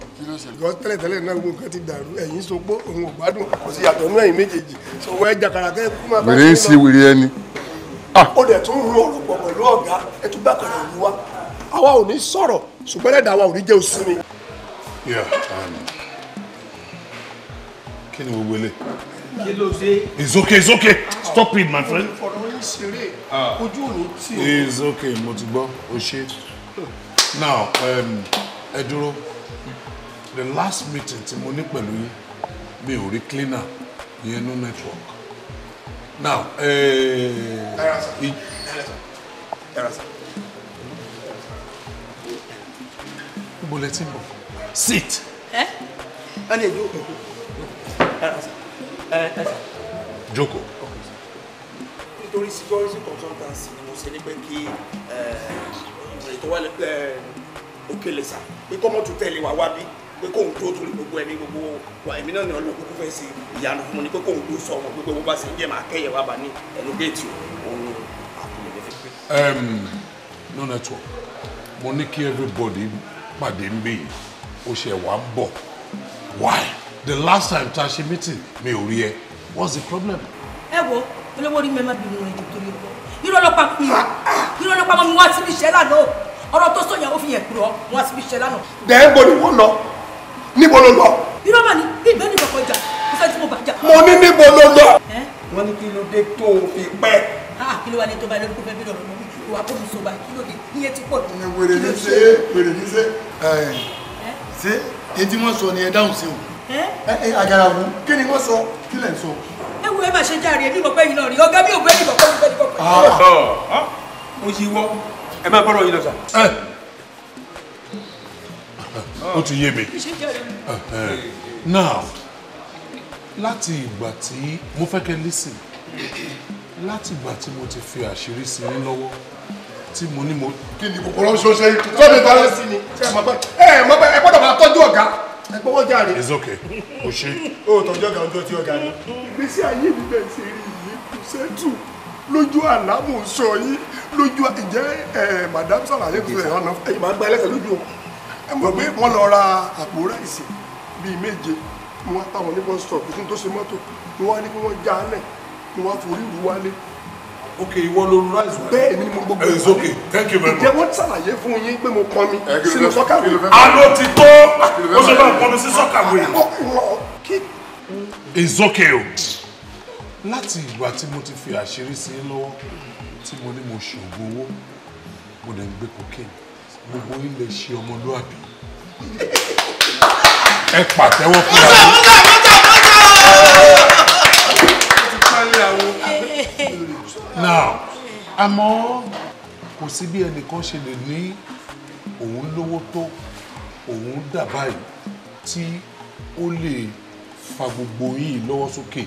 ìgbọ́n tẹ́lẹ̀ tẹ́lẹ̀ náà gbogbo nǹkan ti dàrú ẹ̀yìn sopó òun ò gbádùn kò sí yàtọ̀ náà ẹ̀yìn méjèèjì sọ̀wọ́ ẹ̀ jàkàrà kẹ́ kú máa bá ṣe lọ. wèrè ń ẹni. Ah. ó dẹ̀ tún rún orúkọ pẹ̀lú ọ̀gá ẹ bá kọ̀ọ̀rọ̀ yìí wá àwa ò ní sọ̀rọ̀ ṣùgbọ́n ẹ̀dá wa ò ní jẹ́ um, it's okay it's okay stop it my friend. ọ̀rọ̀ yín ṣeré ah. ojú ò ní tì í. it's okay mo ti gbọ́ o ṣe now um, ẹ dúró the last meeting tí mo ní pẹ̀lú yín mi ò rí cleaner ní ẹnu network now níbo eh, lẹ ti ń bọ̀ sit. ẹ ẹ lè jókòó ẹ ẹ sà. jókòó. nítorí security consultancy ni mo ṣe ní pé kí. Eh, tó wà òkèlè sá pé kọ́mọ́ tún tẹ̀lé wa wá bí pé kóun tó torí gbogbo ẹni gbogbo wa èmi náà ni ọlọ́ kúkú fẹ́ ṣe ìyanu fún mi ni pé kóun tó sọ ọmọ gbogbo bá ṣe jẹ́ máa kẹ́yẹ̀ wá bá ní ẹnu géètì òun àkùnrin lè fi no network mo ní kí everybody pàdé ń bí o ṣe wà ń bọ̀ why the last time tá ṣe meeting mi ò rí ẹ what's the problem. ẹ wo olówó orí mi ẹ má bínú ẹ jù torí ẹ bọ irọ́ lọ́pàá kùn irọ́ lọ́pàá mọ́ mi wá síbi ìṣẹ́ lánàá ọ̀rọ̀ tó sọ̀yàn ó fi yẹn kúrò wọn sì fi ṣe lánàá. dẹ́ẹ́ bo ni wọ́n lọ níbo ló lọ. irọ́ mà ní ìgbẹ́ ní kọ̀kọ́ jà mo fẹ́ tí mo bàjá. mo ní níbo ló lọ. wọ́n ní kí ló dé tó o fi pẹ́. kí ló wà ní tó báyìí lórúkọ fẹ́ bí lọ́rọ̀ mi ìwà kò ní so báyìí kí ló dé iye ti pọ̀ jù. wèrè ní ṣe wèrè ní ṣe ṣe èyí tí sọ ni ẹ dáhùn sí o. àgàrà wo kí ni wọ́n sọ kí lẹ̀ ń ẹ wo ẹ máa ṣe járe ẹ ní ìbọ̀pẹ́ yìí náà rí ọgá bí òwe ní ìbọ̀pẹ́ yìí fẹ́ẹ́ ẹ máa bọ́rọ̀ yín lọ sà. ó ti yé mi now láti ìgbà tí mo fẹ́ kẹ́ lísìn láti ìgbà tí mo ti fi àṣírí sí yín lọ́wọ́ tí mo ní mo. kí ni kòkòrò ṣoṣe tọ́jú ìbára sí ni ṣe é mọ̀ ẹ mọ̀ pé ẹ gbọ́dọ̀ máa tọ́jú ọ̀gá ẹ gbọ́wọ́ jáde. it's okay kò ṣe. o tọ́jú ọ̀gá ọjọ́ tí ọ̀gá ni. ìgbésí ayé mi bẹ̀rẹ̀ sí rí ìlú kù sẹ́tù lójú àlá mò ń sọ yín lójú ìjẹ́ ẹ̀ madam sàlàyé tó sọ ọ̀nà ẹ̀yìn máa gba ẹlẹ́sẹ̀ lójú o ẹ mọ̀ pé wọ́n lọ ra àpò ráìsì bíi méje ni wọ́n táwọn ní bus stop tuntun tó ṣe mọ́tò ni wọ́n á ní kí wọ́n já lẹ̀ ni wọ́n á forí ìlú wálé. ok ìwọ ló ra ìsọ. bẹ́ẹ̀ ni mo gbogbo ìwọ ok thank you very much. ǹjẹ́ wọ́n ṣàlàyé fún yín pé mo kọ́ mi sínú sọ́kàwé. alo ti tó o ṣe bá kọ́ mi sí sọ́kàwé. it's okay o láti ìgbà tí mo ti fi àṣírí sí i lọ́wọ́ tí mo ní mo ṣògùn owó mo dẹ̀ ń gbé cocaine gbogbo ilẹ̀ ṣe ọmọlúàbí ẹ pàtẹ́wọ́ fún wa. now àmọ́ kò sí bí ẹnìkan ṣe lè ní òun lówó tó òun dà báyìí tí ó lè fa gbogbo yìí lọ́wọ́ sókè. Okay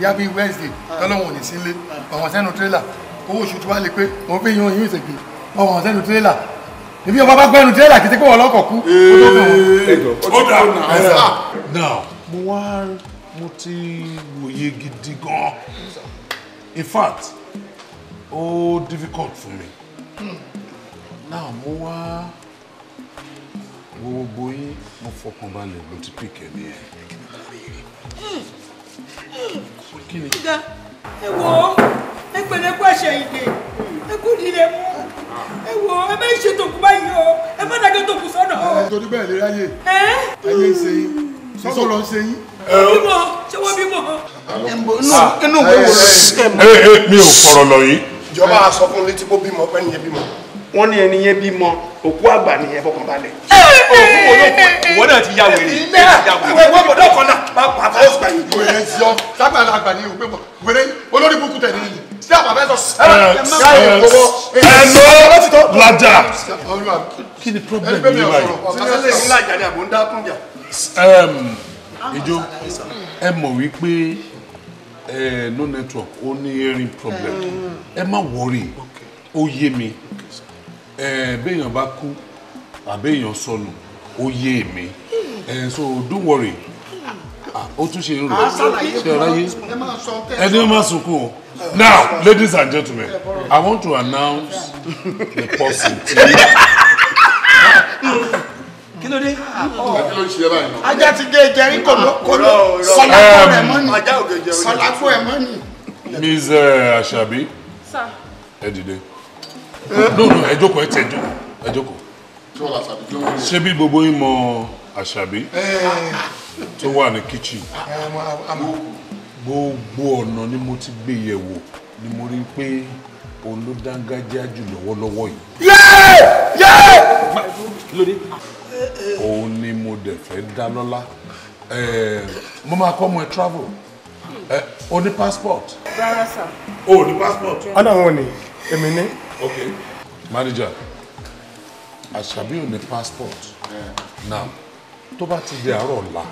yá bíi wednesday tọ́lọ́wọ̀n ní sílé ọ̀wọ̀n sẹ́nu tírélà owó oṣù tí wàá lè pé mo fi yan oyún ìṣègbè ọ̀wọ̀n sẹ́nu tírélà ibi ọba bá gbẹ́nu tírélà kìí ṣe pé wọ́n lọ́kọ̀ kú ó tó bẹ̀rù. now mo wá mo ti wòye gidi gan in fact ó difficult fún mi now mo wá gbogbo yín mo fọkànbalẹ̀ mo ti pìkẹ́ ní ẹ̀ ìdá ẹ wò ó ẹ pẹ̀lẹ́kú àṣẹ ìdè ẹ kú ìdílé mú ẹ wò ẹ bẹ ṣe o ẹ bẹ́ẹ̀ lè ráyè ayé ń ṣe yín sọ́kò lọ ń ṣe yín. bímọ ṣé wọ́n bímọ. Ah, inú ìwé wo rẹ. mi ò fọ̀rọ̀ lọ yìí. ìjọba a létí kó bímọ pẹ́ nìyẹn bímọ wọ́n ní ẹni yẹn bímọ òkú àgbà ni ẹ fọkàn balẹ̀. òkú wo ló kọ ìwọ náà ti ya wèrè. ìgbẹ́ ìwé ìwé bọ̀dọ̀ kan náà máa pa àbá ọ̀sùn báyìí. wèrè ń sọ sábà àgbà ni òpè bọ̀ wèrè olórí burúkú tẹ̀ ní yìí. sí àbàbẹ́ sọ ẹ̀ẹ́dẹ́gbẹ̀rún lajà. kí ni problem yìí báyìí. ọ̀kasẹ́lẹ̀ ń lajà ni àbò ń dá kúnjà. ìjọ ẹ mọ̀ wípé no network ó ní hearing problem ẹ má worry ó yé mi. Okay béèyàn bá kú àbéèyàn sọnù ó yé mi so don't worry ah, ó tún ṣe ń rò ṣe ráyé ẹni ó máa sunkún o now ladies and gentlemen i want to announce the person kí ló dé. kí ló ń ṣe báyìí. ajá ti gé ìjẹrí kòlókòló sọláfó ẹ mọ ni sọláfó ẹ mọ ms asabi ẹ dìde no no ẹ jókòó ẹ tẹ jókòó ẹ jókòó. ṣé bí gbogbo yín mọ àṣàbí tó wà ní kitchen gbogbo ọ̀nà ni mo ti gbé yẹ̀ wò ni mo rí pé òun ló dángájá jù lọ́wọ́lọ́wọ́ yìí. yéé yéé. lóde. òun ni mo dẹ̀ fẹ́ dá lọ́lá mo máa kọ́ ọmọ ẹ travel o ní passport. rárá sá. o ní passport. ọ̀nà àwọn ò èmi ní. Okay. Manager, Àṣàbí ò ní passport. Now, tó bá ti di àárọ̀ ọ̀la,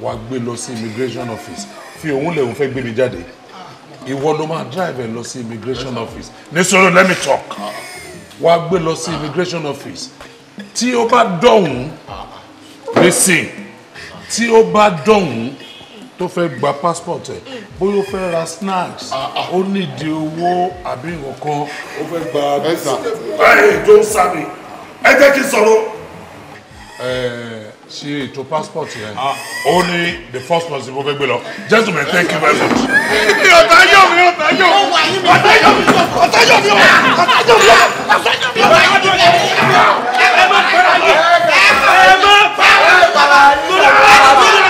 wàá gbé lọ sí immigration office. Fi òun lè òun fẹ́ gbé mi jáde. Ìwọ ló máa drive ẹ lọ sí immigration office. Nísòro let me talk. Wàá gbé lọ sí immigration office. Tí ó bá dọ̀hún, listen. Tí ó bá dọ̀hún, tó fẹ́ gba passport ẹ̀ mm. bóyá ó fẹ́ ra snacks ah, ah. ó nídìí owó àbí nǹkan ó fẹ́ gba visa. báyìí tó ń sá mi ẹ jẹ́ kí n sọ̀rọ̀. ṣe ètò passport yẹn ah, ó ní the first one sí mo fẹ́ gbé lọ gentleman thank you very much. ọ̀tá yọ̀ mí ọ̀tá yọ̀ mí ọ̀tá yọ̀ mí ọ̀tá yọ̀ mí ọ̀tá yọ̀ mí ọ̀tá yọ̀ mí ọ̀tá yọ̀ mí ẹ má para mi ẹ má para mi.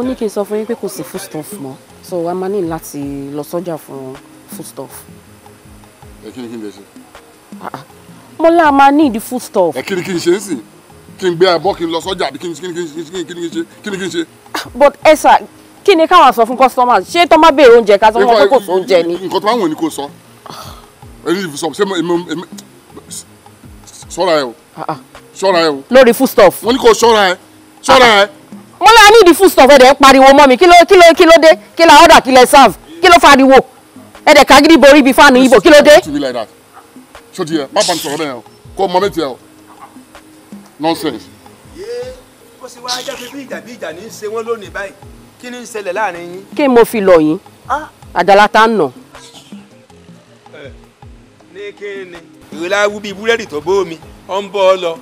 ó ní kí n sọ fún yín pé kò sí foodstuff mọ́ so a máa ní láti lọ sọ́jà fún foodstuff. ẹ kí ni kí n lè ṣe. Ah, ah. mo lá máa ní ìdí foodstuff. ẹ kí ni kí n ṣe é sìn kí n gbé abọ́ kí n lọ sọ́jà àbí kí ni kí ni kí ni kí ni kí ni kí ni kí ni ṣe. Ah, but ẹ sà kí ni káwọn sọ fún customers ṣé tó má béèrè oúnjẹ ká sọ wọn pé kò sí oúnjẹ ni. nǹkan tó máa ń wò ni kò sọ èyí fi sọ ṣé mo ṣọ́ra ẹ o ṣọ́ra ẹ o. lórí foodstuff. wọ́n ní kò ṣọ́ra ẹ ṣọ́ra ẹ wọ́n lá nídìí food stuff ẹ̀dẹ̀ ń pariwo mọ́ mi kí Kilo, kilo, ló kí ló order kilo serve Kilo ló fariwo ẹ̀dẹ̀ kagidi borí bíi fáànù ibo kí ló dé. sotí ẹ má bàa sọ̀rọ̀ bẹ́ẹ̀ o kó Ko méjì ẹ o nonsense. ó sì wá ajá fífi ìjà bí ìjà ní í ṣe wọ́n lónìí báyìí kí ni ń ṣẹlẹ̀ láàrin yín. kí mo fi lọ yín àdàlà tá ń nà. ní kí ni ìrora wú bíi búrẹ́dì To bómi ọ̀ ń bọ́ ọ lọ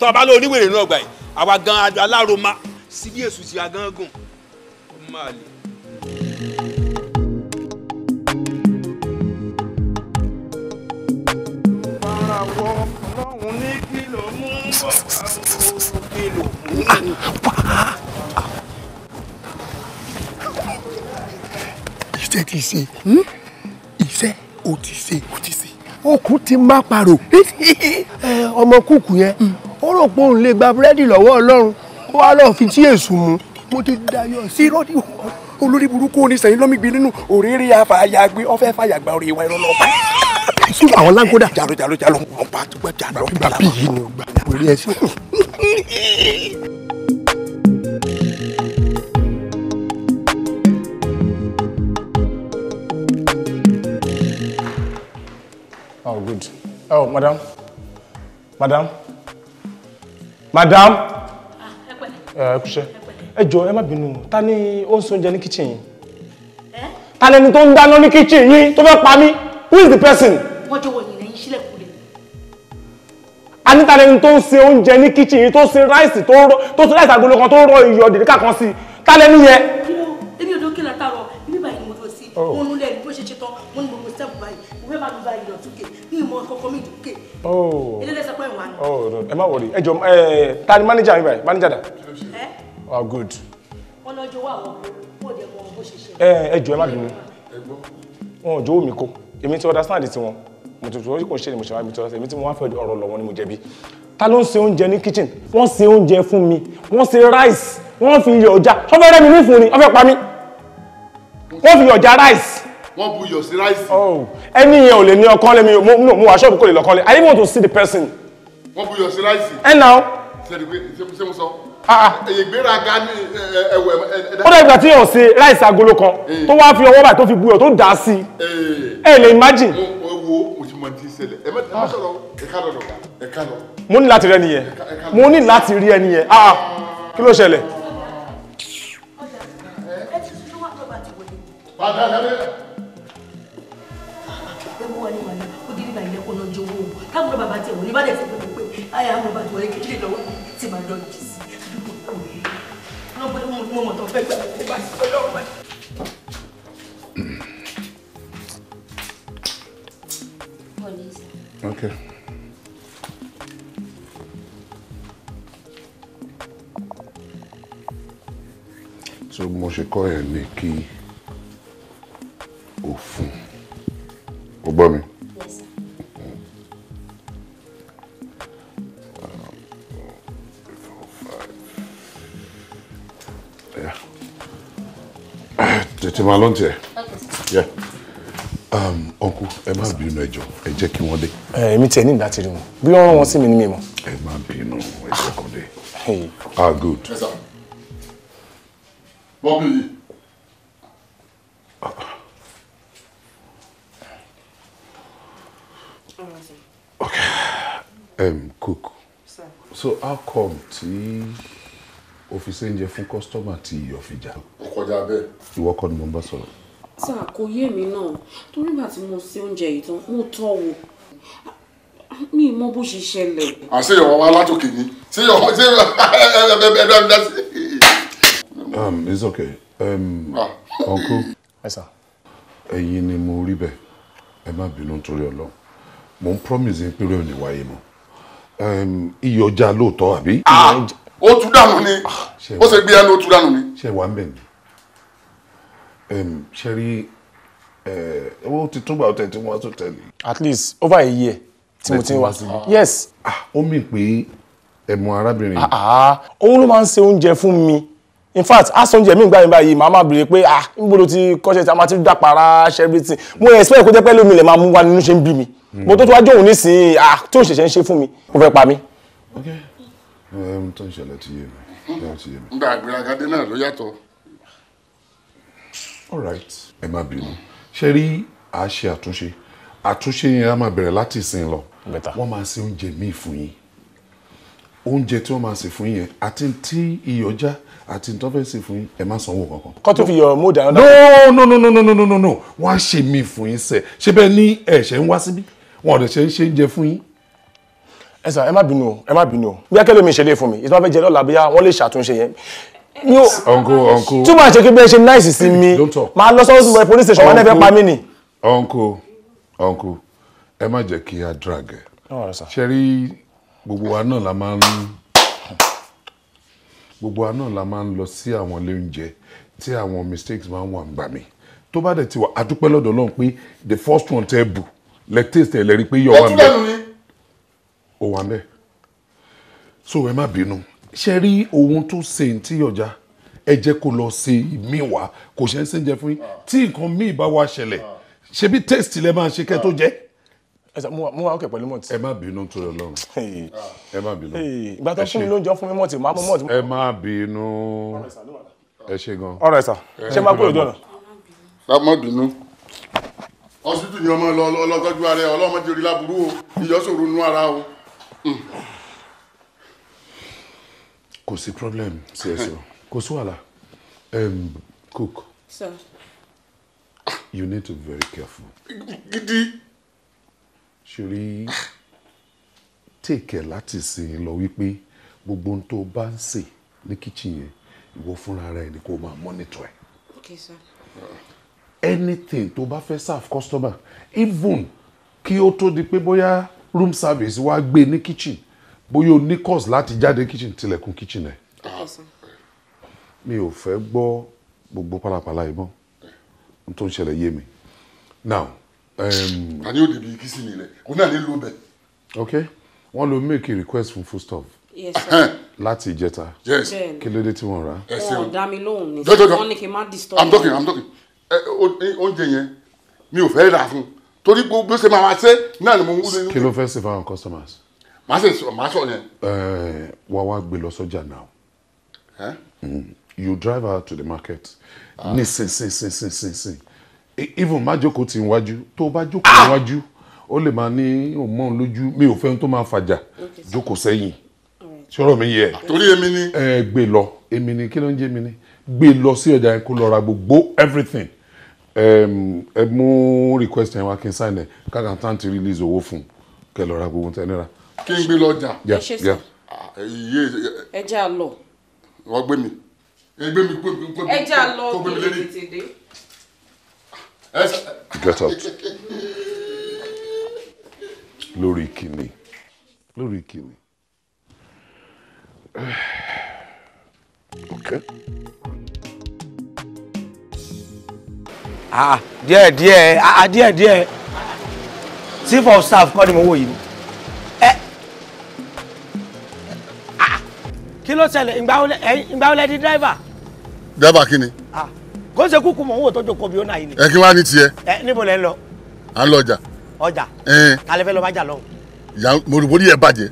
tọ́ ọ bá lọ oníwèrè inú ọgbà yìí gan-an alárò síbi èṣù ti agángan ó máa lè. Bárawọ̀ ọlọ́run ní kìlọ̀ mú bàbá òkú kìlọ̀ mú. Iṣẹ́ ti ṣe. Hmm? Iṣẹ́ o ti ṣe. O ti ṣe. Okùn ti má parò. Hmm? Ọmọ kúkú yẹn, hmm. ó rò pé òun lè gba búrẹ́dì lọ́wọ́ ọlọ́run wá lọ́ọ́ fi tí èṣù mu mo ti dayọ̀ sí rọ́díò olórí burúkú oníṣẹ́yìn lọ́mígbé nínú òrèrè afàyàgbé ọ̀fẹ́ fàyàgbà ọ̀rẹ́ ìwà ẹ̀rọ lọ́pàá. sùn àwọn lágbódà. jalo jalo jalo wọn pa tó gbà jalo. gba bí yìí ni gba orí ẹ oh good oh madam madam madam. Eh, ẹ kúṣẹ́ ẹ jọ ẹ má bínú ta ni ó ń sóúnjẹ ní kíchìn yìí ta lẹni tó ń dáná ní kíchìn yìí tó fẹ́ pa mí who is the person. wọ́n jọ wọ ìrìn yín sílẹ̀ kúlẹ̀. a ní ta lẹni tó ń se oúnjẹ ní kíchìn yìí tó se ráìsì tó rọ tó se ráìsì àgolo kan tó rọ iyọ̀ dèríkà kan sí i ta lẹni yẹ. èmi ò dókè látàrọ bíbá yìí mo lọ sí òun oh. lẹ́nu bó ṣe ṣe tán mo ní mo mọ sẹ́ẹ̀bù báyìí mo fẹ́ Oh. Oh. mi dùn ké. ilé lẹ́sẹ̀ pé ìwà ni. ẹ má wọrí ẹ jọ ẹ ta ni manager mi báyìí manager dà. ẹ oh good. wọn lọ jọ̀wọ́ àwọn Oh. dẹ mọ bó ṣe ṣe. ẹ ẹ jọ ẹ má bínú wọn ò jọ̀wọ́ mi kó èmi ti understand tiwọn mo tuntun wọn kò ṣe ni mo ṣe wá mi tí wọn ṣe èmi tí mo wá fẹ́ ọ̀rọ̀ lọ́wọ́ ni mo jẹ̀bi ta ló ń ṣe oúnjẹ ní kitchen wọ́n ṣe oúnjẹ fún mi wọ́n ṣe rice wọ́n fi iyọ̀ ọjà wọ́n fẹ́ rẹ́ mi nífun ni wọ́n fẹ́ pa mí wọ́n fi iyọ̀ ọjà rice wọ́n bu iyọ̀ sí ráìsì. Oh, ẹni yẹn ò lè ní ọkàn lẹ́mi no mo wà ṣọ́ọ̀bù kò lè lọ́kàn lẹ́ I didn't want to see the person. wọ́n bu iyọ̀ sí ráìsì. ẹ nà ó. ṣe mo sọ. èyí ah, ah. gbéraga ní ẹwẹ. ó dẹ̀ gbà tí yóò ṣe ráìsì agolo kan eh. tó wá fi ọwọ́ báyìí tó fi bu iyọ̀ tó dà á sí i. Eh. ẹ lè imagine. mo wo òṣùmọ̀ ti ṣẹlẹ̀ ẹ mẹ́ta ah. sọ̀rọ̀ ẹ̀ka lọ ẹ̀ka lọ. mo ní láti rí ẹni yẹn mo ní láti rí ẹni yẹn kí ló ṣẹlẹ̀ owó wa ni màá yẹ kó délé báyìí lẹ́kọ̀ọ́ náà jẹ́ owó o táwọn ọ̀rọ̀ bàbá tiẹ̀ wò ní bá dẹ̀ ti gbogbo pé ayé àwọn bàbá tiwọn kékeré lọ́wọ́ ti máa lọ jì sí àdúgbò kò rí lọ́gbọ́n mo mọ̀ gbà ó bá ti pẹ́ lọ́wọ́ Okay. So mo ṣe kọ́ ẹ̀ ní kí òfun o gbọ́ mi. tètè máa lọ́n tiẹ̀ ọkù ẹ má bínú ẹjọ ẹ jẹ́ kí wọ́n dé. èmi tiẹ̀ ní láti rí wọn bí wọ́n rán wọn sí mi ní mímọ́. ẹ má bínú ẹ jẹ́ kó dé. ah good. bọ́bí yìí. Okay. Um, cook. So how come tí o fi ṣe oúnjẹ customer tí iyọ̀ fi já? Ó kọjá bẹ́ẹ̀. Ìwọ kọ́ ni mo ń bá sọ̀rọ̀. Sir, kò yé mi náà. Torí ìgbà tí mo ṣe oúnjẹ yìí tán, mo tọ́ wò mi mọ bó ṣe ṣẹlẹ̀. àṣé ìwọ wa látòkè ni ṣé ìwọ ṣe um it's okay um ah. Sir, ẹ̀yin ni mo rí bẹ́ẹ̀ ẹ má bínú torí ọlọ́run mo ń promise yín pé rẹ̀ ò ní wáyé mọ́ iye ọjà lóòótọ́ àbí. Ah, ó tú dànù ni ah, ó ṣe gbé ẹnu ó tú dànù ni. ṣe wà ń bẹ̀ ni ṣe rí owó ti túbọ̀ ọ̀tẹ̀ tí wọ́n tún tẹ̀lé. at least over a year tí mo ti wá yes. Ah, ó mì pé ẹ mọ arábìnrin. òun ló máa ń ṣe oúnjẹ fún mi in fact aṣọ oúnjẹ mi ń gbà mí báyìí màá máa bèrè pé ah níbo ló ti kọ́ṣẹ́ tí a máa ti dàpara ṣẹ́bìtì mo expect kó jẹ́ pẹ́ lómi lè máa mú wa nínú ṣe ń bí mi mo tó tó wá jóun nísìnyí ah tó ṣẹ̀ṣẹ̀ ń ṣe fún mi ó fẹ́ pa mí. tó ń ṣẹlẹ̀ ti yé mi. nígbà náà ló yàtọ̀. all right ẹ má bínú ṣe rí a ṣe àtúnṣe àtúnṣe yẹn a máa bẹ̀rẹ̀ láti ìsìn lọ wọ́n máa ṣe oúnjẹ míì fún yín oúnjẹ tí wọ́n máa ṣe fún yín àti tí iyọ̀ já àti tó fẹ́ ṣe fún yín ẹ má sanwó kankan. kọ́ tó fi yọ mú dáná. no no no no no no no no wọ́n á ṣe mí fún yín sẹ́ ṣé bẹ́ẹ̀ ni ẹ̀ṣẹ̀ ń wá síbí wọn ò dẹ̀ ṣe ń ṣe ń jẹ fún yín. ẹ sà ẹ má bínú ẹ má bínú bí akẹ́lẹ́ mi ṣẹlẹ̀ fún mi ìtura fẹ́ jẹ lọ́la bí wọ́n lè ṣàtúnṣe yẹn mi ò uncle uncle tí wọ́n ṣe kí bẹ́ẹ̀ ṣe náìsì sí mi máa lọ sọ́wọ́sì mọ̀ police station wọn náà fẹ́ pa mí ni. uncle uncle ẹ má jẹ́ kí a drag ẹ̀ ṣe rí gbogbo wa náà la máa ń gbogbo wa náà la máa ń lọ sí àwọn ilé tí àwọn mistakes máa ń wà ń gbà mí tó bá dẹ̀ ti wà a dúpẹ́ lọ́dọ̀ Ọlọ́run pé the first one tẹ́ bù lẹ taste ẹ lẹ rí pé yọ wà mẹ o wà mẹ so ẹ má bínú ṣe rí ohun tó ṣe ń tí ọjà ẹ jẹ́ kó lọ ṣe mí wá kò ṣe ń ṣèǹjẹ fún yín tí nǹkan míì bá wá ṣẹlẹ̀ ṣebí taste lẹ máa ṣe kẹ́ tó jẹ. ẹsẹ mo wà mo wà ókè pẹ̀lú mọtì. ẹ má bínú tó yọ lọ́rùn ẹ má bínú. ìgbà tó fún mi lóúnjẹ fún mi mọtì máa mú mọtì. ẹ má bínú ẹ ṣe gan. ọ̀rọ̀ ẹ sà ṣé máa kúrò jọ̀nà. ká má bínú hospital ni ọmọ ọlọ́tọ́jú ara ẹ ọlọ́mọdé orí láburú o ìyọ́sòro nú ara o. kò sí problem sí ẹ sọ kò sí wàhálà cook sir. you need to be very careful. gidi. ṣeré tèkẹ́ láti sìn lọ wípé gbogbo ohun tó bá ń sè ní kíchìn yẹn ìwọ fúnra rẹ ni kó máa mọ́nítọ̀ ẹ̀. okay sir. Uh anything tó bá fẹ́ serve customer even kí ó tó di pé bóyá room service wá gbé ní kitchen bóyá o ní cause láti jáde kitchen tilẹ̀kùn kitchen ẹ̀. mi ò fẹ́ gbọ́ gbogbo pálapàla yìí mọ́ n tó ń ṣẹlẹ̀ yé mi now. àní ò débi kí sí ni rẹ̀ òun náà lè lo bẹ̀. ok wọ́n lo make a request fún foodstuff. yes sir. láti ìjẹta. yes kí ló dé tí wọ́n rà. ẹ ṣeun wọn ò dá mi lóhùn ní sọ wọn ní kí n má disturb. i'm talking i'm talking oúnjẹ yẹn mi ò fẹ́ rà fún torí pé bí ó ṣe máa ma ṣe náà ni mo ń wúlò. kí ló fẹ́ ṣe fáwọn customers. màá ṣe sọ màá sọ yẹn. wá wá gbé lọ sọ́jà now eh? Mm. you drive out to the market ah. nísinsinsinsinsin e, even má jókòó tí ń wájú tó bá jókòó ah! wájú ó lè máa ní òun mọ́ lójú mi ò fẹ́ ohun tó máa fàjà jókòó sẹ́yìn sọ̀rọ̀ mi yẹ. Ah, torí èmi ni. ẹ gbé lọ èmi ni kí ló ń jẹ́ èmi ni gbé lọ sí ọjà yẹn kó lọ ra gbogbo everything ẹ mú request yẹn wá kí n sign ẹ káàkà tán ti release owó fún kẹ lọ ra gbogbo tẹ náírà. kí n gbé lọ́jà. ẹ jẹ́ àlọ́. wọ́n gbé mi ẹ gbé mi gbé mi gbé mi ẹ jẹ́ àlọ́ kí n tètè get out lórí kìnnì lórí kìnnì. *sighs* okay. Ah, ah díẹ̀ díẹ̀ ah, ah díẹ̀ díẹ̀ chief of staff kọ́ ni mo wò yìí ẹ ah kí ló ṣẹlẹ̀ ìgbà wọlé di driver. driver kí ni. ah kó ṣe kúkú mọ̀ ń wò tọ́jú kọ́bí ó náà yìí ni. ẹ kí wàá ní tiẹ̀. ẹ níbo lẹ ń lọ. à ń lọ ọjà. ọjà alẹ́ fẹ́ lọ má jà lọ. ìyá mo rò bórí ẹ bàjẹ́.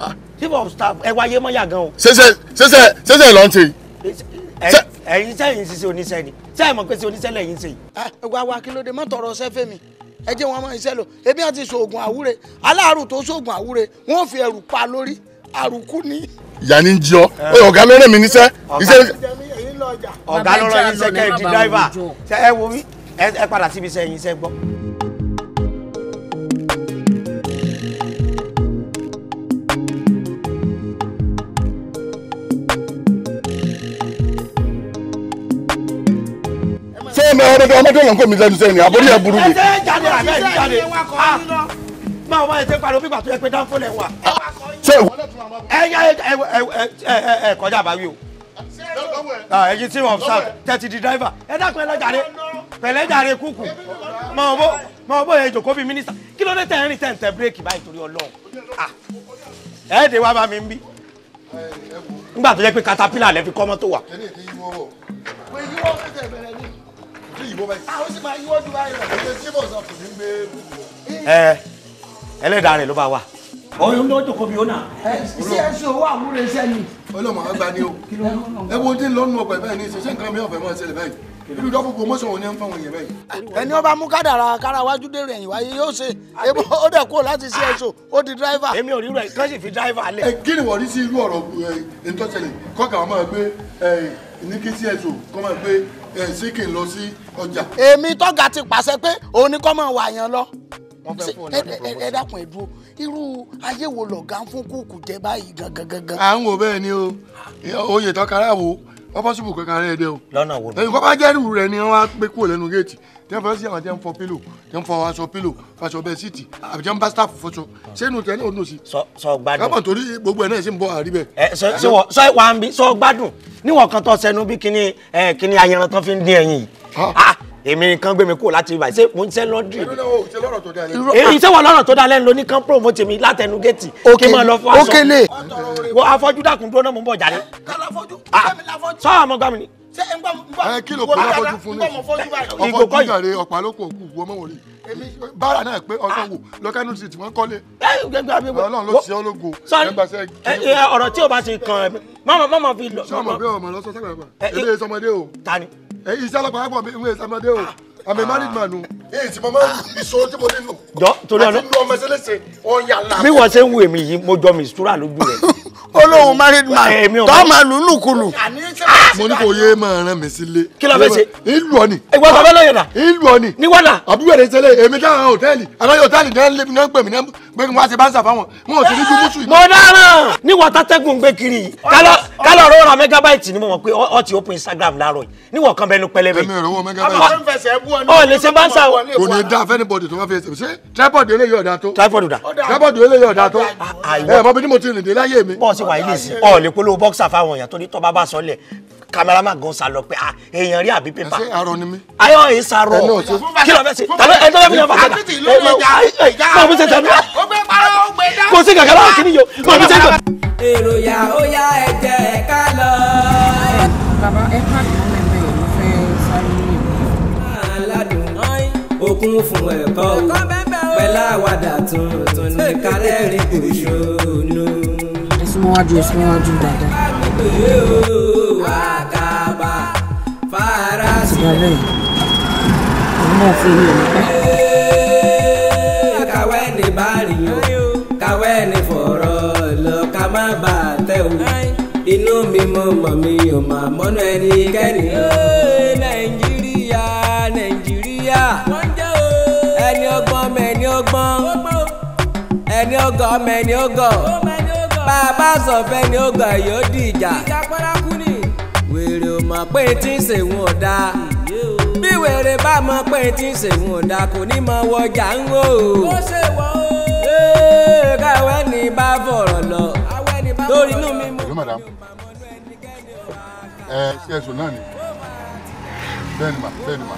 Ah, chief of staff ẹ wáyé mọ́ yà gan o. ṣẹṣẹ ṣẹṣẹ ṣẹṣẹ lọ́ntì ẹ̀yin sẹ́yìn ṣiṣẹ́ oníṣẹ́ ni sẹ́yìn mọ̀ pé ṣe oníṣẹ́ lẹ́yìn ṣe yìí. Ah, wá wá kí ló dé má tọrọ ọsẹ fẹmi ẹ jẹ́ wọn mọ iṣẹ́ lò ebi àti ṣoògùn àwúre aláàrù tó ṣoògùn àwúre wọ́n fi ẹrù pa lórí àrùkù ni. ìyá ni ń jí ọ eh. ọ̀gá ló rẹ̀ mí níṣẹ́. ọ̀gá ló rẹ̀ mí níṣẹ́ kẹ́ ẹ di driver ẹ wo mi ẹ padà síbi iṣẹ́ yín iṣẹ́ gbọ́. ọmọ ọmọdé ọmọdé ọlọ́nkọ́ mi lẹ́nu sẹ́yìn àbórí ẹ̀ burú ni. ẹ ṣe jáde àbẹ́ ẹ̀ jáde ah, máa wá ẹsẹ̀ pariwo bí gbàtú ẹ pé dáńfó lẹ̀ wà. ṣé ìwọ ẹ̀yà ẹ̀ kọjá àbáwí o ah, ẹ̀yin tí wọ́n sá tẹ́tí di dráìvà ẹ dákun ẹ lọ jàre pẹ̀lẹ́ jàre kúkú mọ ọbọ mọ ọbọ yẹn jókòó bíi mínísítà kí ló dé tẹ̀ ń rìn tẹ̀ ń tẹ̀ bírèkì báyìí torí ọlọ́run ah, ẹ̀ dé wá bá mi ń bí nígbà tó jẹ́ pé katapila lẹ́ fi kọ́ mọ́tò wà kiri ìbò báyìí. àwọn sì máa yíwọ́ ju báyìí lọ. ìṣe tí mo sọ kò ní gbé gbogbo. ẹ ẹlẹ́dàá rẹ̀ ló bá wà. ọyọ ló jókòó mi ó nà. iṣẹ́ ẹ̀sùn owó àwúre iṣẹ́ ni. olóòmọ̀ àgbà ni o. ẹ wo dín lọ́nu ọgbà báyìí ní ìṣẹ̀ṣẹ̀ nǹkan mi ọ̀fẹ́ mọ́ ṣẹlẹ̀ báyìí ibi ìdọ́kùn promotion wọn ni ẹ ń fáwọn èèyàn báyìí. ẹni ó bá mú kádàrà kára wájú dèrò ẹ̀yìn wáyé yóò ṣe ebo ó dẹ̀ kúrò láti ṣe ẹ̀ṣọ́ ó di driver. èmi ò rí rẹ̀ kán sì fi driver lẹ̀. kí ni wọ́n rí sí irú ọ̀rọ̀ ẹ̀ ń tọ́ṣẹlẹ̀ kọ́kà wọn máa gbé ní kí sí ẹ̀sùn kọ́ mọ̀ pé ẹ̀ sí kì í lọ sí ọjà. èmi tọ́gà ti pàṣẹ pé òun ni kọ́ mọ̀ wà yẹn lọ ẹ dákun ẹ dúró irú ayé wo lọ̀gá ń fún kúùkù jẹ báyìí gangan à ń wo bẹ́ẹ̀ ni o oyè tọkara wo pọ́pọ́sibù kankan rẹ̀ dẹ o. lọ́nà wo ni. èyí kọ́kọ́ jẹ́rìí rẹ̀ ni wọ́n á gbé kúrò lẹ́nu géètì tí wọ́n fẹ́ sí àwọn tí wọ́n fọ pílò tí wọ́n fọ aṣọ pílò aṣọ bẹ́ẹ̀ síìtì àbí tí wọ́n bá staff fọṣọ sẹ́nu tẹ náà nù sí. sọ gbádùn kábọ̀ torí gbogbo ẹ̀ náà sì ń bọ̀ àrí bẹ́ẹ̀. ẹ sọ sọ wà ń bí sọ gbádùn níwọ̀n kan tó sẹnu bí kíní ẹ kíní ayanran tán fi ń dín ẹyin èmi nìkan gbé mi kúrò láti ibà mo ń ṣe lọ́dìrì. èyí ṣé wà lọ́rọ̀ tó dá lẹ́nu lóní kan promo tèmi látẹnu géètì kí n máa wọ afọjú dàkúndúró náà mo ń bọ̀ jáde. sọ àwọn ọmọ gbàmí ni ṣé ẹ ń gbọ́ mọ́ ẹ kí ló kó lábọ́jú fún mi ọkọ̀ gbọ́jàre ọ̀pá ló kó òkú wọ́n mọ̀ wọlé bára náà pé ọ̀sán wò ah. lọ́kànú sì tí wọ́n kọ́lé ọlọ́run ló ṣe ọ́ lógo ẹgbàṣẹ́ kí ọ̀rọ̀ tí o bá ti kàn ẹ̀ mọ́mọ́ fi lọ. sọmọ bí ọmọ lọ sọ sẹgbàgbà ilé sọmọdé o tani. iṣẹ́ ọlọ́pàá yàgbọ́ mi ìwé sọmọdé o àmì ah. married man o. Ah. èyí tí mo máa ń sọ tí mo nínú. jọ torí ọlọ àti lu ọmọ ẹsẹ lẹsẹ ọyàn làbẹ. bí *laughs* olóhùn married man eh, tó máa lù ah, mo ní kò yé máa rán mi sílé. kí ló fẹ́ ṣe. ìlú ọ̀nì. Eh, ìwọ bàbá lọ yọ̀dà. ìlú ọ̀nì. ní wàdà. àbúrò rẹ̀ ṣẹlẹ̀ èmi dáhùn hòtẹ́ẹ̀lì àlọ́yọ̀ hòtẹ́ẹ̀lì náà lébi náà gbẹ̀mí náà gbẹ̀mí wá sí báńsà fáwọn wọn ò sì ní ju mùsùlùmí. mo dáràn ní wọ́tá tẹ́gùn gbé kiri kálọ̀ ọ̀rọ̀ ra mẹ́gábáìtì ni mo mọ̀ pé ọ ti open Instagram láàárọ̀ yìí níwọ̀n kan bẹnu pẹlẹbẹ. èmi ìrọwọ́ mẹ́gábáìtì. ọ lè ṣe báńsà o. kò ní dá fẹ́nibọ̀dì tó bá fi ṣe tripod eléyìí ọ̀dà tó. tripod ọ̀dà. tripod eléyìí ọ̀dà tó. ẹ mọ bí ni mo ti rìn dé láyé mi. bọ́ọ̀sì wà yìí lè sí ọ lè polówó bọ́ksà fáwọn èèyàn tó ní tọ́ bá bá sọ lẹ̀ kámẹ́rámà gan sa lọ pé a ah, èèyàn rí àbí pépà. ẹsẹ arọ ni mí. ayọ èyí sa rọ kí ló fẹ́ ṣe tàbí ẹni tó fẹ́ fi yan fàṣẹ. àbítí ló lè jà ìjà àwọn ọmọ ìjà ó gbé parọ́ ó gbé dá. kò sí kankan láwọn kìíní yo kò sí kankan. èrò ya ó yá ẹ̀jẹ̀ ká lọ. bàbá ẹ ká ìwọ́n ẹgbẹ́ yìí fẹ́ sáré ní ìlú. okun fún ẹ̀kọ́ o pẹ̀lú àwàdà tuntun ní kárẹ́rì kò ṣòro súnmọ́ wájú ẹ̀ súnmọ́ wájú dáadáa. ìgbà bẹ́ẹ̀ òun náà fi ilé mi pẹ́. kàwé ni bárì yàn kàwé ni fọ̀rọ̀ lọ ká má bà á tẹ̀ o inú mi mọ̀ mọ̀ mi ò mà mọ́nú ẹnikẹ́ni. nàìjíríà nàìjíríà ẹni ọgbọ́n mẹ́ni ọgbọ́n ẹni ọgọ́ mẹ́ni ọgọ́ bá a bá sọ fẹ́ ni ó gbà yóò dìjà. ìjà paraku ni. wèrè ò mọ̀ pé tí ń ṣèwọ̀n ò dáa. bí wèrè bá mọ̀ pé tí ń ṣèwọ̀n ò dáa kò ní mọ wọjà ń wò. ó ṣe wọ o. káwé ni bá fọ̀rọ̀ lọ. lórí inú mi mú. ẹ ṣe ẹ̀sùn náà ni bẹ́ẹ̀ ni mà bẹ́ẹ̀ ni mà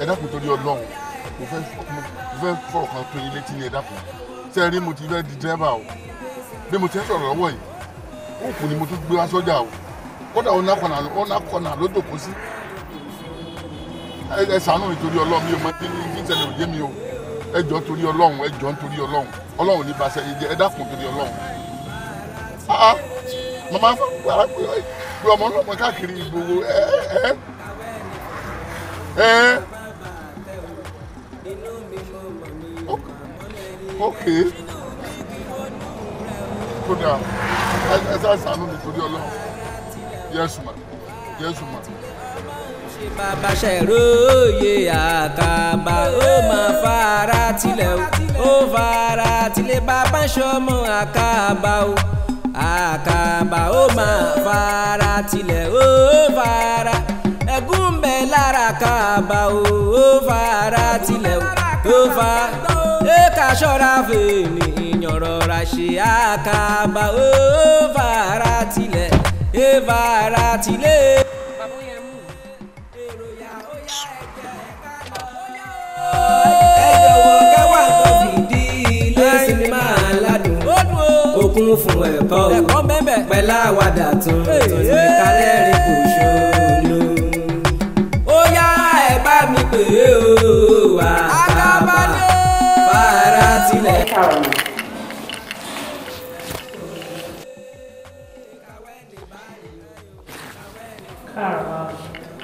ẹ dákun torí Ọlọ́run mo fẹ́ fọ̀rọ̀ kan tó yín létí ní ẹ dákun ṣe mo ti fẹ́ di dẹ́rẹ́bà o bí mo ti ń sọ̀rọ̀ lọ́wọ́ yìí òkú ni mo tún gbé wá sọ́jà o kódà ọ̀nà kọ̀nà ọ̀nà kọ̀nà ló dòkó sí ẹ ṣàánú nítorí ọlọ́run mi ò mọ kí ní ṣẹlẹ̀ òye mi o ẹ jọ̀ọ́ torí ọlọ́run ẹ jọ̀ọ́ nítorí ọlọ́run ọlọ́run ní bá sẹ́yìn jẹ́ ẹ dákun torí ọlọ́run màmá pé ọmọ ọlọ́mọ káàkiri ìgboro ẹ ẹ ẹ ok. okay program ẹ sá sànú nítorí ọlọ́run yẹ́sù mà yẹ́sù mà. ṣé bàbá ṣèròyè àkàbà ó máa fara tilẹ̀ ó fara tilẹ̀ bàbá ṣọmọ àkàbà ó àkàbà ó máa fara tilẹ̀ ó fara ẹ̀gún bẹ̀ lára àkàbà ó fara tilẹ̀ ó fara rọra ṣọ́ra fèmí èèyàn rọra ṣe àkàbà ó fara tilẹ̀ é fara tilẹ̀. kún fún ẹ̀kọ́ pẹ̀lú àwàdà tuntun ní kálẹ́rì kò ṣòro. ó yá ẹ bá mi pè é o wá káàárọ̀ mọ́. káàárọ̀.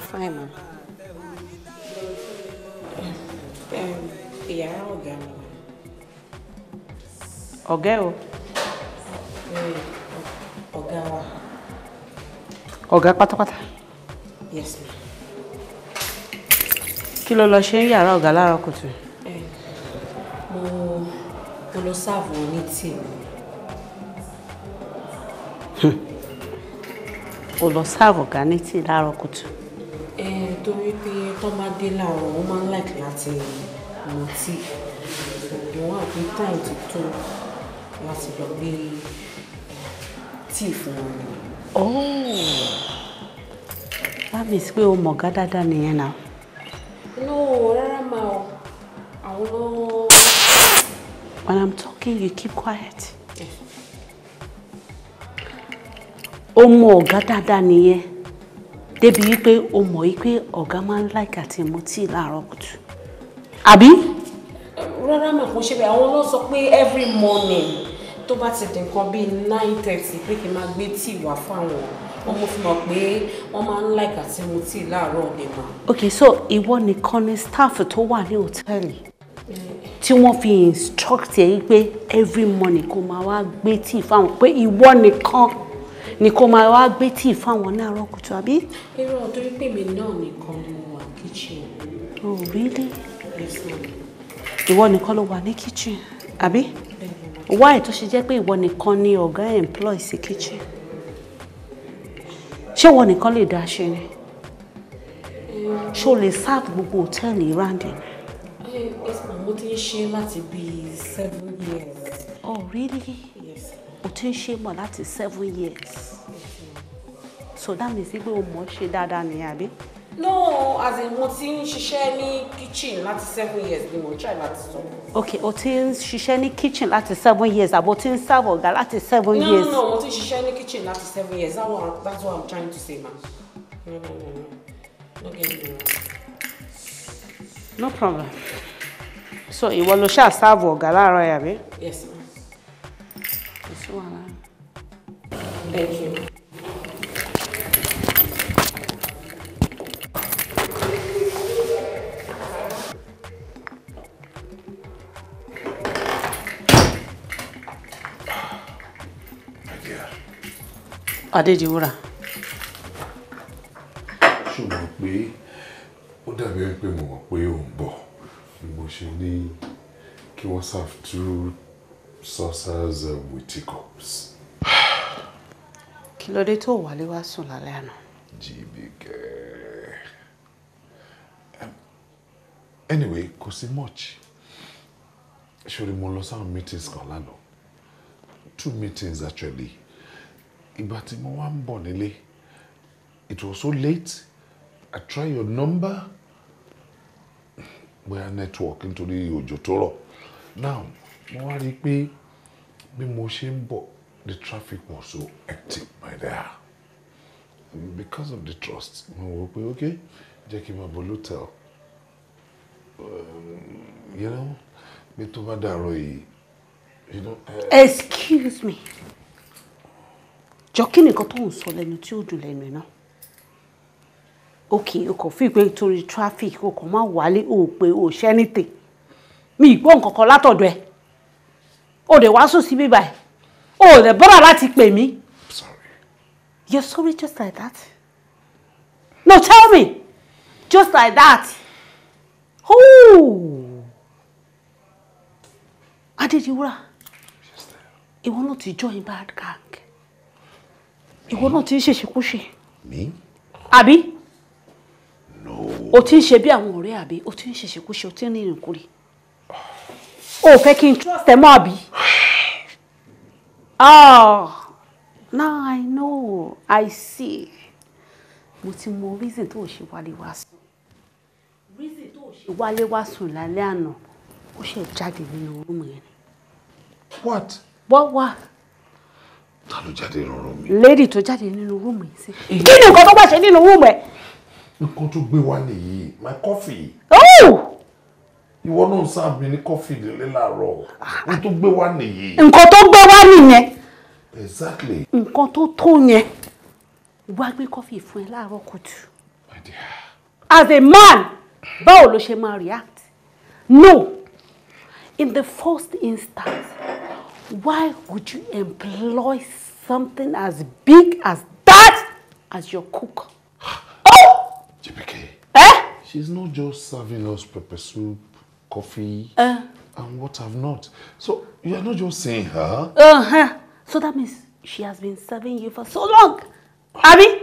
fine ma. ìyá ọ̀gá mi. ọ̀gá o. ọ̀gá wa. ọ̀gá pátápátá. yes ma. kí ló lọ ṣe ń yàrá ọ̀gá láàárọ̀ kùtù kó lọ sáàbù wọn ní tìlú. kò hmm. lọ sáàbù ga ní tì láàárọ̀ kùtù. ẹ torí pé tó bá dé láàárọ̀ wọ́n máa ń láìkí láti mọ̀ tí ìwọ̀n àbí táì ti tó láti lọ oh that means pé o mọ̀ gá dáadáa nìyẹn náà. no rárá máa àwọn When I'm talking, you keep quiet. Omo mọ ọ̀gá niye. Debi Débi omo ó mọ̀ wípé ọ̀gá máa ń láìka àti mu tíì láàárọ̀ kùtù. Àbí? Rárá mà kò ṣe bẹ́ẹ̀, àwọn every morning To ba ti dín kan bíi nine thirty pé ma n máa gbé tíì wá fún àwọn wọn mo fi mọ̀ pé wọ́n máa ń láìka àti mu tíì láàárọ̀ ọ̀dẹ̀ mà. Okay, so ìwọ nìkan ni staff tó wà ní hòtẹ́ẹ̀lì tí wọ́n fi instruct ẹ̀ pé every morning kò máa wá gbé tíì fáwọn pé ìwọ nìkan ni kò máa wá gbé tíì fáwọn láàárọ̀ kùtù àbí. irú ọdún pè mí náà nìkan ni wà kitchen. oh really. ìwọ nìkan ló wà ní kitchen àbí. why tó ṣe jẹ́ pé ìwọ nìkan ni ọ̀gá employ sí kitchen. ṣé ìwọ nìkan lè dá aṣẹ ni. ṣé o lè serve gbogbo hòtẹ́ẹ̀lì round ni yes ma mo ti ń ṣe láti bíi seven years. oh really? yes. o ti ń ṣe mọ̀ láti seven years. so that means pé o mọ̀ ṣe dáadáa nìyẹn àbí. no as in mo ti ń ṣiṣẹ́ ní kitchen láti seven years ni mo try láti sọ. Okay, o ti ń ṣiṣẹ́ ní kitchen láti seven years àbò ti ń serve ọ̀gá láti seven no, years. no no mo ti ń ṣiṣẹ́ ní kitchen láti seven years that's what, i'm trying to say ma. No, no, no, no. no no problem so ìwọ ló ṣáà sáàbù ọ̀gá láàárọ̀ ẹ̀ àbí. yes ma. kò sí wàhálà. thank you. Adédiwúrà. ṣùgbọ́n pé dàbí pé mo mọ̀ pé ò ń bọ̀ ni mo ṣe ní kí wọ́n serve two saucers uh, with teacups. kí ló dé tó wálé wá sùn lálẹ́ àná. Jibike. Um, anyway, kò sí much. Ṣorí mo lọ sáwọn meetings kan lánàá. Two meetings actually. Ìgbà tí mo wá ń bọ̀ nílé, it was so late. I tried your number bóyá network nítorí òjò tó rọ̀ now mo wá rí i pé bí mo ṣe ń bọ̀ the traffic was so hectic by there because of the trust mo wò pé ok jẹ́ kí n máa bọ̀ lótẹ́l um, you know pé tó bá dàrọ̀ yìí you know. Eh, excuse me jọ kí nìkan tó ń sọ lẹ́nu tí ó dùn lẹ́nu náà okay o kò fi pé torí traffic o kò má wálé o pé o ṣẹ́ ní tè mi ì gbọ́ nǹkan kan látọ̀dọ̀ ẹ̀ o dẹ̀ wá sùn sí bíbá ẹ̀ o dẹ̀ bọ́dà láti pè mí. you're sorry just like that no tell me just like that oh adediwura ìwọ náà ti join bad gang ìwọ náà ti ń ṣèṣekúṣe àbí o ti ń ṣe bí àwọn ọ̀rẹ́ àbí o ti ń ṣe ṣekúṣe o ti ń rìnrìn kúrì o ò fẹ́ kí n trust ẹ mọ́ àbí. *sighs* Ah, now I know I see mo ti mọ reason tó o ṣe wálé wá sùn reason tó o ṣe wálé wá sùn lálẹ́ àná ó ṣe jáde nínú rúùmù yẹn. what. wọ́n wá. ta ló jáde nínú rúùmù yẹn. lady tó jáde nínú rúùmù yẹn sí. kí ni nǹkan tó wá ṣe nínú rúùmù ẹ̀ nǹkan tó gbé wá nìyí my coffee. Oh! ìwọ náà sáà mi ní coffee délé láàárọ̀ nǹkan tó gbé wá nìyí. nǹkan tó gbé wá nìyẹn. exactly. nǹkan tó tó yẹn wá gbé coffee fún ẹ láàárọ̀ kùtù. my dear. as a man báwo ló ṣe máa react no in the first instance why would you employ something as big as that as your cook. JPK. Eh? She's not just serving us pepper soup, coffee, uh, and what have not. So you are not just seeing her. Uh-huh. So that means she has been serving you for so long. Abi?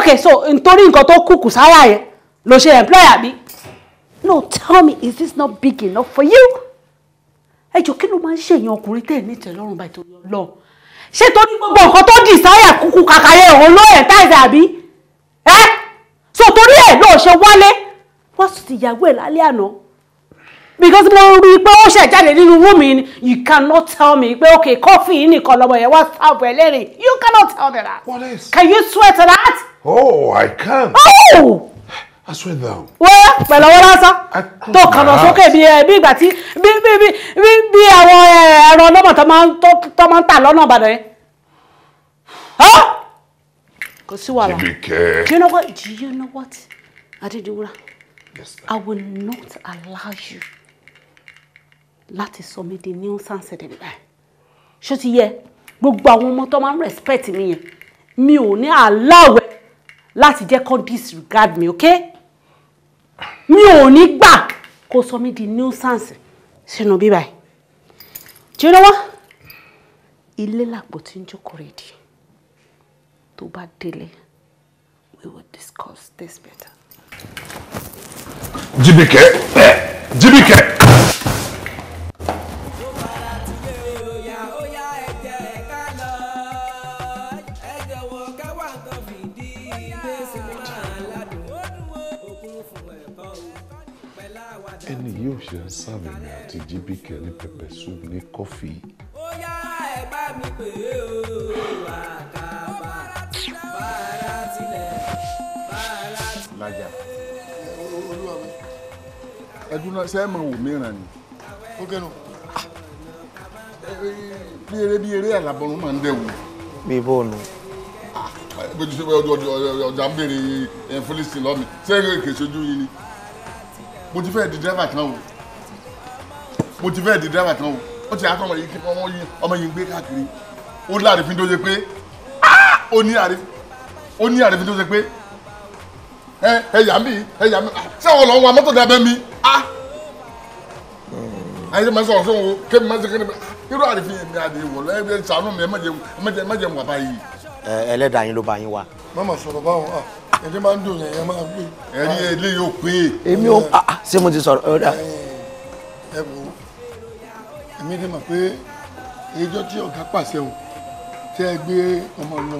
Okay, so in nǹkan tó Kuku sára no she employer abi? No, tell me, is this not big enough for you? Hey, you kí ló máa ń ṣèyàn ọkùnrin tẹ̀ ní ìtẹ̀lọ́rùn báyìí tó lọ? Ṣé torí gbogbo Koto tó dì sáyà kúkú kàkàyẹ̀ òun ló ẹ̀ so torí ẹ̀ ló ṣe wálé wọ́n sì ti yàgò ẹ̀ àná because mo rí i pé ó ṣẹ̀ jáde nínú room mi you cannot tell me pé ok coffee yìí nìkan lọ́mọ yẹn wá sáàbù ẹ̀ lẹ́rìn you cannot tell me that What is? can you swear to that. oh I can. Oh! I swear down. Wẹ́ pẹ̀lú ọwọ́ lásán. Tó kànà sókè bí eh, bí ìgbà tí bí bí bí bí bí àwọn eh, ẹ̀rọ ọlọ́mọ tó máa ń tà lọ́nà Ìbàdàn yẹn kò sí wàhálà do you know what do you know what Adédiwúrà yes, I will not allow you láti sọ mi di nuisance ẹ̀dẹ̀ báyìí ṣó ti yẹ gbogbo àwọn ọmọ tó máa ń respect mi yẹn mi ò ní àláwẹ̀ láti jẹ́ kó disregard me, okay? mi ò ní gbà kó sọ mi di nuisance sínú bíbáyìí tí ó lọ́wọ́ ilé làpò tí ń jókòó rẹ̀ dì tó bá délé we will discuss this better. GBK, GBK. Eh, ẹni yóò ṣe ń sáàmì mi àti GBK? ní pẹpẹ soup ní kọfí. ó yá ẹ bá mi pè é o àkàrà. lájà. olúwa mi. ẹdúná sẹ́ẹ̀mọ̀ wò mìíràn ni. ó kẹ́nu. bí eré bí eré àlàbọ̀rún máa ń dẹ̀wù. bí bóònù. bójú sí ọjà ń béèrè fúlẹ́sì lọ́mi sẹ́yìn èké sojú yìí ni mo ti fẹ́ di dírẹ́fà kan o mo ti fẹ́ di dírẹ́fà kan o ó ti àtọ́ ọmọ yìí ọmọ yìí ń gbé káàkiri ó láàrín fi tó pé ah! ó ní àrífín tó ṣe pé ẹ ẹ yà mí ẹ yà mí ah, ṣé àwọn ọlọ́run wa mọ́tò dà bẹ́ mi á. Ah! ayé máa sọ̀rọ̀ sóhun o kébi máa ṣe kébi irú àrífín mi àdé wò lẹ́yìn sànú mi ẹ má jẹun wà báyìí. ẹlẹ́dàá yín ló bá yín wá. má mà sọ̀rọ̀ báwọn a ah, ẹni máa ń dùn yẹn yẹn máa ń pè. ẹni eléyìí ò pé. èmi ò ṣé mo ti sọ̀rọ̀ ẹ dà. ẹ wò ó èmi ni mà pé ẹjọ́ tí ọ̀gá pàṣẹ o tẹ́ ẹ gbé ọmọ lọ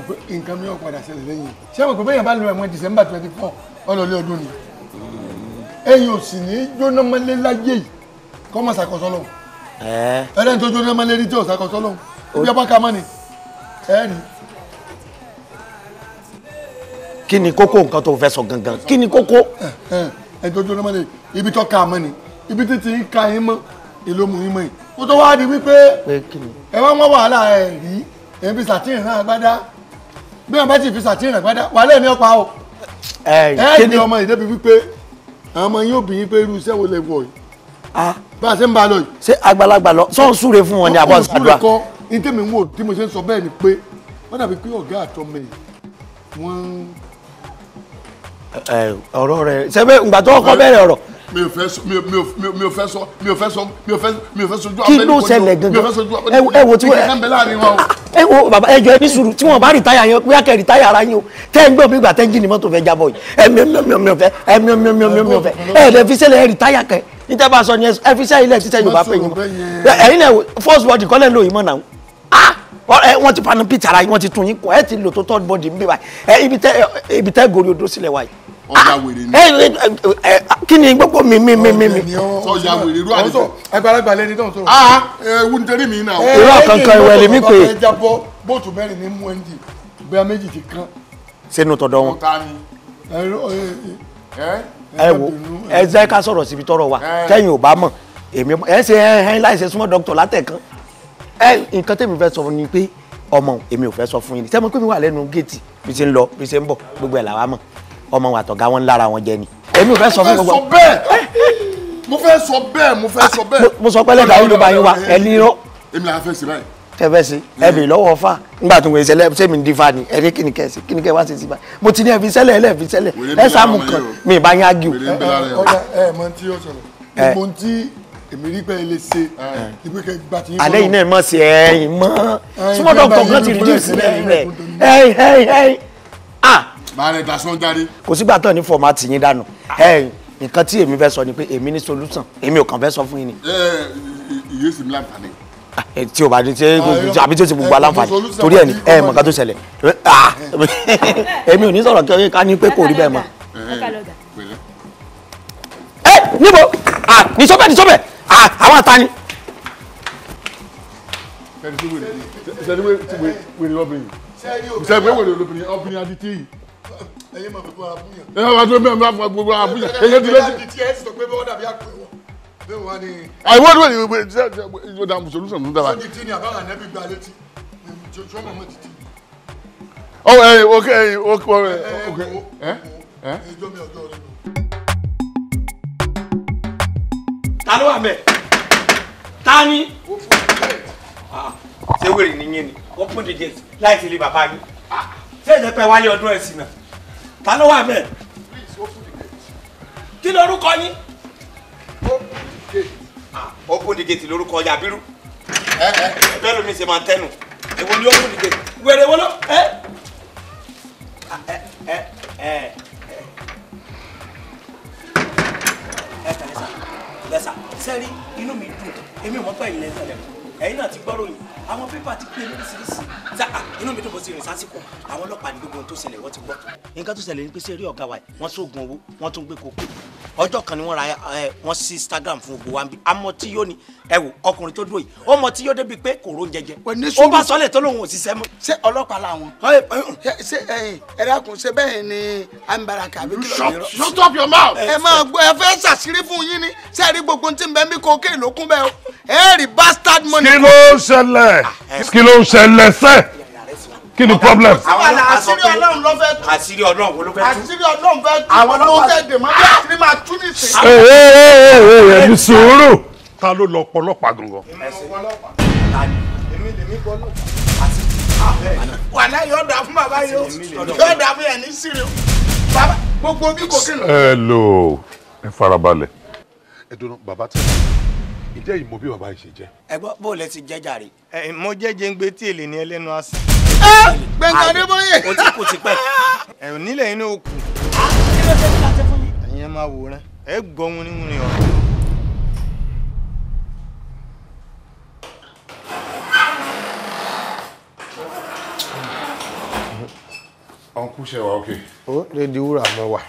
pé nǹkan mi ò padà ṣẹlẹ̀ lẹ́yìn ṣé mo pè bẹ́yàn bá lo ẹ̀wọ̀n December twenty four ọlọ́lé ọdún ni ẹ̀yin ò sì ní jóná mọ́lé láyé yìí kọ́ mọ́ ṣàkóso lọ. ẹ̀rẹ́ tó jóná mọ́lé rí tí ò ṣàkóso lọ ibi ọba ká mọ́ ni ẹ̀ rí. kí ni kókó nǹkan tó fẹ́ sọ gangan kí ni kókó. ẹ tó jóná mọ́lé ibi tó ká mọ́ ni ibi títí ń ka yín mọ́ èlò mú yín mọ́ yìí kó tó wá di wípé ẹ wá wọ́n wàhálà ẹ̀ rí ẹ̀ ń fi sàtìrìn náà gbádá bí wọn bá ti fi sàtìrìn padà wà lẹ́ẹ̀mí ọ̀pá o. ẹ ẹ ní ọmọ ìdẹ́bi wípé àwọn ọmọ yóò bí yín pé irú iṣẹ́ wo lè wọ̀ yìí. bá a ṣe ń ba lọ yìí. ṣé àgbàlagbà lọ sọ́n súre fún wọn ni àbọ̀ ṣàdúrà. ọkùnrin kan ní tèmi ń wò tí mo ṣe ń sọ bẹ́ẹ̀ ni pé wọ́n dàbí pé ọ̀gá àtọmọ yìí wọ́n. ọ̀rọ̀ rẹ̀ ṣẹ́fẹ́ ìgbà tó kọ́ bẹ̀rẹ̀ ọ̀rọ̀ mi ò fẹ́ sọ mi ò mi ò fẹ́ sọ mi ò fẹ́ sọ mi ò fẹ́ mi ò fẹ́ sojú abẹ́ni kojú kí ló o gangan ah, ẹ o tí wọ́n o wo bàbá o jọ ẹ o sùúrù tí o bá rìtáyà o pé akẹ́ o ara yín o tẹ́ ń gbọ́ bí gbà tẹ́ ń jí ni mọ́tò fẹ́ jábọ̀ yìí ẹ mi ò mi ò mi ò o ẹ mi ò mi ò mi ò mi ò mi ò fẹ́ ẹ lè fi sẹ́lẹ̀ ẹ rìtáyà kẹ ní tẹ́ bá sọ ni ẹ fi sẹ́yìn lẹ̀ títẹ́ yorùbá pé yín ẹ̀yin náà first ah, body kọ́lẹ̀ ló yìí mọ̀ náà wọ́n ti panu pizza ara yín wọ́n ti tún yín kọ́ ẹ ti lò tó third body ń bí wa ibi tẹ́ gòrí odó sílẹ̀ wa yìí ọjà wèrè ni. kí ni gbogbo mi mi mi mi mi. ọjà wèrè irú àdìsọ. àgbàlagbà lẹni náà sọ̀rọ̀. a ah, eh, ewu n tẹ́lẹ̀ mi náà. Eh, irú kankan ìwẹ̀ lè mí pé. bóòtù mẹ́rin ní mú ẹ́ńdì bẹ́ẹ̀ méjì ti kán. sínú tọ̀dọ̀ wọn. Eh, ẹ wo ẹ jẹ́ ká sọ̀rọ̀ síbi tọ́rọ̀ wa tẹ́yìn ò bá mọ̀ èmi ẹ ṣe ẹ láìsẹ súnmọ́ dókítà látẹ̀kan ẹ nǹkan tẹ̀mí fẹ́ sọ ni pé ọmọ èmi ò fẹ́ sọ fún yín tẹ́mọ̀ pé mi wà lẹ́nu géètì bí ṣe ń lọ bí ṣe ń bọ̀ gbogbo ẹ̀ làwa mọ̀ ọmọ wa tọ̀gá wọn lára wọn jẹ ni. èmi ò fẹ́ sọ fún gbogbo. mo fẹ́ sọ bẹ́ẹ̀ mo fẹ́ sọ bẹ́ẹ̀. mo sọ pé lẹ́dàá yìí ló bá yín wa ẹ ní rọ. èmi là ń fẹ́ sí báyìí. tẹ́fẹ́ sí ẹ bì lọ́wọ́ fà nígbà tó ń wẹ̀ sẹ́lẹ̀ ṣé mi ń di fa ni ẹ rí kìnìkẹ́ sí kìnìkẹ́ wá sí sí báyìí mo ti ní ẹ̀fín sẹ́lẹ̀ ẹ̀lẹ́fín sẹ́lẹ̀ ẹ sàmù kan mi ì bá yín ági o. ẹ mọ tí yóò sọ̀rọ̀ ìbò tí èmi rí pé ilé ṣe ìwé kẹ gbà tí. alẹ́ yìí náà mọ̀ sí ẹ̀yìn mọ́ súnmọ́ dọ̀kọ̀ kan ti rìdíìsì lẹ́yìn rẹ̀ ẹ̀yìn ẹ̀yìn ẹ̀yìn ah máa rẹ gbàsán jáde. kò sígbà tán ní fọ̀mátì yín dànù nǹkan tí èmi fẹ́ sọ ni pé èmi ní solution èmi ò kàn fẹ́ sọ fún yín ni. ìyé sì mi láǹfààní. tí o bá di tí àbí tí o ti gbogbo aláǹfààní torí ẹ ní ẹ mọ̀ ká tó ṣẹlẹ̀ èmi ò ní sọ̀rọ̀ kí ká ní pé kò rí bẹ́ẹ̀ mọ́. ẹ níbo ní sọ́bẹ̀ ní sọ́bẹ̀ àwọn àtàní sẹ́ni wẹ́rẹ́ lóbìnrin sẹ́ni wẹ́rẹ́ lóbìnrin obìnrin adití yìí ẹyẹ máa fi gbogbo ara fún yàn. ẹyẹ máa tó bẹ́ẹ̀ máa fọ gbogbo ara fún yàn. ẹyẹ ti lẹ́sìn. ẹyẹ ti ẹ ti sọ pé bọ́ọ̀ dàbí àpò ẹ̀wọ̀. bẹ́ẹ̀ wá ní. àìwọ́n tó yẹ ṣe ṣe dàmú solution tó dábàá. sọ́ni tí ni àbára nẹ́bí gba létí jọ́mọ̀ mọ́ títí. ọ oh, ẹ eh, ok eh, ok eh, ok ẹ ẹ. ta ló wà mẹ́ ta ni ah, ṣé wèrè nìyẹn ni wọ́n pọ̀ dé jẹ́ láì sí ilé bàbá yín ah, ṣé ìjẹ́pẹ́ wálé ọdún ẹ̀sìn náà ta ló wà bẹ́ẹ̀. kí lorúkọ yín. open the gate lorúkọ yabiru bẹ́ẹ̀ lómi ṣe máa tẹnu èwo ni open the gate wèrè wọ́n lọ. lẹ́sà sẹ́rí inú mi dùn èmi ò mọ̀ pé ìlẹ̀ ń tẹ̀lé kù ẹ̀yin náà ti gbọ́rọ̀ yìí àwọn pépà ti pè lóríṣiríṣi tá a ah, inú mi dùn bó ti rìn sásìkò àwọn ọlọ́pàá ní gbogbo ohun tó ṣẹlẹ̀ wọ́n ti gbọ́. nǹkan tó ṣẹlẹ̀ ní pé sẹ́rí ọ̀gá wa wọ́n sóògùn owó wọ́n tún gbé kókó ọjọ́ kan ni wọ́n ra wọ́n sí Instagram fún gbogbo wa àmọ́ tí yóò ní ẹ wò ọkùnrin tó dúró yìí ó mọ tí yóò débi pé kò ró jẹjẹ ó bá sọlẹ̀ tó lòun ò ṣiṣẹ́ mọ́. ṣé ọlọ́pàá làwọn. ṣé ẹ̀rẹ́ kun ṣe bẹ́ẹ̀ ni anbaraka àbí kìlọ̀ yìí rọ. shut up your mouth. ẹ máa gbọ́ ẹ fẹ́ ṣàṣírí fún yín ni ṣé ẹ rí gbogbo tí ń bẹ mí kókè lókun bẹ́ẹ̀ o ẹ rí bastard money. kí ló ń ṣẹlẹ̀ kí ló ń ṣẹlẹ̀ sẹ́ kí ni problem. àwọn àṣírí ọlọ́run ló fẹ́ tú. àṣírí ọlọ́run wo ló fẹ́ tú. àṣírí ọlọ́run fẹ́ tú. àwọn ló fẹ́ dè mọ́ àṣírí máa tú nìsín. ẹ ẹ ẹ ẹ ẹ ẹ ẹ ẹ ẹ ẹ ẹ ẹ ẹ ẹ ẹ ẹ ta ló lọ pọlọ́pàá gangan. èmi ló pọlọ́pàá èmi lèmi pọlọ́pàá àti ah, wà náà yóò dà fún bàbá yìí o yóò dà fún yẹn ní sírí o bàbá gbogbo bí kò kí lọ. ẹ lò ẹ farabalẹ̀. ẹ dunu bàbá tẹ ìjẹ́ ìmọ̀ bí bàbá yìí ṣe jẹ́. ẹ gbọ́ bó lẹ ti jẹ́ jàre. ẹ mo jẹ́ jẹ́ngbé tí èlé ni ẹlẹ́nu àṣà. ẹ ah! gbẹ̀ngàn adébóyè. o ti kù ti pẹ́. ẹ ò nílẹ̀ inú òkú. Ah! kí ló dé tí fún mi. ẹ̀yin ẹ máa wòran ẹ gbọ́ wúniwúni ọ̀rọ̀. ọ̀nkú ṣe wà òkè. ó rédi wúrà mọ́ wa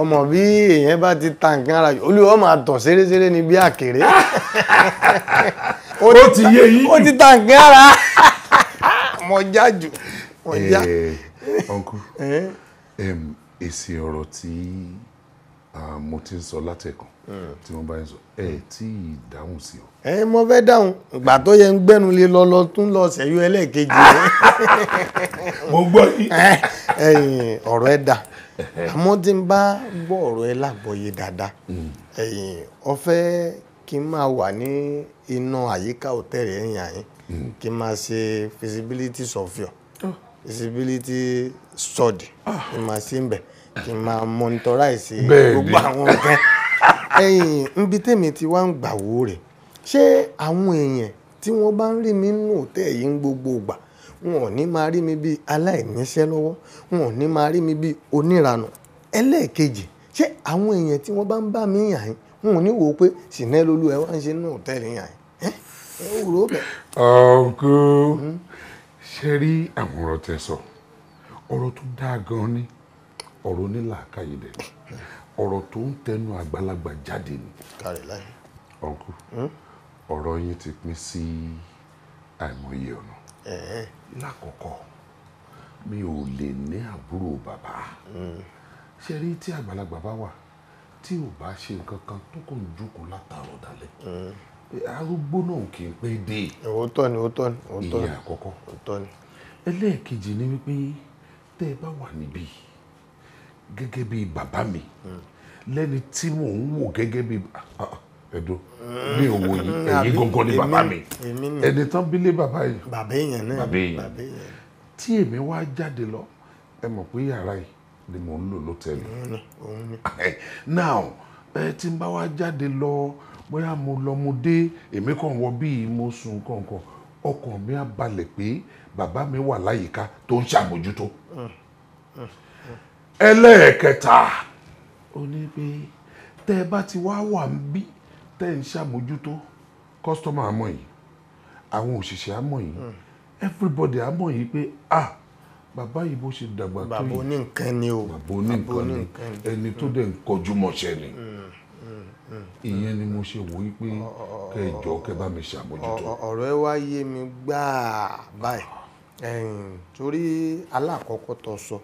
ọmọ bí èèyàn bá ti ta nǹkan ara yìí máa tọ̀ ṣeréṣeré ni bí àkèré. ó ti yé yín. ó ti ta nǹkan ara mọ já jù mọ já. ọ̀nkú eh, eh? èsì ọ̀rọ̀ tí ah, mo ti ń sọ látẹ̀kùn tí wọ́n bá yẹn sọ ẹ tí ì dáhùn sí o. ẹ mo fẹ́ dáhùn ìgbà tó yẹ ń gbẹ́nu lé lọ lọ tún lọ sẹ́yọ ẹlẹ́ẹ̀kejì. *laughs* mo gbọ́ yìí. ẹ̀yin ọ̀rọ̀ ẹ dà àmọ́ tí n bá gbọ́ ọ̀rọ̀ ẹ lágbọ́yé dáadáa ẹ̀yin ọ fẹ́ kí n máa wà ní iná àyíká òtẹ́ẹ̀lì ẹ̀yìn àyín kí n máa ṣe feasibility survey feasibility study kí n máa ṣe ń bẹ̀ kí n máa monitorize gbogbo àwọn nǹkan ẹ̀yìn níbi tèmi ti wá ń gbàwó rẹ̀ ṣé àwọn èèyàn tí wọ́n bá ń rí mi nínú òtẹ́ẹ̀ yìí ń gbogbo ìgbà wọn ò ní máa rí mi bíi aláìníṣẹ́ lọ́wọ́ wọn ò ní máa rí mi bíi oníranù ẹlẹ́ẹ̀kejì ṣé àwọn èèyàn tí wọ́n bá ń bá mi yàn yín wọn ò ní wò ó pé sinelolu ẹ wá ń ṣe nínú òtẹ́ẹ̀lì yàn yín ẹ ò rò ó bẹ̀. ṣe hmm? rí àwọn ọ̀rọ̀ tẹ tó dáa gan ni ọ̀rọ̀ onílàákàyè dẹ̀ ni ọ̀rọ̀ tó ń tẹnu àgbàlagbà jáde ni. kárí láyé. ọ̀nkú hmm? ọ̀rọ̀ yín ti pín sí àìmọye ọ̀nà. lákọ̀ọ́kọ́ mi ò lè ní àbúrò bàbá hmm. ṣe rí tí àgbàlagbà bá wà tí ò bá ṣe nǹkan kan tó kàn ń jókòó látàárọ̀ dalẹ́ hmm. arúgbó náà kì í pé dé. òótọ́ ni òótọ́ ni òótọ́ ni ìyẹn àkọ́kọ́ òótọ́ ni. ẹlẹ́ẹ̀kejì ni wípé tẹ́ ẹ bá wà níbí yìí gẹ́gẹ́ bí bàbá mi lẹ́ni tí mò ń wò gẹ́gẹ́ bí ah, ah, ẹ̀dùn mi ò wò yìí mm, ẹ̀yin gangan ni bàbá mi ẹni tán bílé bàbá yìí bàbá èèyàn náà bàbá èèyàn tí èmi wá jáde lọ ẹ mọ̀ pé yàrá yìí ni mò ń lò lọ́tẹ̀lì *laughs* now ẹ ti ń bá wá jáde lọ bóyá mo lọ mo dé èmi kàn wọ bíi mo sùn kankan ọkàn mi á balẹ̀ pé bàbá mi wà láyìíká tó ń ṣàmójútó. Mm. mm ẹlẹ́ẹ̀kẹta ó ní pé tẹ́ ẹ bá ti wá wà ń bí tẹ́ ẹ ń ṣàmójútó kọ́sítọ́mà àmọ́ yìí àwọn òṣìṣẹ́ àmọ́ yìí hmm. everybody àmọ́ yìí pé ah bàbá yìí bó ṣe dàgbà tó yìí bàbá oníǹkan ni o bàbá oníǹkan ni ẹni tó dẹ̀ ń kọjú mọ̀ṣẹ́ ni hmm, hmm, ìyẹn ni mo ṣe wò ó pé kẹjọ kẹ bá mi ṣàmójútó. ọ̀rọ̀ ẹ wá yé mi gbáà báyìí torí alákọ̀ọ́kọ́ tó sọ. So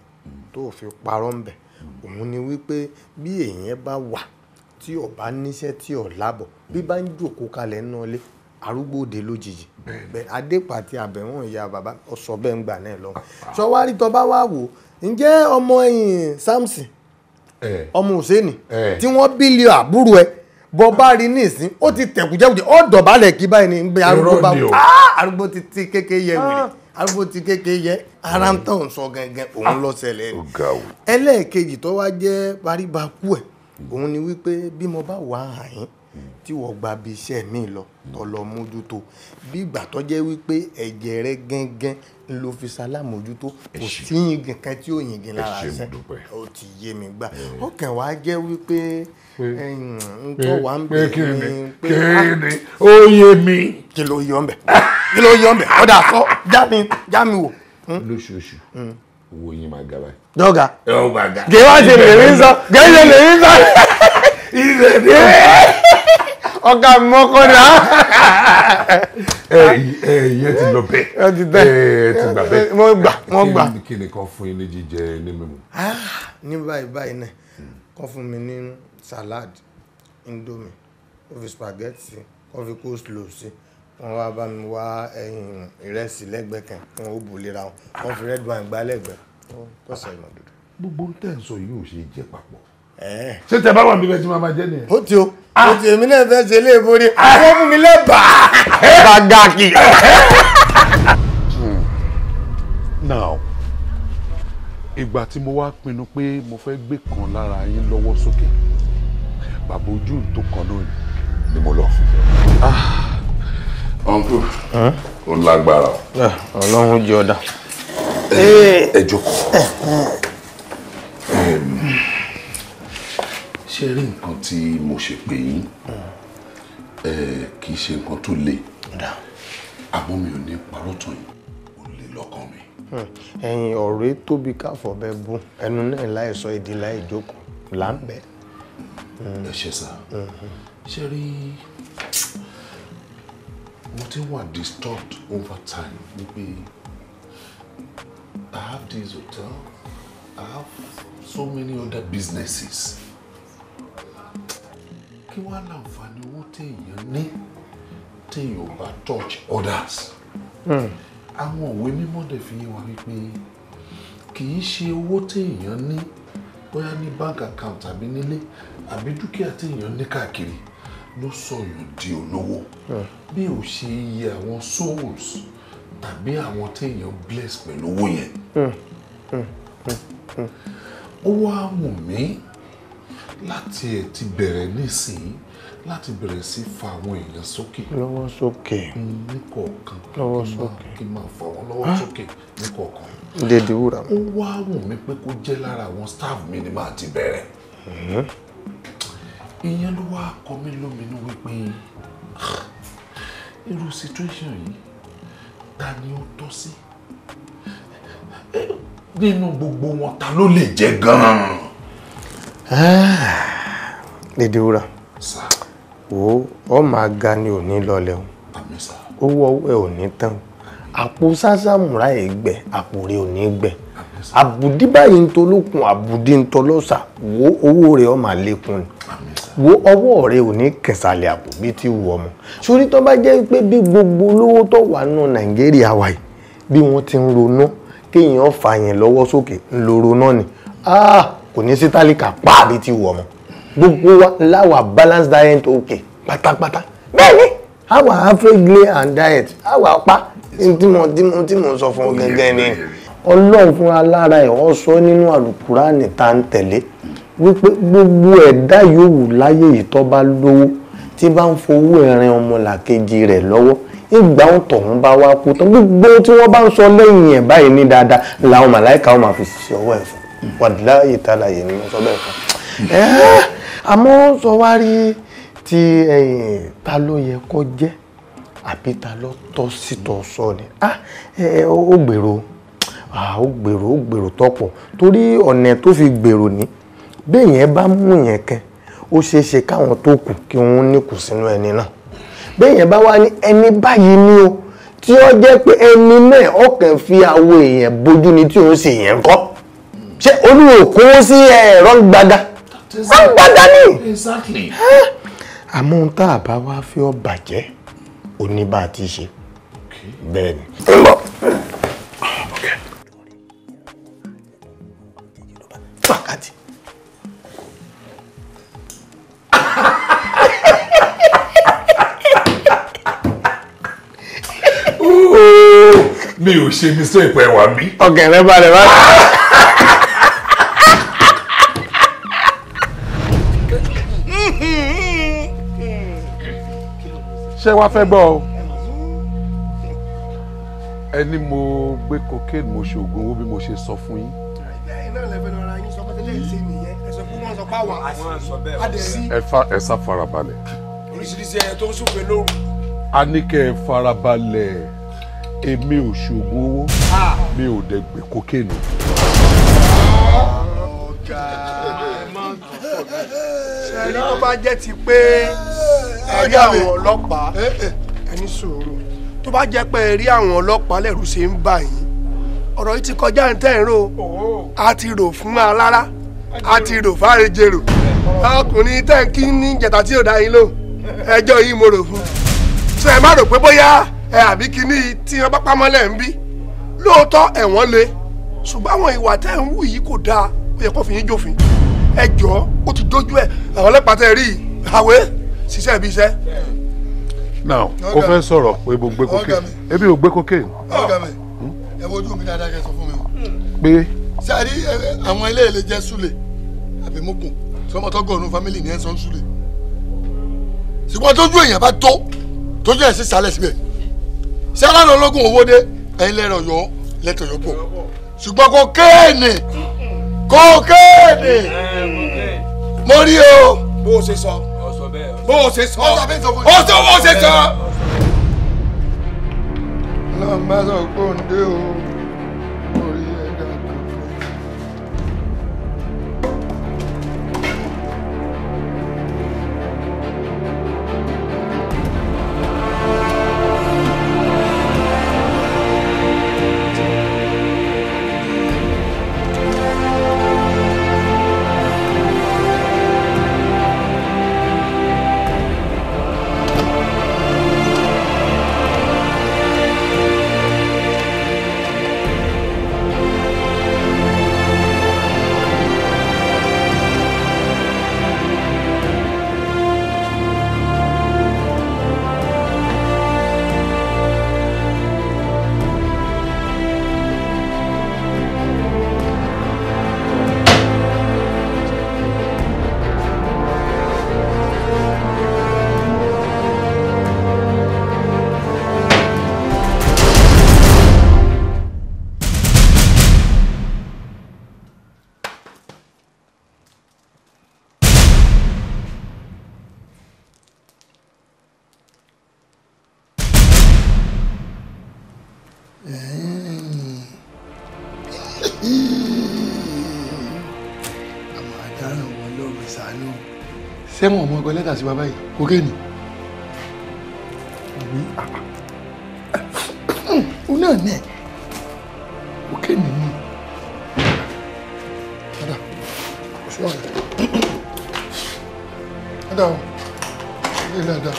tó fi parọ́ ń bẹ̀. Òun ni wípé bí èèyàn bá wà tí ò bá níṣẹ́ tí ò lábọ̀, bí bá ń jókòó kalẹ̀ nínú ilé, arúgbó òde lójijì. Bẹ́ẹ̀ Adépa àti àbẹ̀wọ̀n ìyá bàbá sọ bẹ́ẹ̀ ń gbà náà lọ. Ṣọ wá rí tó bá wò, ǹjẹ́ ọmọ ẹ̀yìn Samson, ọmọ Hùséènì tí wọ́n bí lé àbúrò ẹ, bọ́ bá rí nísìn ó ti tẹ̀kù jẹ́kùjẹ́ ó dọ̀bálẹ̀ kí báyìí ni gbé bá ah, ti ti keke yẹ wìrì ah. arúgbó ti kéke yẹ ara ń sọ gangan òun ah. ló ni ni wípé bí mo bá wà tí wọ́n gba bí iṣẹ́ mi lọ tó lọ mójútó bí ìgbà tó jẹ́ wípé ẹ̀jẹ̀ rẹ gángan ló fi ṣalámójútó kò sí yingin kan tí ò yingin lára ṣe ó ti yé mi gbà ọkàn wa jẹ́ wípé nǹkan wà ń bẹ ní pé ah! ó yé mi. kí ló yọ ọ́nbẹ̀ kí ló yọ ọ́nbẹ̀ ọ̀dà sọ já mi já mi wò. Hmm? lóṣooṣù hmm. owó yín máa ga báyìí. dọ́gà kí wọ́n ṣe lè rí sọ kí lè rí sọ. *laughs* ọ̀gá mọ́kànlá. Ah. ẹyẹ ah. ti lọ bẹ ẹ ti gbà bẹ mo gbà mo gbà. kí ni kan fún yín ní jíjẹ ní mímu. Ah, ní báyìí báyìí náà hmm. kan fún mi ní salad indomie ó fi spaghetti kan fi coleslaw sí wọn wá bá mi wá ẹyin ìrẹsì lẹ́gbẹ̀ẹ́ kan wọn ò bò lera wọn wọn fi red wine gbá lẹ́gbẹ̀ẹ́ kó sọ ìmọ̀ dúdú. gbogbo tẹ́ ń sọ ṣe jẹ́ papọ̀ Eh. ṣé tẹ bá wà níbẹ̀ tí màá máa jẹ́ nìyẹn. ó ti o ah. ó ti èmi náà fẹ́ ṣe ilé ìborí àwọn ah, fún mi lẹ́bàá. *laughs* bagaki. Hmm. now ìgbà tí mo wá pinnu pé mo fẹ́ gbé kan lára yín lọ́wọ́ sókè bàbá ojú tó kan lónìí ni mo lọ fún ah, un. lágbára o. ọlọ́run jẹ́ ọ̀dà. Eh, ẹ jókòó. Eh, hmm ṣe rí nǹkan tí mo ṣe pè yín kì í ṣe nǹkan tó le àmọ́ mi ò ní parọ́ tán yìí ò lè lọ́kàn mi. Hmm. ẹ̀yin ọ̀rẹ́ tóbi káfọ̀ bẹ́ẹ̀ bú ẹnu náà láìsọ ìdí láì là ń bẹ̀. Hmm. ẹ ṣe sá ṣe rí mo ti wà disturbed over time wípé I have this hotel I have so many other businesses kí wàá láǹfààní owó téèyàn ní téèyàn ò bá touch others. Hmm. àwọn òwe mímọ́ dẹ̀ fi yé wa wípé kì í ṣe owó téèyàn ní bóyá ní bank account àbí nílé àbí dúkìá téèyàn ní káàkiri ló sọyàn di olówó hmm. bí ò ṣe iye àwọn souls tàbí àwọn téèyàn bless pẹ̀lú owó yẹn. Hmm. ó wá mú mi. Mm. Mm láti ẹ̀ ti bẹ̀rẹ̀ nísìnyí láti bẹ̀rẹ̀ sí fa àwọn èèyàn sókè. lọ́wọ́ sókè. Hmm, ní kọ̀ọ̀kan. lọ́wọ́ sókè. kí n máa fà wọ́n lọ́wọ́ ah! sókè ní kọ̀ọ̀kan. dèdè wúrà. ó wá wù mí pé kó jẹ́ lára àwọn staff mi ni màá ti bẹ̀rẹ̀. Hmm. ìyẹn ló wá kọ mí lóminú wípé ah, irú situation yìí ta ni ó tọ́ sí eh, nínú gbogbo wọn ta ló lè jẹ́ gan-an. Ah, dédé wúrà wò O máa ga ni ò ní lọlẹ o owó ọwọ́ ẹ ò ní tán àpò sásámùrà ẹ gbẹ àpò rẹ ò ní gbẹ àbùdí báyìí ń tolókun àbùdí ń o wo owó rẹ ó máa lékún ni wo ọwọ́ rẹ ò ní kẹsàlẹ̀ àpò bí ti wù ọmọ sórí tó bá jẹ́ pé bí gbogbo olówó tó wà nù nàìjíríà wà yìí bí wọ́n ti ń ronú kéèyàn fà yẹn lọ́wọ́ sókè ńlọrọ náà ni. Ah! kò ní sí tálíkà páàbí ti wọ̀ mọ́ gbogbo wa láwa balanced diet ok pátápátá bẹ́ẹ̀ ni àwa average lay and diet àwa pa tímọ̀tímọ̀ sọ fún ọ gẹ́gẹ́ ni ọlọ́run fún alára ẹ̀ ọ́ sọ nínú àlùkùránì tá à ń tẹ̀lé wípé gbogbo ẹ̀dá yòówù láyé yìí tó bá lówó tí bá ń fowó ẹ̀rin ọmọlàkejì rẹ̀ lọ́wọ́ ìgbà ń tọ̀hún bá wá kú tán gbogbo tí wọ́n bá ń sọ lẹ́yìn ẹ̀ báyìí ní dáadáa làwọn màláìka wọn máa fi ṣe ọwọ́ ẹ̀ fún wàdíláyè tàlàyé ni mo sọ bẹ́ẹ̀ fún àmọ́ sọ wá rí ti ẹ̀yìn ta ló yẹ kó jẹ́ àbí ta ló tọ́ sí tọ́ sọ ni ah, ó gbèrò ah, ó gbèrò ó gbèrò tọ́pọ̀ torí ọ̀nà tó fi gbèrò ní béèyàn bá mú yẹn kẹ ó ṣeé ṣe káwọn tó kù kí wọ́n níkù sínú ẹni náà béèyàn bá wá ní ẹni báyìí ni o tí ó jẹ́ pé ẹni náà ọkàn fi àwọn èèyàn bójú ni tí òun ṣe yẹn kọ́ ṣé olúwo sí ẹ̀rọ gbàgà wọ́n gbàgà ni. àmọ́ ohun tá a bá wá fi ọ́ bàjẹ́ oníbà ti ṣe bẹ́ẹ̀ ni. mi ò ṣe mistake ẹ̀wà mi. ọkàn rẹ balẹ̀ bá. ṣé wàá fẹ́ gbọ́ o ẹni mo gbé cocaine mo ṣoògùn owó bí mo ṣe sọ fún yín. ẹ farabalẹ̀. a ní kẹ́ ẹ farabalẹ̀ èmi ò ṣoògùn owó mi ò dẹ̀ gbé cocaine. ṣe é bá jẹ́ ti pé ẹ rí àwọn ọlọ́pàá eh, eh, ẹ ní sùúrù tó bá jẹ́ pé ẹ rí àwọn ọlọ́pàá lẹ́rù ṣe ń bà yín ọ̀rọ̀ yìí ti kọjá ní tẹ́ẹ̀rọ a ti rò fún alára a ti rò fárejèrò ọkùnrin tẹ́ǹkì ní ìjẹta tí ò dá yín lò ẹjọ́ yìí mo rò fún ṣé ẹ má rò pé bóyá ẹ àbí kíní tí wọ́n bá pamọ́ lẹ́ ń bí lóòótọ́ ẹ̀wọ̀n le ṣùgbọ́n àwọn ìwà tẹ́ ń wù yìí kò dáa ó yẹ kó fi yín jófin ẹ jọ̀ọ́ ó ti dójú ẹ̀ àwọn ọlọ́pàá tẹ́ rí i àwẹ́ ṣiṣẹ́ bí iṣẹ́. now o fẹ́ sọ̀rọ̀ pé mo gbé cocaine ebi ò gbé cocaine. ọ̀gá mi ẹ wojú mi dáadáa kẹ́ sọ fún mi o. pé. sáré àwọn ilé ilé jẹ́ súlẹ̀ àbí mokun sọmọtọ́gọ́rùn-ún family ní ẹ̀ sọ́n súlẹ̀ ṣùgbọ́n tójú èèyàn bá tó tójú ẹ̀ sí sálẹ̀ síbẹ̀ ṣé aláàánú ológun owó dé ẹ̀yin lẹ́rọ̀ yọ lẹ́tọ̀ yọ pọ̀ ṣùgbọ́n kokéènì kokéènì mo rí o. bó o ṣe sọ bó o ṣe sọ ó tó bó o ṣe sọ. ọlọ́run bá sọ pé òun o. dà sí wa báyìí kokéènì ìwé àpá òun náà ní kokéènì ní padà oṣù ọ̀rẹ́ padà o ilé dáadáa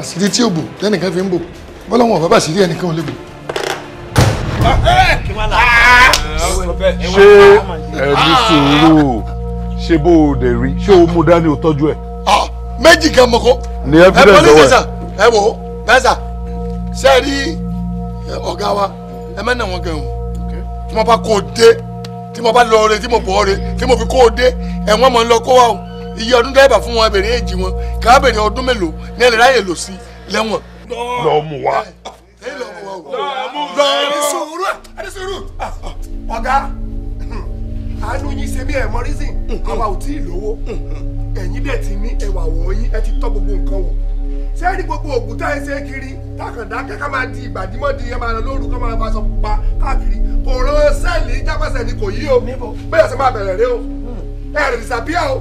àṣírí tí ò bò lẹ́nìkan fi ń bò bọ́lọ́wọ́n bàbá àṣírí ẹnìkan ò lè bò. Ah, eh! ah! ṣé ẹni sùúrù ṣe bó o dẹ̀ rí ṣé o mú dání o tọ́jú ẹ̀. méjì gan mọ̀kọ́. ní evidence ọwọ́ ẹ. ẹ wò ó bẹ́sà ṣe ọ̀gá wa ẹ mẹ́nà wọn gan o tí mo bá kó o dé tí mo bá o iye ọdún dẹ́rẹ́bà fún wọn ẹbẹ̀rẹ̀ èjì wọn ọdún mélòó ní ẹ̀rẹ̀ lò sí lẹ́wọ̀n. lọ mú wa. *clears throat* ẹ̀yin dẹ̀ ti ní ẹwà wọ̀nyí ẹ ti tọ́ gbogbo nǹkan wọ̀ sẹ́ẹ̀rí gbogbo ògùn tá ẹ ṣe kiri takàndá kẹ́kẹ́ máa di ìbàdímọ́ di ẹ máa lọ lóru kọ́ máa fa sọ pupa káàkiri kò rọ sẹ́ẹ̀lì jápẹ́sẹ̀ ni kò yí o bẹ́ẹ̀ ṣe máa bẹ̀rẹ̀ rẹ o hmm. ẹ̀rì ìsàbíà o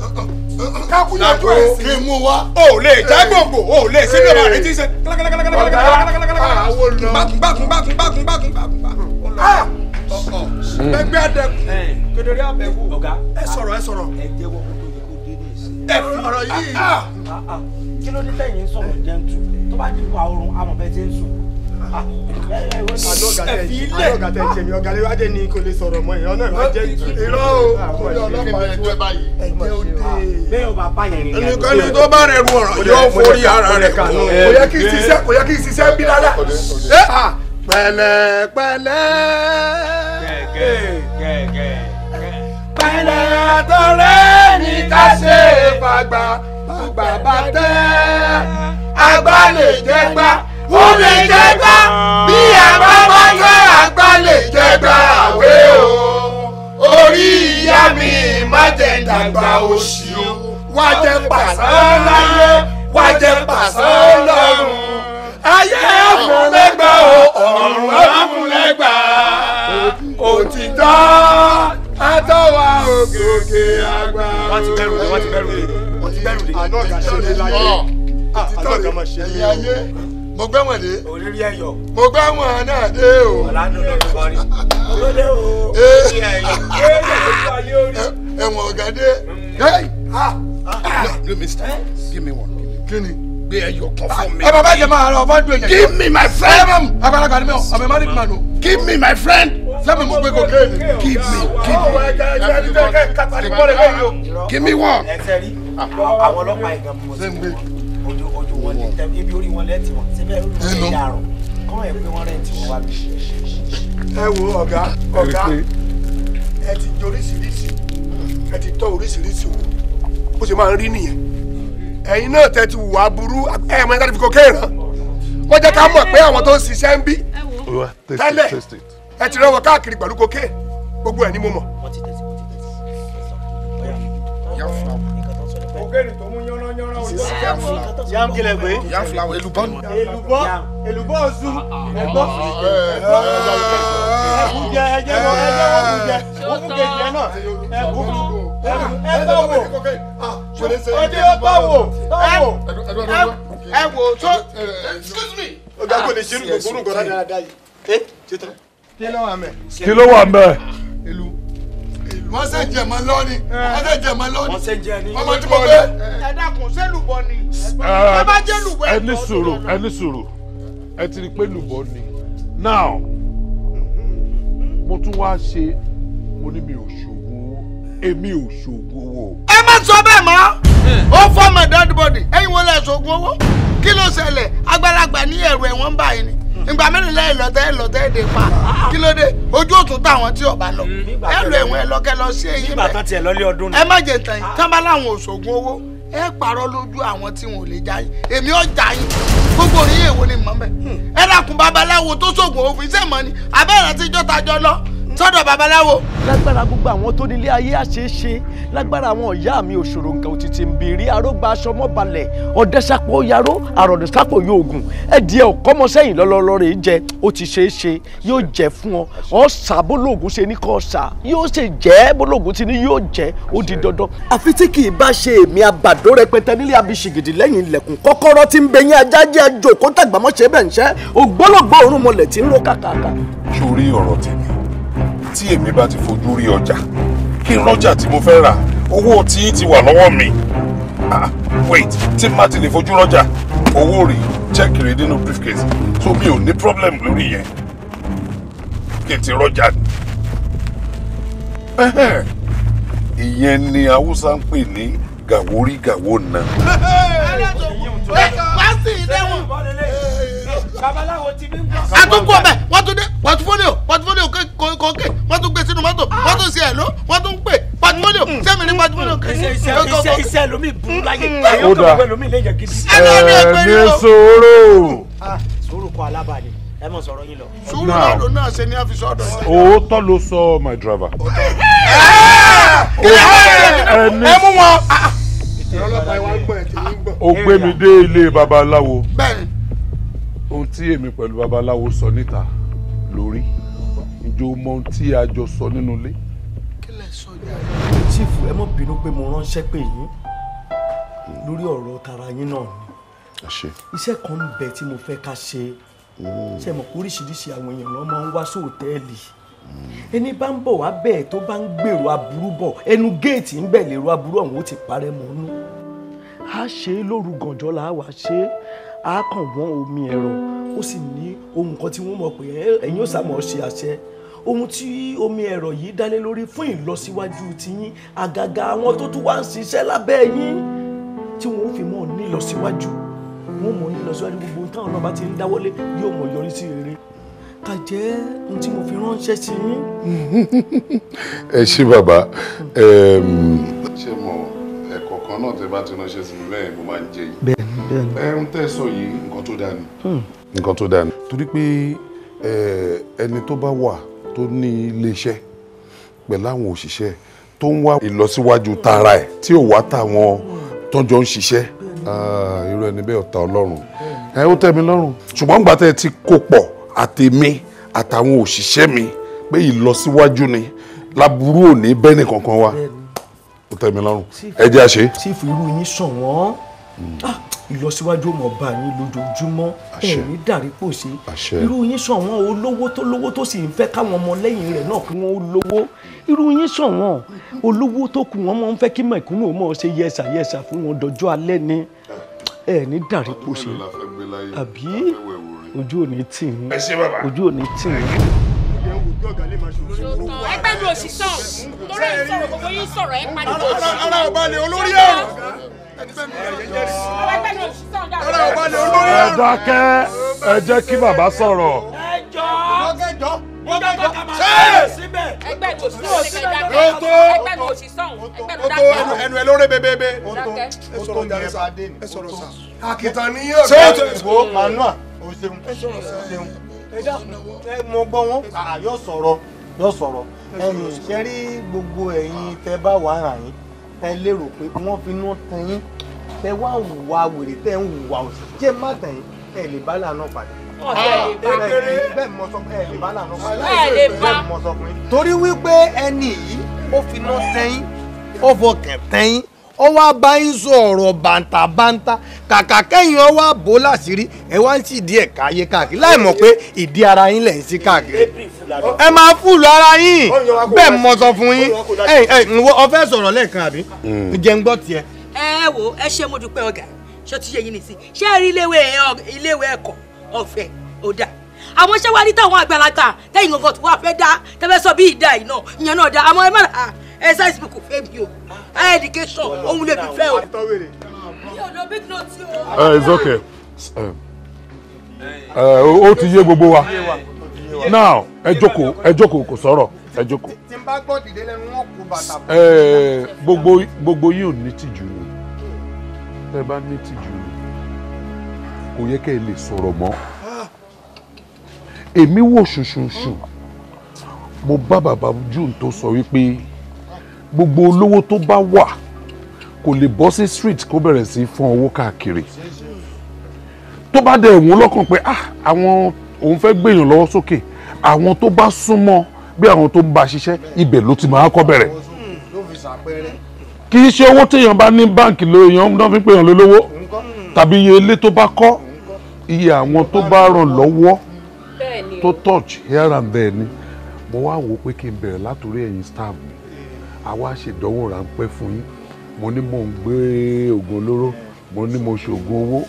kákúnyà tó ẹ̀ sí. kí n mú wa. o ò lè já gbòǹgbò o ò lè ṣe bí ọba rẹ ti ṣe. ọ̀gá ẹgbẹ́ adẹ́kun ẹ sọ̀rọ̀ ẹ sọ̀rọ̀. ẹ jẹ́wọ́ ẹ fi ọ̀rọ̀ yìí. Ah, ah. kí ló dé tẹ̀yìn sọ̀rọ̀ jẹ́ntu tó bá dín pa oorun amọ̀ bẹ́ẹ̀ ti ń sùn. ẹ ah, fi ilé àlọ́ ọ̀gá tẹ̀ ṣe mi ọ̀gá léwájú ni kò lè sọ̀rọ̀ mọ́ ìyọ́nà ìwà jẹ́ irọ́ o kò lè ọlọ́pàá ju ẹ̀jẹ̀ òde. bẹ́ẹ̀ o bàbá yẹn ni. ẹnikẹ́ni tó bá rẹ̀ ru ọ̀rọ̀ yóò forí ara rẹ̀ kàn. kò yẹ kí ìṣiṣẹ́ kò yẹ kí ìṣiṣẹ́ bí rárá. pẹ̀lẹ́pẹ̀lẹ́. gẹ́gẹ́ gẹ́gẹ́ pẹ̀lẹ́ àtọ̀rẹ́ ní ká ṣe fàgbà fàgbà bá tẹ́ àgbà lè jẹ́ gbà ó lè jẹ́ gbà bí àgbà bá tẹ́ àgbà lè jẹ́ gbà àwé o orí ìyá mi má jẹ́ dàgbà òṣì o wá jẹ́ pàṣán láyé wá jẹ́ pàṣán lọ́run ayé amúlẹ́gbà o ọ̀run amúlẹ́gbà òtítọ́ àtọ́wà sókè àgbà òye. wọ́n ti bẹ̀rù dé wọ́n ti bẹ̀rù dé wọ́n ti bẹ̀rù dé. àdọ́gà ṣe lè láyé ah, àdọ́gà máa ṣe lè láyé. mo gbẹ́ wọn dé. òrírí ẹ̀yọ̀. mo gbẹ́ wọn náà dé o. ọ̀làdùn ló fi kọrin. olóde o òrírí ẹ̀yọ̀. ẹ̀wọ̀n ọ̀gá dé. Mm. Hey! Ah! Ah, eh? Kí ni? gbé ẹyọ kan fún mi. ẹ bàbá jẹ máa give me my friend. àgbàlagbà ni mi ò give me my friend. sẹ́mi mo gbé gòkè give me give me. give me one. ẹsẹ̀ rí ọ̀gá ọ̀gá ẹ ti jọ ẹ ti tọ́ oríṣiríṣi wò bó máa ń rí nìyẹn ẹ̀yin náà tẹ́ ti wùwà burú ẹ̀ mọ ẹ̀ta ti fi kókè rán wọ́n jẹ́ ká mọ̀ pé àwọn tó ń ṣiṣẹ́ ń bí tẹ́lẹ̀ ẹ ti rẹ́wọ̀n káàkiri pẹ̀lú kókè gbogbo ẹ̀ ni mo mọ̀. kókèrè tó mú yánnáyánná ojú ọjà fúlà yam kílẹ̀ gbé yam fúlà èlùbọ́ èlùbọ́ èlùbọ́ oṣù ẹ̀gbọ́n ẹ̀gbọ́n ẹ̀jẹ̀ ẹ̀jẹ̀ wọ́n kú jẹ ẹ̀kú kejì ẹ̀ náà ẹ̀kú ẹ bá wò ọdí ẹ bá wò tó excuse me. ọgá kò lè ṣerú gbogbo orúkọ yìí. kí wà ń bẹ. wà ń ìlú. wọ́n ṣe jẹ̀mọ́ lọ́ni wọ́n ṣe jẹ̀mọ́ lọ́ni wọ́n ṣe jẹ́ ni. ọmọ tí mo gbé. ẹ ṣé lùbọ ni. ẹ bá ní sùúrù ẹ ní sùúrù ẹ ti rí i pé lùbọ ni now mo tún wá ṣe mo ní mi ò ṣòwò èmi ò ṣoògùn owó. ẹ má sọ bẹ́ẹ̀ mọ́ hmm. ó fọ́ọ̀mù dead body ẹ̀yin wo lẹ ṣoògùn owó kí ló ṣẹlẹ̀ àgbàlagbà ní ẹ̀rù ẹ̀wọ̀n báyìí ni hmm. ìgbà mẹ́rin lẹ́yìn lọ́tẹ́ lọ́tẹ́ èdè pa ah. kí ló dé ojú òtún táwọn tí ọba lọ hmm. ẹ lọ ẹ̀wọ̀n ẹ lọ́kẹ́ lọ sí eyín bẹ́ẹ̀ ẹ má jẹ tán yín ah. tán bá láwọn òṣoògùn owó ẹ pààrọ̀ lójú àwọn tí wọn ò lè já yín èmi ò já yín gbogbo orí èwo ni mọ́ mẹ́ ẹ dàkún babaláwo tó ṣoògùn òfin sẹ́mọ́ ni abẹ́rẹ́ tíjọ́ tajọ́ lọ sọ́dọ̀ babaláwo. lágbára gbogbo àwọn tó nílé ayé àṣeéṣe lágbára àwọn ìyá mi òṣòro nǹkan òtítì ń bèrè arógbá aṣọ mọ́balẹ̀ ọ̀dẹ́sàpọ̀ yaró àròdẹ́sàpọ̀ yóògùn ẹ̀dìẹ ọ̀kọ́mọsẹ́yìn lọ́lọ́lọ́ rẹ̀ jẹ ó ti ṣeé ṣe yóò jẹ fún ọ ọ̀sà bólóògùn ṣe ní kò sà yóò ṣe jẹ́ bólóògùn ti ní yóò jẹ́ ó di dandan. àfi tí kì í bá ṣe èmi àbàdo rẹpẹtẹ nílé abisigidi lẹ́yìn ilẹ̀kùn kọ́kọ́rọ́ ti ń bẹ yín ajá jẹ́ àjò kó tàgbàmọ́ ṣe bẹ́ẹ̀ ń ṣẹ́ ògbólógbòórùn mọlẹ̀ tí ń ro kàkàkà. sórí ọ̀rọ̀ tèmi tí èmi bá ti fojú rí ọjà kí n rọjà tí mo fẹ́ rà owó tí ti wà lọ́wọ́ mi ah wait tí má ti lè fojú rọjà owó rè check rè nínú briefcase so mi ò ní problem lórí yẹn kí n ti rọjà ìyẹn ni haúsá ń pè ní gàwórí gàwó náà babaláwo ti mi ń gbọ́. àtúnkù ọbẹ̀ wọ́n tún dé pọtifólíò pọtifólíò kókè wọ́n tún gbé sínú mọ́tò ah! wọ́n tún ṣe ẹ̀ló wọ́n tún pè pọtifólíò hmm. sẹ́mi ní pọtifólíò hmm. kẹ́kẹ́. iṣẹ́ iṣẹ́ lomi burú hmm. láyé ẹ̀yọ́ tó wọ́n lomi lẹ́yìn gidi. ẹ ní sòrò. sòrò ah, kọ alábàálẹ̀ ẹ mọ sọ̀rọ̀ yín lọ. sùúrù náà ló náà ṣe ní àfisọ ọ̀dọ̀ wọn. òótọ́ ló sọ my driver. *laughs* ẹ mú wọn. ọlọ́pàá ìwà ń gbọ́ ẹ̀ tí ń gbọ́. o gbé mi dé ilé babaláwo. bẹ́ẹ̀ tí èmi pẹ̀lú babaláwo sọ níta lórí ǹjẹ́ o mọ ohun tí a jọ sọ nínú ilé. kí lẹ sọ ní àná. chief ẹ mọ̀ bínú pé mo ránṣẹ́ pè yín lórí ọ̀rọ̀ tara yín náà ni iṣẹ́ kan ń bẹ tí mo fẹ́ ká ṣe mm. ṣe mọ̀ oríṣiríṣi àwọn èèyàn ló máa ń wá sóòtẹ́ẹ̀lì ẹni bá ń bọ̀ wá bẹ́ẹ̀ tó bá ń gbèrò aburú bọ̀ ẹnu géètì ń bẹ̀ lérò aburú ọ̀hún ó ti parẹ́ mọ́nú a ṣe é lóru gànjọ́ la wà ṣe é a kàn wọ́n omi ẹ̀rọ ó sì ní ohun kan tí wọ́n mọ̀ pé ẹ̀yin ó sàmọ̀ ṣe àṣẹ ohun tí omi ẹ̀rọ yìí dálé lórí fún ìlọsíwájú tiyín àgàgà àwọn tó tún wá ń ṣiṣẹ́ lábẹ́ yín tí wọ́n fi mọ̀ nílọsíwájú wọ́n mọ̀ nílọsíwájú gbogbo ohun táwọn náà ti ń dáwọ́lé yóò mọ̀ yọrí sí rere ká ohun tí mo fi ránṣẹ́ sí yín. *laughs* ẹ ṣé bàbá ṣé mo nǹkan náà tẹ bá ti ránṣẹ́ sí mi lẹ́yìn mo máa ń jẹ yìí. bẹ́ẹ̀ni bẹ́ẹ̀ni. ẹ ń tẹsọ yìí nǹkan tó dáa ni. Hmm. nǹkan tó dáa ni. torí pé ẹni tó bá wà tó ní iléeṣẹ́ pẹ̀lú àwọn òṣìṣẹ́ tó ń wá ìlọsíwájú tara ẹ̀ tí ò wá táwọn tọ́jọ́ ń ṣiṣẹ́ irú ẹni bẹ́ẹ̀ ọ̀tá ọlọ́run ẹ ó tẹ́ mi lọ́rùn ṣùgbọ́n gbà ti kó pọ̀ àtèmi àtàwọn òṣìṣẹ́ mi pé ìlọsíwájú ni láburú ò bẹ́ẹ̀ nìkankan wa ó tẹ́ mi lọ́rùn ẹ jẹ́ àṣẹ. sífù irú yín sàn wọ́n hmm. ah, ìlọsíwájú ọmọ ọba yín lójoojúmọ́ ẹ̀mí dàrí kò sí irú yín sàn wọ́n olówó tó lówó tó sì ń fẹ́ káwọn ọmọ lẹ́yìn rẹ̀ náà kí wọ́n ó lówó irú yín sàn wọ́n olówó tó kù wọ́n máa ń fẹ́ kí mẹ̀kúnnù mọ̀ ṣe yẹsà yẹsà fún wọn dọjọ́ alẹ́ ni ẹ̀mí dàrí kò sí àbí ojú ò ní tì yín ojú ò ní tì yín ẹgbẹ́ mi ò sì tán torí ẹ̀ sọ̀rọ̀ gbogbo yín sọ̀rọ̀ ẹ̀ parí kò sí. ara ọba lè olórí ẹ̀rọ. ara ọba lè olórí ẹ̀rọ. ẹ dákẹ́ ẹ jẹ́ kí bàbá sọ̀rọ̀. ẹ jọ wọ́n bẹ jọ kàmá síbẹ̀. ẹgbẹ́ mi ò sì sọ̀rọ̀ ẹ̀ka ìdákẹ́ ẹgbẹ́ mi ò sì sọ̀rọ̀ ẹgbẹ́ mi dákẹ́. ẹnu ẹ lóore bebebe. ẹ sọ̀rọ̀ jàre sa ẹ sọ̀rọ̀ sa. àkìtàn ni yóò bẹ̀rẹ̀. ṣé o tó ìbò manua. o ṣeun o ṣeun ẹ dákun ẹ mọ gbọ́ wọn yóò sọ̀rọ̀ yóò sọ̀rọ̀ ẹ̀yin ṣe rí gbogbo ẹ̀yin tẹ bá wà rà yín tẹ lérò pé wọ́n fi iná tan yín tẹ wá wùwà wèrè tẹ ń wùwà òsì jẹ́ má tàn yín ẹ lè bá lànà pàdé torí wípé ẹni yìí ó fi iná tan yín ó fọkàn tan yín ó wá bá yín sọ ọ̀rọ̀ bàǹtàbàǹtà kàkà kẹ́yìn ọ wá bò láṣìírí ẹ wá ń tìdí ẹ̀ káyé káàkiri láì mọ̀ pé ìdí ara yín lẹ̀ ń sí káàkiri ẹ máa fúlù ara yín bẹ́ẹ̀ mọ̀ sọ fún yín ọ fẹ́ sọ̀rọ̀ lẹ́ẹ̀kan àbí hmm. jẹ́ ń gbọ́ tiẹ̀. ẹ wo ẹ ṣe mo dúpẹ́ ọ̀gá ṣé ti ṣe yín nìsín ṣé ẹ rí iléèwé ẹ̀kọ́ ọ̀fẹ́ ó dáa àwọn ṣẹ́wá táwọn àgbàlagbà tẹ́yìn gbọ̀ngàn tó wà fẹ́ dá tẹ́fẹ́ sọ bí ìdá exercise book fẹ́ mi o higher education òun lè fi fẹ́ o. Uh, it's okay uh, uh, ó ti yé gbogbo wa now ẹ jókòó ẹ jókòó kò sọ̀rọ̀ ẹ jókòó. tí n bá gbọ́ dìde lẹ́nu wọn kò bàtà. Eh, gbogbo gbogbo yìí ní tìjú ni tẹ bá ní tìjú ni kò yẹ kẹ́ ẹ lè sọ̀rọ̀ mọ́ èmi wò ṣùṣùṣù mo bá bàbá june tó sọ wípé gbogbo olówó tó bá wà kò lè bọ́ sí street kó bẹ̀rẹ̀ sí fún owó káàkiri tó bá dẹ̀ wọ́n lọ́kàn pé ah àwọn òun fẹ́ gbèyàn lọ́wọ́ sókè àwọn tó bá súnmọ́ bí àwọn tó ń bá ṣiṣẹ́ ibẹ̀ ló ti máa kọ́ bẹ̀rẹ̀ kì í ṣe owó téèyàn bá ní báǹkì lóyún náà fi pèyàn lólówó tàbí iye ilé tó bá kọ́ iye àwọn tó bá ràn lọ́wọ́ tó touch here and there ni mo wá wò ó pé kí n bẹ̀rẹ̀ látòrí ẹ̀yìn staff mi àwa ṣèdánwò ráńpẹ́ fún yín mo ní mò ń gbé oògùn olóró mo ní mo ṣoògùn owó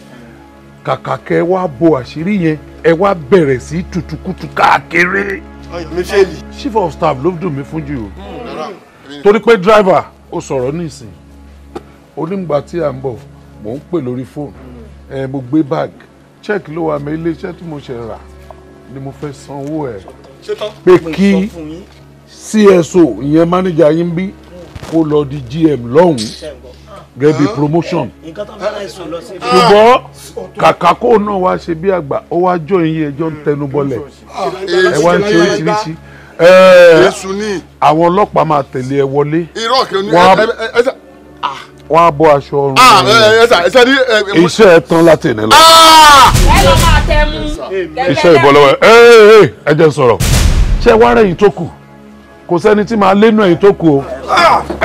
kàkà kẹ ẹ wá bo àṣírí yẹn ẹ wá bẹ̀rẹ̀ sí tutukutu káàkiri. ọyọ̀mí fẹ́ẹ̀lì. chief of staff ló dùn mí fún jù o hmm, torí pé driver ó sọ̀rọ̀ nísìn onígbà tí à ń bọ̀ mò ń pè lórí fóònù ẹ mo gbé bag check ló wà mí ilé iṣẹ́ tí mo ṣe rà ni mo fẹ́ sanwó ẹ̀ pé kí CSO ìyẹn manager yín bí kó lọ di GM lọ́hùn-ún gẹ́gẹ́ promotion ṣùgbọ́n kàkà kó náà wá ṣe bí àgbà ó wá jọ ìyẹn ẹjọ́ ń tẹnu bọlẹ̀ ẹ wá ń ṣe oríṣiríṣi àwọn ọlọ́pàá máa tẹ̀lé ẹ wọlé wọ́n á bọ́ aṣọ ọrùn ah, iṣẹ́ ẹ tán láti ìní lọ. Ah! iṣẹ́ ìbọ̀lọ́wọ́ ẹ ẹ ẹ jẹ́ sọ̀rọ̀ ṣé wàá rẹ̀yìn tó kù kò sẹ́ni tí màá lénu ẹ̀yìn tó kù o.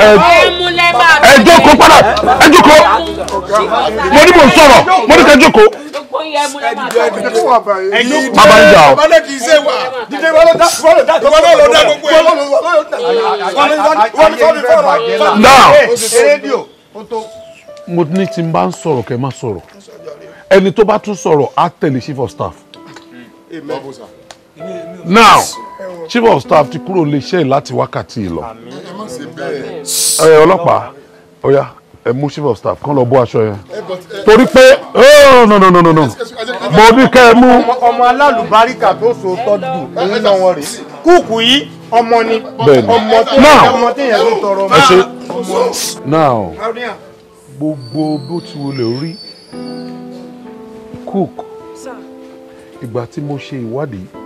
ẹ jókòó padà ẹ jókòó mo ní mò ń sọ̀rọ̀ mo ní kẹ́ jókòó. bàbá ń jà o. now mo ní tí n bá ń sọ̀rọ̀ kẹ́ máa sọ̀rọ̀ ẹni tó bá tún sọ̀rọ̀ á tẹ̀lé chief of staff now chief of staff ti kúrò lè ṣe láti wákàtí yìí lọ ọlọ́pàá ọ̀ya ẹ mú chief of staff kán lọ bọ́ aṣọ yẹn torí pé oh no no no no no mo ní kẹ́ ẹ mú. ọmọ alálùbáríkà tó so tọ́jú òun náà wọ́n rè kúùkù yìí ọmọ ni ọmọ tó yẹ ló tọrọ ọmọ. now gbogbo bó ti wo lè rí cook ìgbà tí mo ṣe ìwádìí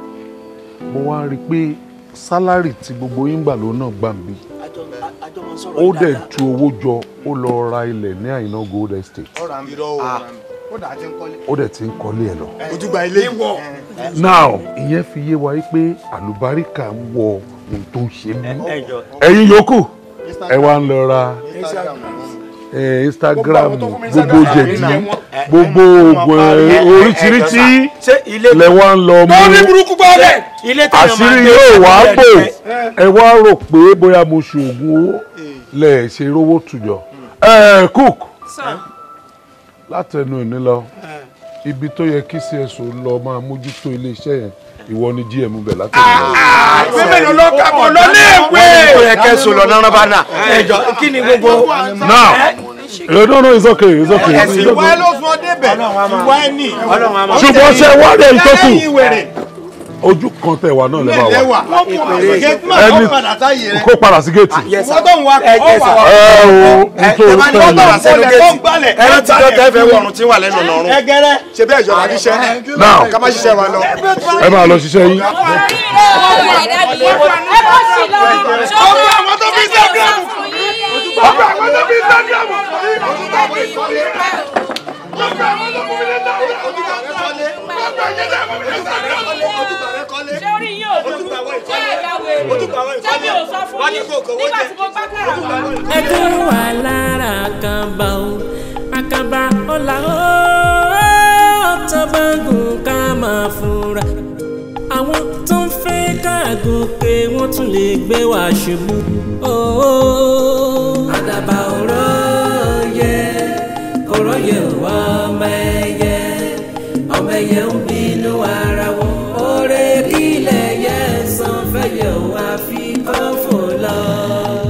mo wá rí i pé sálárì tí gbogbo yín gbà ló náà gbà mí ó dẹ̀ tu owó jọ ó lọ ra ilẹ̀ ní àyínà gold estate ah. ó dẹ̀ ti ń kọ́lé ẹ̀ lọ. ojúgbà ilé wọ. now ìyẹn fi yé wa pé àlùbáríkà ń wọ ohun tó ń ṣe mí ẹ̀yin yòókù ẹ wá ń lọ ra. Eh, instagram gbogbo jẹ̀dí gbogbo eh, eh, oògùn oríṣiríṣi lẹ́wọ́n ń lọ mú àṣírí yóò wá bò ẹ wá rò pé bóyá mo ṣoògùn owó lẹ̀ ṣe rówó tùjọ. Hmm. cook látẹnu ìní lọ ibi tó yẹ kí cso lọ máa mójútó iléeṣẹ́ yẹn ìwọ ni gm bẹ látọ̀rọ̀. Ah, bẹ́ẹ̀ ah, ah, ló lọ́ọ́ ká mọ̀ lọ́lé ìwé. ó kẹ́ sọ lọ náírà bá nà. ẹjọ eh, kí ni gbogbo. Eh, now no no it's okay it's okay. ẹ̀sìn eh, ló sọ débẹ̀ ìwà ẹ ṣùgbọ́n ṣe wọ́n rẹ̀ ń ojú kan tẹ wà náà lè bá ẹni kó padà sí géètì. wọ́n tó ń wá. ẹ o tó wà sẹ́nu géètì ẹni tí wọ́n tẹ́ wọ̀rùn tí wà lẹ́nu lọ́rùn ṣe bẹ́ẹ̀ yọ̀rọ̀ àdíṣẹ́ náà ká má ṣiṣẹ́ wa lọ. ẹ máa lọ ṣiṣẹ́ yín. ọgbà àwọn tó fi sẹ́gírẹ́mù ọgbà àwọn tó fi sẹ́gírẹ́mù ọgbà àwọn tó fi sẹ́gírẹ́mù ọgbà àwọn tó fi sẹ́gírẹ́mù tẹ́mi ò sọ fún yín wà lára àkàbà o àkàbà ọ̀la ó tọ́gbàgùn ká máa fura àwọn tó ń fẹ́ ká gòkè wọ́n tún lè gbé wá ṣubú. Oh, oh, oh. àdàbà ọ̀rọ̀ yẹ ọ̀rọ̀ yẹ wá ọmọ ẹ̀yẹ ọmọ ẹ̀yẹ ń